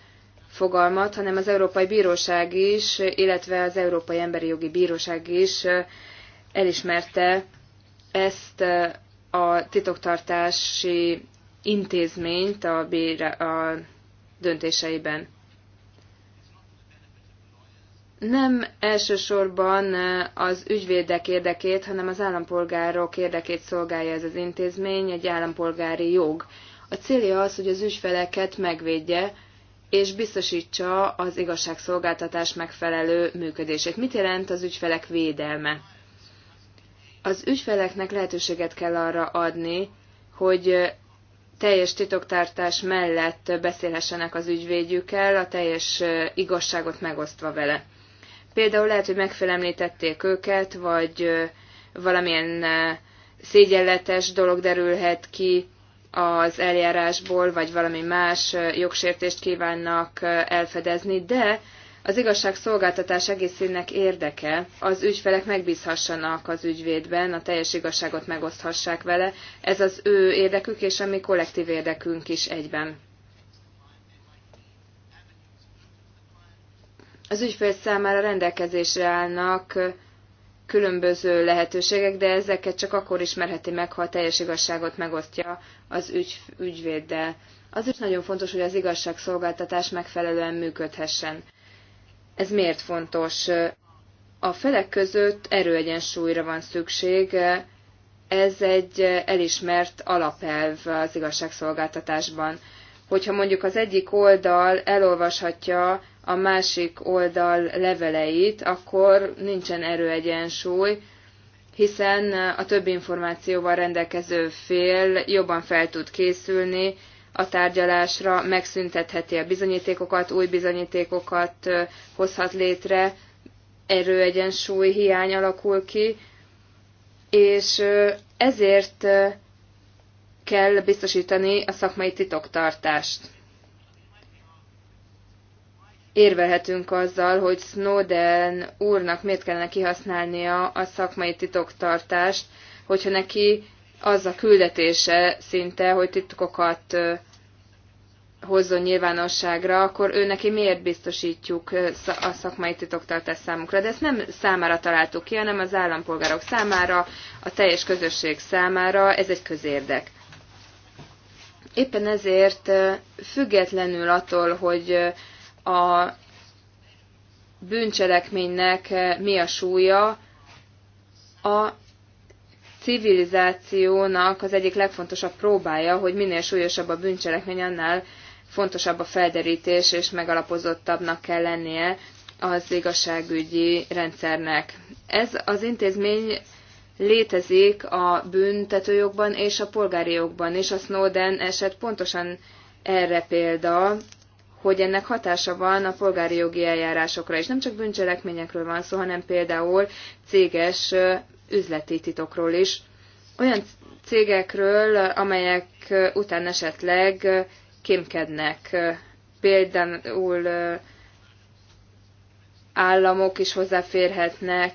fogalmat, hanem az Európai Bíróság is, illetve az Európai Emberi Jogi Bíróság is elismerte ezt eh, a titoktartási intézményt a, bére, a döntéseiben. Nem elsősorban eh, az ügyvédek érdekét, hanem az állampolgárok érdekét szolgálja ez az intézmény, egy állampolgári jog. A célja az, hogy az ügyfeleket megvédje, és biztosítsa az igazságszolgáltatás megfelelő működését. Mit jelent az ügyfelek védelme? Az ügyfeleknek lehetőséget kell arra adni, hogy teljes titoktartás mellett beszélhessenek az ügyvédjükkel, a teljes igazságot megosztva vele. Például lehet, hogy megfelemlítették őket, vagy valamilyen szégyenletes dolog derülhet ki az eljárásból, vagy valami más jogsértést kívánnak elfedezni, de az igazságszolgáltatás egészének érdeke, az ügyfelek megbízhassanak az ügyvédben, a teljes igazságot megoszthassák vele. Ez az ő érdekük és a mi kollektív érdekünk is egyben. Az ügyfél számára rendelkezésre állnak különböző lehetőségek, de ezeket csak akkor ismerheti meg, ha a teljes igazságot megosztja az ügy, ügyvéddel. Az is nagyon fontos, hogy az igazságszolgáltatás megfelelően működhessen. Ez miért fontos? A felek között erőegyensúlyra van szükség, ez egy elismert alapelv az igazságszolgáltatásban. Hogyha mondjuk az egyik oldal elolvashatja a másik oldal leveleit, akkor nincsen erőegyensúly, hiszen a több információval rendelkező fél jobban fel tud készülni, a tárgyalásra, megszüntetheti a bizonyítékokat, új bizonyítékokat hozhat létre, erőegyensúly hiány alakul ki, és ezért kell biztosítani a szakmai titoktartást. Érvelhetünk azzal, hogy Snowden úrnak miért kellene kihasználnia a szakmai titoktartást, hogyha neki az a küldetése szinte, hogy titkokat hozzon nyilvánosságra, akkor ő neki miért biztosítjuk a szakmai titoktartás számukra. De ezt nem számára találtuk ki, hanem az állampolgárok számára, a teljes közösség számára, ez egy közérdek. Éppen ezért függetlenül attól, hogy a bűncselekménynek mi a súlya, a civilizációnak az egyik legfontosabb próbája, hogy minél súlyosabb a bűncselekmény, annál fontosabb a felderítés, és megalapozottabbnak kell lennie az igazságügyi rendszernek. Ez az intézmény létezik a büntetőjogban és a polgári jogban, és a Snowden eset pontosan erre példa, hogy ennek hatása van a polgári jogi eljárásokra, és nem csak bűncselekményekről van szó, hanem például céges üzleti titokról is. Olyan cégekről, amelyek után esetleg kémkednek. Például államok is hozzáférhetnek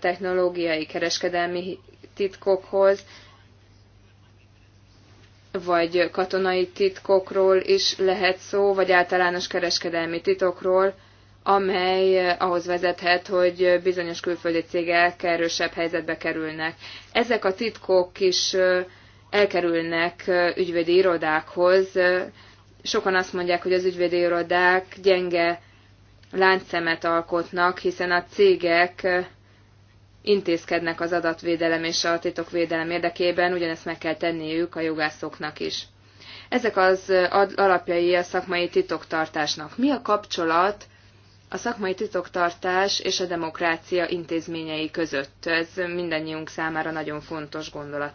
technológiai kereskedelmi titkokhoz, vagy katonai titkokról is lehet szó, vagy általános kereskedelmi titokról, amely eh, ahhoz vezethet, hogy bizonyos külföldi cégek erősebb helyzetbe kerülnek. Ezek a titkok is eh, elkerülnek eh, ügyvédi irodákhoz. Sokan azt mondják, hogy az ügyvédi irodák gyenge láncszemet alkotnak, hiszen a cégek intézkednek az adatvédelem és a titokvédelem érdekében, ugyanezt meg kell tenniük a jogászoknak is. Ezek az alapjai a szakmai titoktartásnak. Mi a kapcsolat a szakmai titoktartás és a demokrácia intézményei között. Ez mindannyiunk számára nagyon fontos gondolat.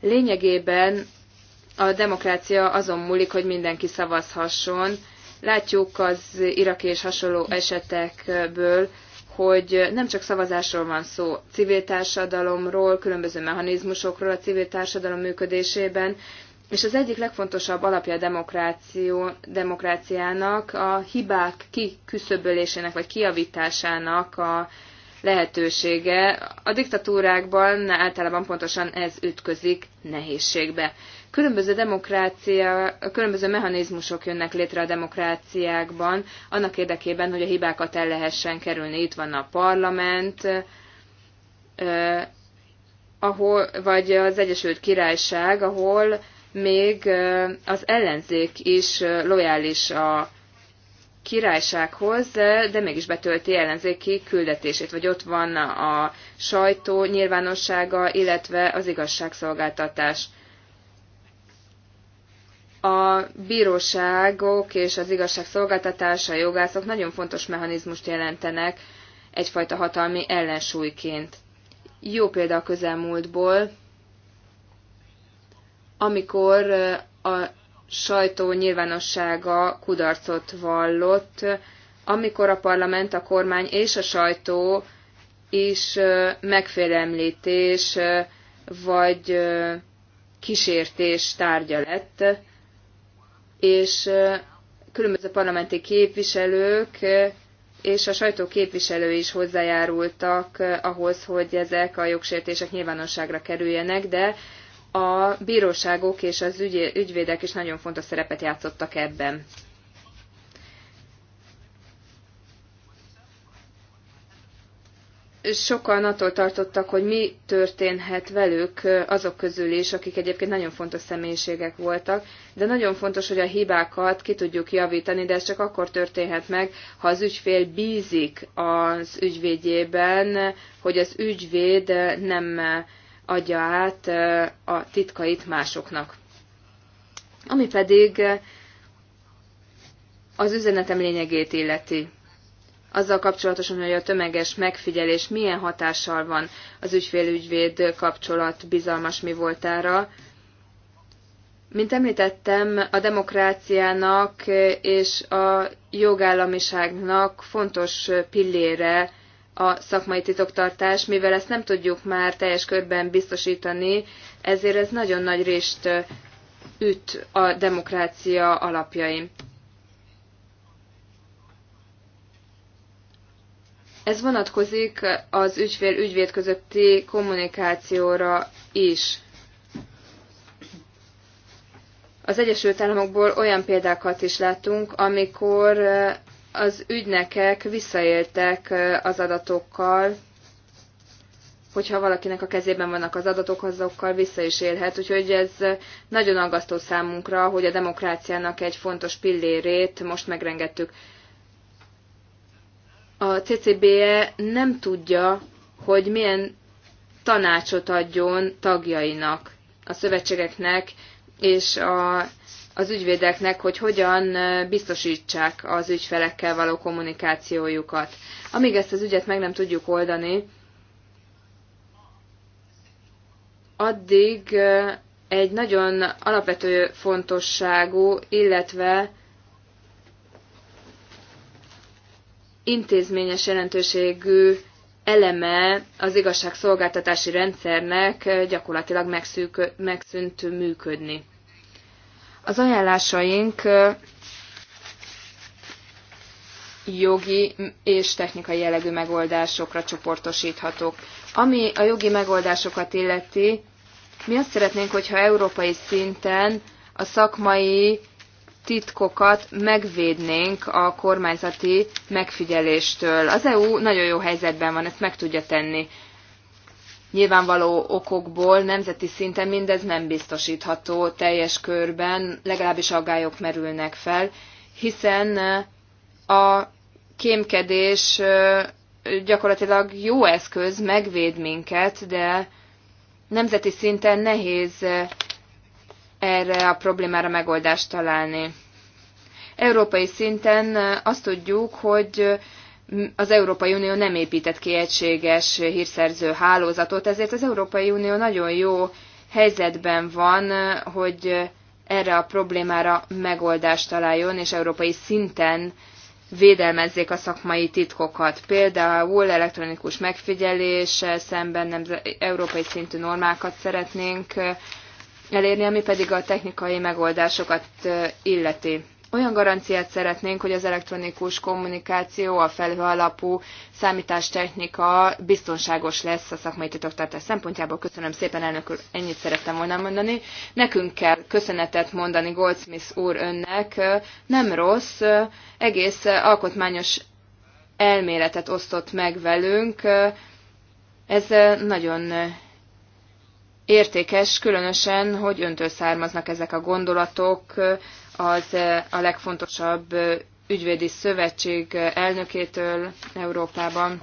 Lényegében a demokrácia azon múlik, hogy mindenki szavazhasson. Látjuk az iraki és hasonló esetekből, hogy nem csak szavazásról van szó, civil társadalomról, különböző mechanizmusokról a civil társadalom működésében, és az egyik legfontosabb alapja a demokráció demokráciának a hibák kiküszöbölésének vagy kiavításának a lehetősége. A diktatúrákban általában pontosan ez ütközik nehézségbe. Különböző demokrácia, különböző mechanizmusok jönnek létre a demokráciákban, annak érdekében, hogy a hibákat el lehessen kerülni. Itt van a parlament, eh, ahol, vagy az Egyesült Királyság, ahol még az ellenzék is lojális a királysághoz, de mégis betölti ellenzéki küldetését, vagy ott van a sajtó nyilvánossága, illetve az igazságszolgáltatás. A bíróságok és az igazságszolgáltatás, a jogászok nagyon fontos mechanizmust jelentenek egyfajta hatalmi ellensúlyként. Jó példa a közelmúltból, amikor a sajtó nyilvánossága kudarcot vallott, amikor a parlament, a kormány és a sajtó is megfélemlítés vagy kísértés tárgya lett, és különböző parlamenti képviselők és a sajtó képviselői is hozzájárultak ahhoz, hogy ezek a jogsértések nyilvánosságra kerüljenek, de a bíróságok és az ügy, ügyvédek is nagyon fontos szerepet játszottak ebben. Sokan attól tartottak, hogy mi történhet velük azok közül is, akik egyébként nagyon fontos személyiségek voltak, de nagyon fontos, hogy a hibákat ki tudjuk javítani, de ez csak akkor történhet meg, ha az ügyfél bízik az ügyvédjében, hogy az ügyvéd nem adja át a titkait másoknak. Ami pedig az üzenetem lényegét illeti. Azzal kapcsolatosan, hogy a tömeges megfigyelés milyen hatással van az ügyfél-ügyvéd kapcsolat bizalmas mi voltára, mint említettem, a demokráciának és a jogállamiságnak fontos pillére a szakmai titoktartás, mivel ezt nem tudjuk már teljes körben biztosítani, ezért ez nagyon nagy részt üt a demokrácia alapjain. Ez vonatkozik az ügyfél-ügyvéd közötti kommunikációra is. Az Egyesült Államokból olyan példákat is látunk, amikor az ügynekek visszaéltek az adatokkal, hogyha valakinek a kezében vannak az adatok, azokkal vissza is élhet. Úgyhogy ez nagyon aggasztó számunkra, hogy a demokráciának egy fontos pillérét most megrengettük. A CCBE nem tudja, hogy milyen tanácsot adjon tagjainak, a szövetségeknek és a az ügyvédeknek, hogy hogyan biztosítsák az ügyfelekkel való kommunikációjukat. Amíg ezt az ügyet meg nem tudjuk oldani, addig egy nagyon alapvető fontosságú, illetve intézményes jelentőségű eleme az igazságszolgáltatási rendszernek gyakorlatilag megszűk, megszűnt működni. Az ajánlásaink jogi és technikai jellegű megoldásokra csoportosíthatók. Ami a jogi megoldásokat illeti, mi azt szeretnénk, hogyha európai szinten a szakmai titkokat megvédnénk a kormányzati megfigyeléstől. Az EU nagyon jó helyzetben van, ezt meg tudja tenni nyilvánvaló okokból nemzeti szinten mindez nem biztosítható teljes körben, legalábbis aggályok merülnek fel, hiszen eh, a kémkedés eh, gyakorlatilag jó eszköz, megvéd minket, de nemzeti szinten nehéz eh, erre a problémára megoldást találni. Európai szinten azt tudjuk, hogy az Európai Unió nem épített ki egységes hírszerző hálózatot, ezért az Európai Unió nagyon jó helyzetben van, hogy erre a problémára megoldást találjon, és európai szinten védelmezzék a szakmai titkokat. Például elektronikus megfigyelés szemben nem, európai szintű normákat szeretnénk elérni, ami pedig a technikai megoldásokat illeti olyan garanciát szeretnénk, hogy az elektronikus kommunikáció, a felhő alapú számítástechnika biztonságos lesz a szakmai titoktartás szempontjából. Köszönöm szépen, elnök úr, ennyit szerettem volna mondani. Nekünk kell köszönetet mondani Goldsmith úr önnek. Nem rossz, egész alkotmányos elméletet osztott meg velünk. Ez nagyon értékes, különösen, hogy öntől származnak ezek a gondolatok, az eh, a legfontosabb eh, ügyvédi szövetség eh, elnökétől Európában.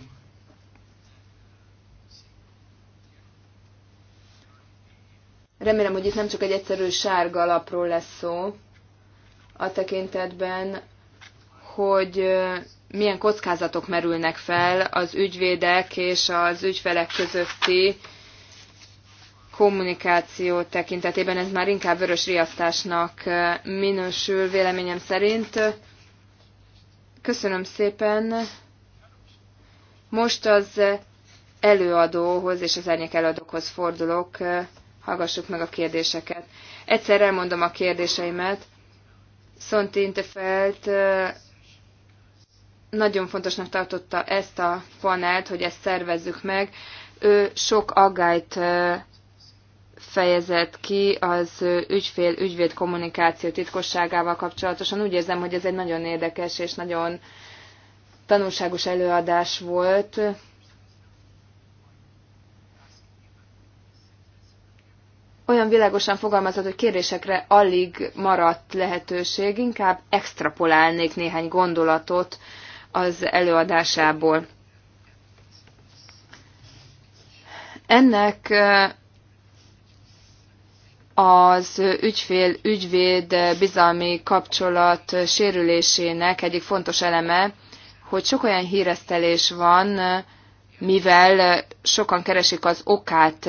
Remélem, hogy itt nem csak egy egyszerű sárga lapról lesz szó, a tekintetben, hogy milyen kockázatok merülnek fel az ügyvédek és az ügyfelek közötti kommunikáció tekintetében ez már inkább vörös riasztásnak minősül véleményem szerint. Köszönöm szépen. Most az előadóhoz és az árnyék előadókhoz fordulok. Hallgassuk meg a kérdéseket. Egyszer elmondom a kérdéseimet. Szonti Intefelt nagyon fontosnak tartotta ezt a panelt, hogy ezt szervezzük meg. Ő sok aggályt fejezett ki az ügyfél-ügyvéd kommunikáció titkosságával kapcsolatosan. Úgy érzem, hogy ez egy nagyon érdekes és nagyon tanulságos előadás volt. Olyan világosan fogalmazott, hogy kérésekre alig maradt lehetőség, inkább extrapolálnék néhány gondolatot az előadásából. Ennek az ügyfél-ügyvéd bizalmi kapcsolat sérülésének egyik fontos eleme, hogy sok olyan híresztelés van, mivel sokan keresik az okát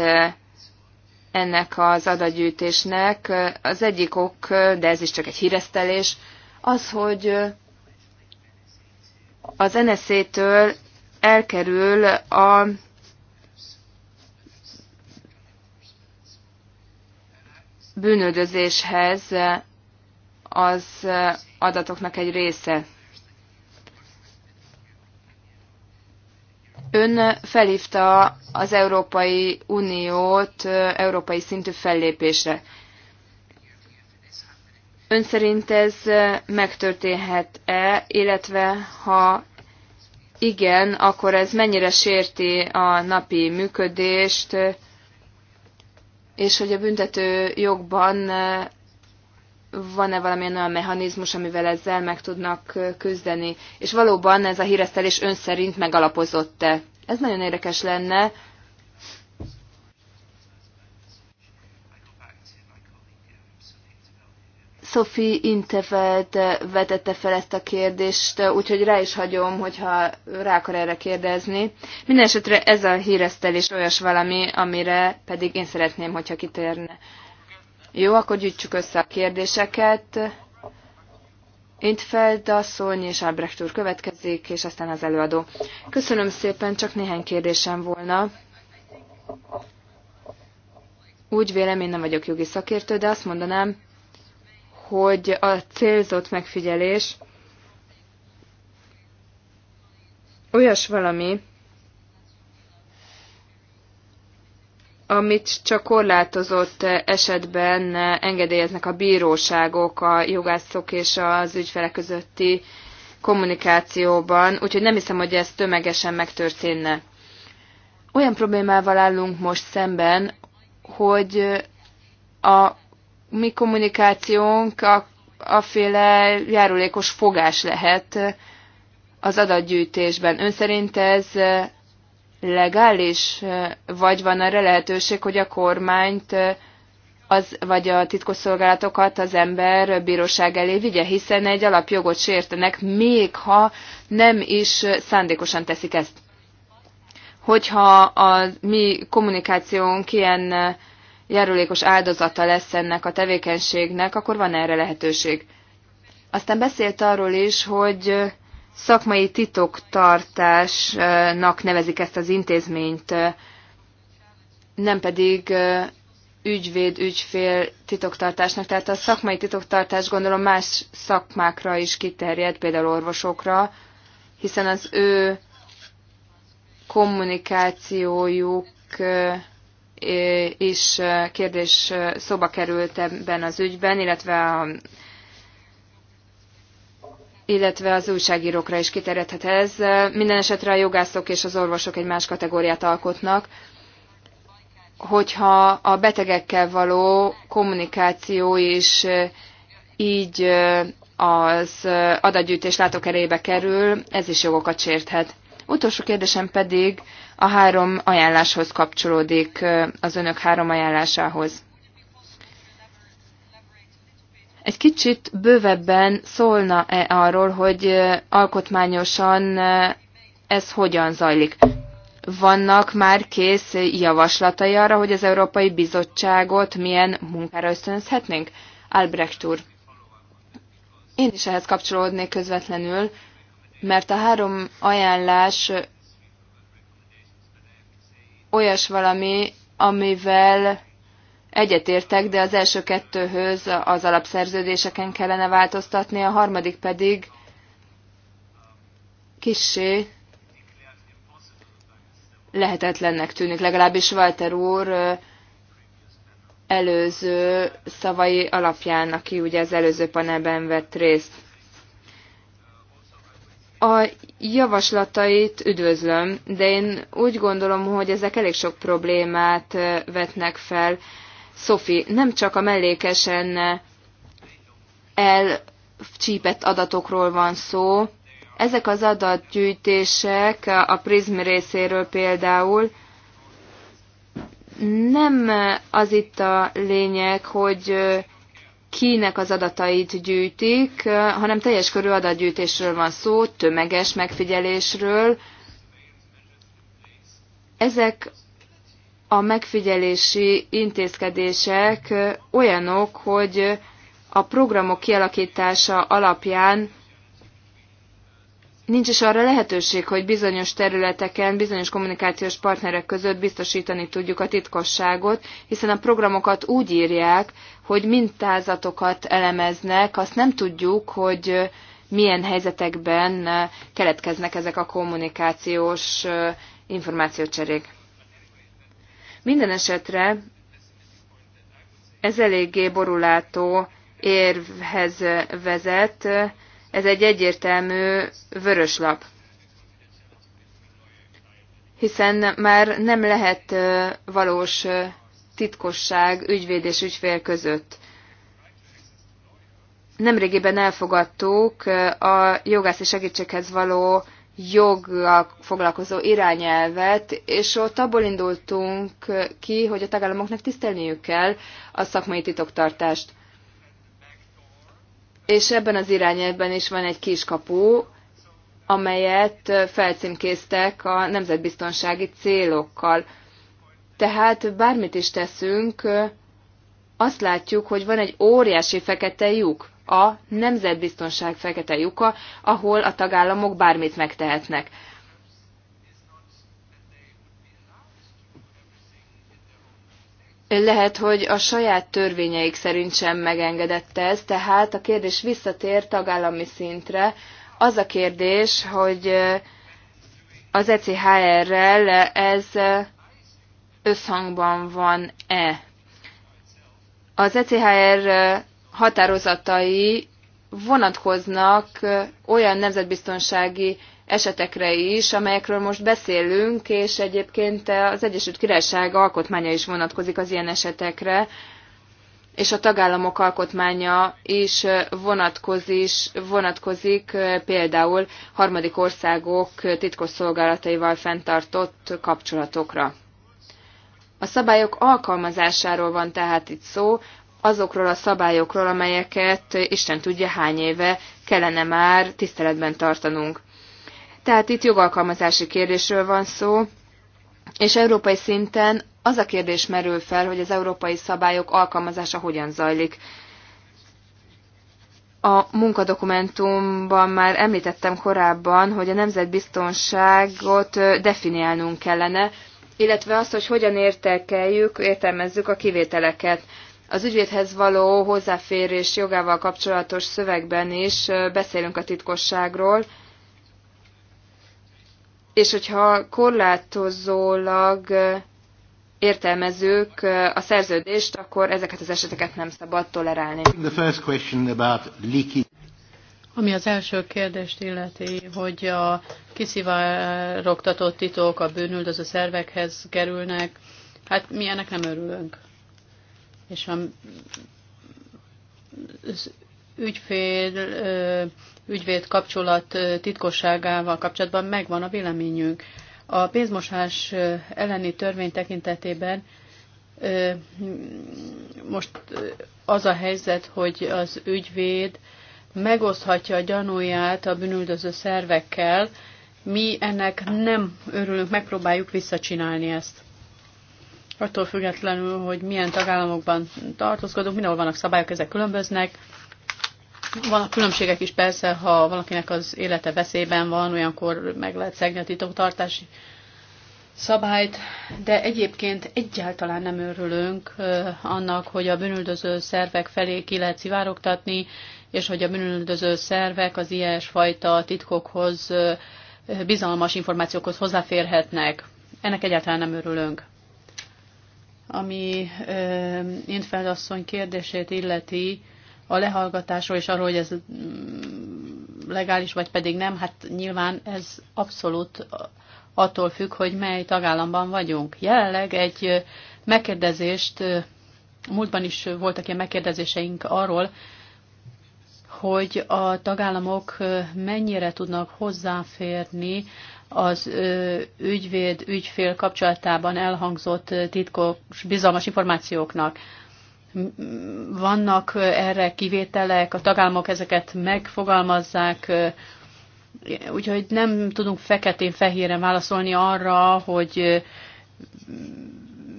ennek az adagyűjtésnek. Az egyik ok, de ez is csak egy híresztelés, az, hogy az NSZ-től elkerül a bűnöldözéshez az adatoknak egy része. Ön felhívta az Európai Uniót európai szintű fellépésre. Ön szerint ez megtörténhet-e, illetve ha igen, akkor ez mennyire sérti a napi működést, és hogy a büntető jogban van-e valamilyen olyan mechanizmus, amivel ezzel meg tudnak küzdeni. És valóban ez a híresztelés ön szerint megalapozott-e? Ez nagyon érdekes lenne, Szofi Intefeld vetette fel ezt a kérdést, úgyhogy rá is hagyom, hogyha rá akar erre kérdezni. Mindenesetre ez a híresztelés olyas valami, amire pedig én szeretném, hogyha kitérne. Jó, akkor gyűjtsük össze a kérdéseket. Intfeld asszony és Albrecht úr következik, és aztán az előadó. Köszönöm szépen, csak néhány kérdésem volna. Úgy vélem, én nem vagyok jogi szakértő, de azt mondanám, hogy a célzott megfigyelés olyas valami, amit csak korlátozott esetben engedélyeznek a bíróságok a jogászok és az ügyfelek közötti kommunikációban, úgyhogy nem hiszem, hogy ez tömegesen megtörténne. Olyan problémával állunk most szemben, hogy a mi kommunikációnk a, aféle járulékos fogás lehet az adatgyűjtésben. Ön szerint ez legális, vagy van arra lehetőség, hogy a kormányt az, vagy a titkosszolgálatokat az ember bíróság elé vigye, hiszen egy alapjogot sértenek, még ha nem is szándékosan teszik ezt. Hogyha a mi kommunikációnk ilyen járulékos áldozata lesz ennek a tevékenységnek, akkor van erre lehetőség. Aztán beszélt arról is, hogy szakmai titoktartásnak nevezik ezt az intézményt, nem pedig ügyvéd, ügyfél titoktartásnak. Tehát a szakmai titoktartás gondolom más szakmákra is kiterjed, például orvosokra, hiszen az ő kommunikációjuk is kérdés szóba került ebben az ügyben, illetve a illetve az újságírókra is kiterjedhet ez. Minden esetre a jogászok és az orvosok egy más kategóriát alkotnak. Hogyha a betegekkel való kommunikáció is így az adatgyűjtés látókerébe kerül, ez is jogokat sérthet. Utolsó kérdésem pedig a három ajánláshoz kapcsolódik, az önök három ajánlásához. Egy kicsit bővebben szólna-e arról, hogy alkotmányosan ez hogyan zajlik? Vannak már kész javaslatai arra, hogy az Európai Bizottságot milyen munkára ösztönözhetnénk? Albrecht úr. Én is ehhez kapcsolódnék közvetlenül, mert a három ajánlás olyas valami, amivel egyetértek, de az első kettőhöz az alapszerződéseken kellene változtatni, a harmadik pedig kissé lehetetlennek tűnik, legalábbis Walter úr előző szavai alapján, aki ugye az előző panelben vett részt. A javaslatait üdvözlöm, de én úgy gondolom, hogy ezek elég sok problémát vetnek fel. Szofi, nem csak a mellékesen elcsípett adatokról van szó, ezek az adatgyűjtések a prizm részéről például nem az itt a lényeg, hogy kinek az adatait gyűjtik, hanem teljes körű adatgyűjtésről van szó, tömeges megfigyelésről. Ezek a megfigyelési intézkedések olyanok, hogy a programok kialakítása alapján nincs is arra lehetőség, hogy bizonyos területeken, bizonyos kommunikációs partnerek között biztosítani tudjuk a titkosságot, hiszen a programokat úgy írják, hogy mintázatokat elemeznek, azt nem tudjuk, hogy milyen helyzetekben keletkeznek ezek a kommunikációs információcserék. Minden esetre ez eléggé borulátó érvhez vezet, ez egy egyértelmű vörös lap. Hiszen már nem lehet valós titkosság ügyvéd és ügyfél között. Nemrégiben elfogadtuk a jogászi segítséghez való joggal foglalkozó irányelvet, és ott abból indultunk ki, hogy a tagállamoknak tisztelniük kell a szakmai titoktartást és ebben az irányelvben is van egy kiskapu, amelyet felcímkéztek a nemzetbiztonsági célokkal. Tehát bármit is teszünk, azt látjuk, hogy van egy óriási fekete lyuk, a nemzetbiztonság fekete lyuka, ahol a tagállamok bármit megtehetnek. lehet, hogy a saját törvényeik szerint sem megengedette, ez, tehát a kérdés visszatér tagállami szintre. Az a kérdés, hogy az ECHR-rel ez összhangban van-e. Az ECHR határozatai vonatkoznak olyan nemzetbiztonsági esetekre is, amelyekről most beszélünk, és egyébként az Egyesült Királyság alkotmánya is vonatkozik az ilyen esetekre, és a tagállamok alkotmánya is vonatkozik, vonatkozik például harmadik országok titkos szolgálataival fenntartott kapcsolatokra. A szabályok alkalmazásáról van tehát itt szó, azokról a szabályokról, amelyeket Isten tudja hány éve kellene már tiszteletben tartanunk. Tehát itt jogalkalmazási kérdésről van szó, és európai szinten az a kérdés merül fel, hogy az európai szabályok alkalmazása hogyan zajlik. A munkadokumentumban már említettem korábban, hogy a nemzetbiztonságot definiálnunk kellene, illetve azt, hogy hogyan értelkeljük, értelmezzük a kivételeket. Az ügyvédhez való hozzáférés jogával kapcsolatos szövegben is beszélünk a titkosságról, és hogyha korlátozólag értelmezők a szerződést, akkor ezeket az eseteket nem szabad tolerálni. Ami az első kérdést illeti, hogy a kiszivárogtatott titok a bűnüldöző szervekhez kerülnek, hát mi ennek nem örülünk. És a, ügyfél ügyvéd kapcsolat titkosságával kapcsolatban megvan a véleményünk. A pénzmosás elleni törvény tekintetében most az a helyzet, hogy az ügyvéd megoszthatja a gyanúját a bűnüldöző szervekkel, mi ennek nem örülünk, megpróbáljuk visszacsinálni ezt. Attól függetlenül, hogy milyen tagállamokban tartózkodunk, mindenhol vannak szabályok, ezek különböznek, vannak különbségek is persze, ha valakinek az élete veszélyben van, olyankor meg lehet szegni a titoktartási szabályt, de egyébként egyáltalán nem örülünk annak, hogy a bűnüldöző szervek felé ki lehet szivárogtatni, és hogy a bűnüldöző szervek az ilyesfajta titkokhoz, bizalmas információkhoz hozzáférhetnek. Ennek egyáltalán nem örülünk. Ami Intfeld asszony kérdését illeti, a lehallgatásról és arról, hogy ez mm, legális vagy pedig nem, hát nyilván ez abszolút attól függ, hogy mely tagállamban vagyunk. Jelenleg egy megkérdezést, múltban is voltak ilyen megkérdezéseink arról, hogy a tagállamok mennyire tudnak hozzáférni az ügyvéd-ügyfél kapcsolatában elhangzott titkos, bizalmas információknak vannak erre kivételek, a tagállamok ezeket megfogalmazzák, úgyhogy nem tudunk feketén-fehéren válaszolni arra, hogy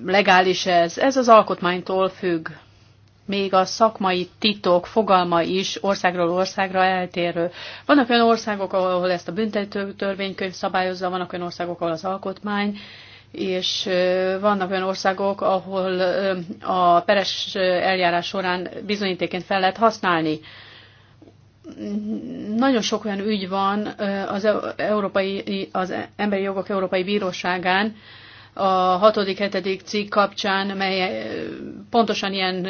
legális ez. Ez az alkotmánytól függ. Még a szakmai titok fogalma is országról országra eltérő. Vannak olyan országok, ahol ezt a büntető törvénykönyv szabályozza, vannak olyan országok, ahol az alkotmány, és vannak olyan országok, ahol a peres eljárás során bizonyítéként fel lehet használni. Nagyon sok olyan ügy van az, e-, Európai, az Emberi Jogok Európai Bíróságán, a 6.-7. cikk kapcsán, mely pontosan ilyen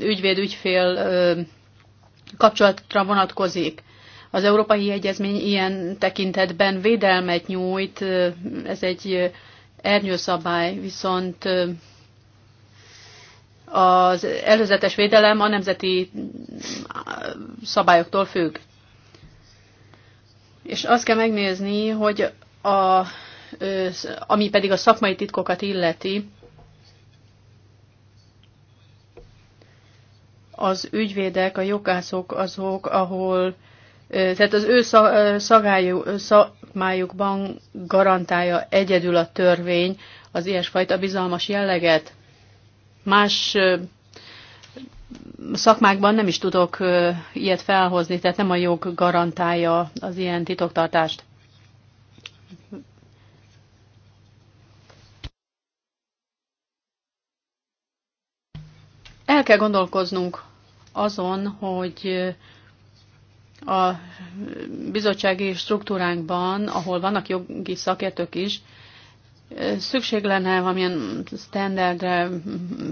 ügyvéd-ügyfél kapcsolatra vonatkozik. Az Európai Egyezmény ilyen tekintetben védelmet nyújt, ez egy ernyőszabály, viszont az előzetes védelem a nemzeti szabályoktól függ. És azt kell megnézni, hogy a, ami pedig a szakmai titkokat illeti, az ügyvédek, a jogászok azok, ahol tehát az ő szagályú, májukban garantálja egyedül a törvény az ilyesfajta bizalmas jelleget. Más szakmákban nem is tudok ilyet felhozni, tehát nem a jog garantálja az ilyen titoktartást. El kell gondolkoznunk azon, hogy a bizottsági struktúránkban, ahol vannak jogi szakértők is, szükség lenne valamilyen standardre,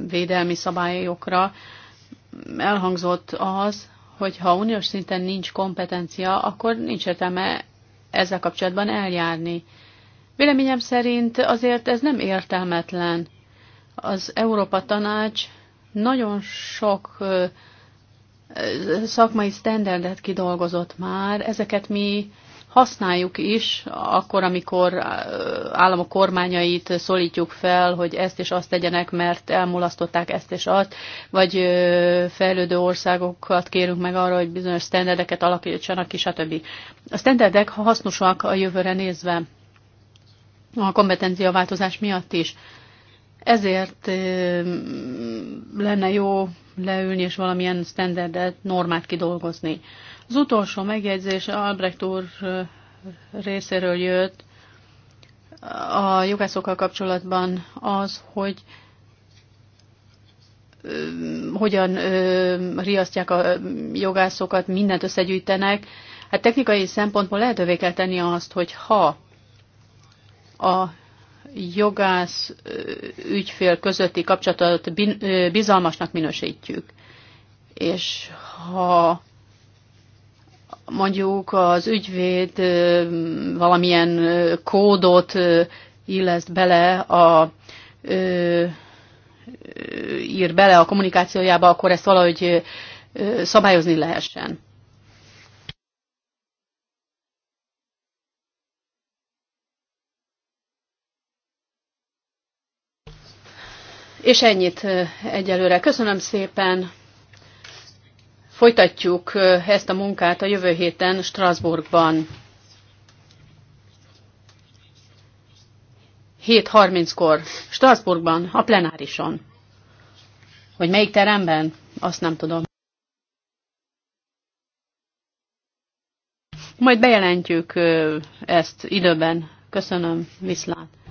védelmi szabályokra. Elhangzott az, hogy ha uniós szinten nincs kompetencia, akkor nincs értelme ezzel kapcsolatban eljárni. Véleményem szerint azért ez nem értelmetlen. Az Európa Tanács nagyon sok szakmai standardet kidolgozott már, ezeket mi használjuk is, akkor, amikor államok kormányait szólítjuk fel, hogy ezt és azt tegyenek, mert elmulasztották ezt és azt, vagy fejlődő országokat kérünk meg arra, hogy bizonyos standardeket alakítsanak ki, stb. A standardek hasznosak a jövőre nézve, a kompetenciaváltozás miatt is. Ezért lenne jó leülni és valamilyen standardet, normát kidolgozni. Az utolsó megjegyzés Albrecht úr részéről jött a jogászokkal kapcsolatban az, hogy hogyan riasztják a jogászokat, mindent összegyűjtenek. Hát technikai szempontból lehetővé kell tenni azt, hogy ha a jogász ügyfél közötti kapcsolatot bizalmasnak minősítjük. És ha mondjuk az ügyvéd valamilyen kódot illeszt bele a ír bele a kommunikációjába, akkor ezt valahogy szabályozni lehessen. És ennyit egyelőre. Köszönöm szépen. Folytatjuk ezt a munkát a jövő héten Strasbourgban. 7.30-kor Strasbourgban, a plenárison. Hogy melyik teremben? Azt nem tudom. Majd bejelentjük ezt időben. Köszönöm, viszlát.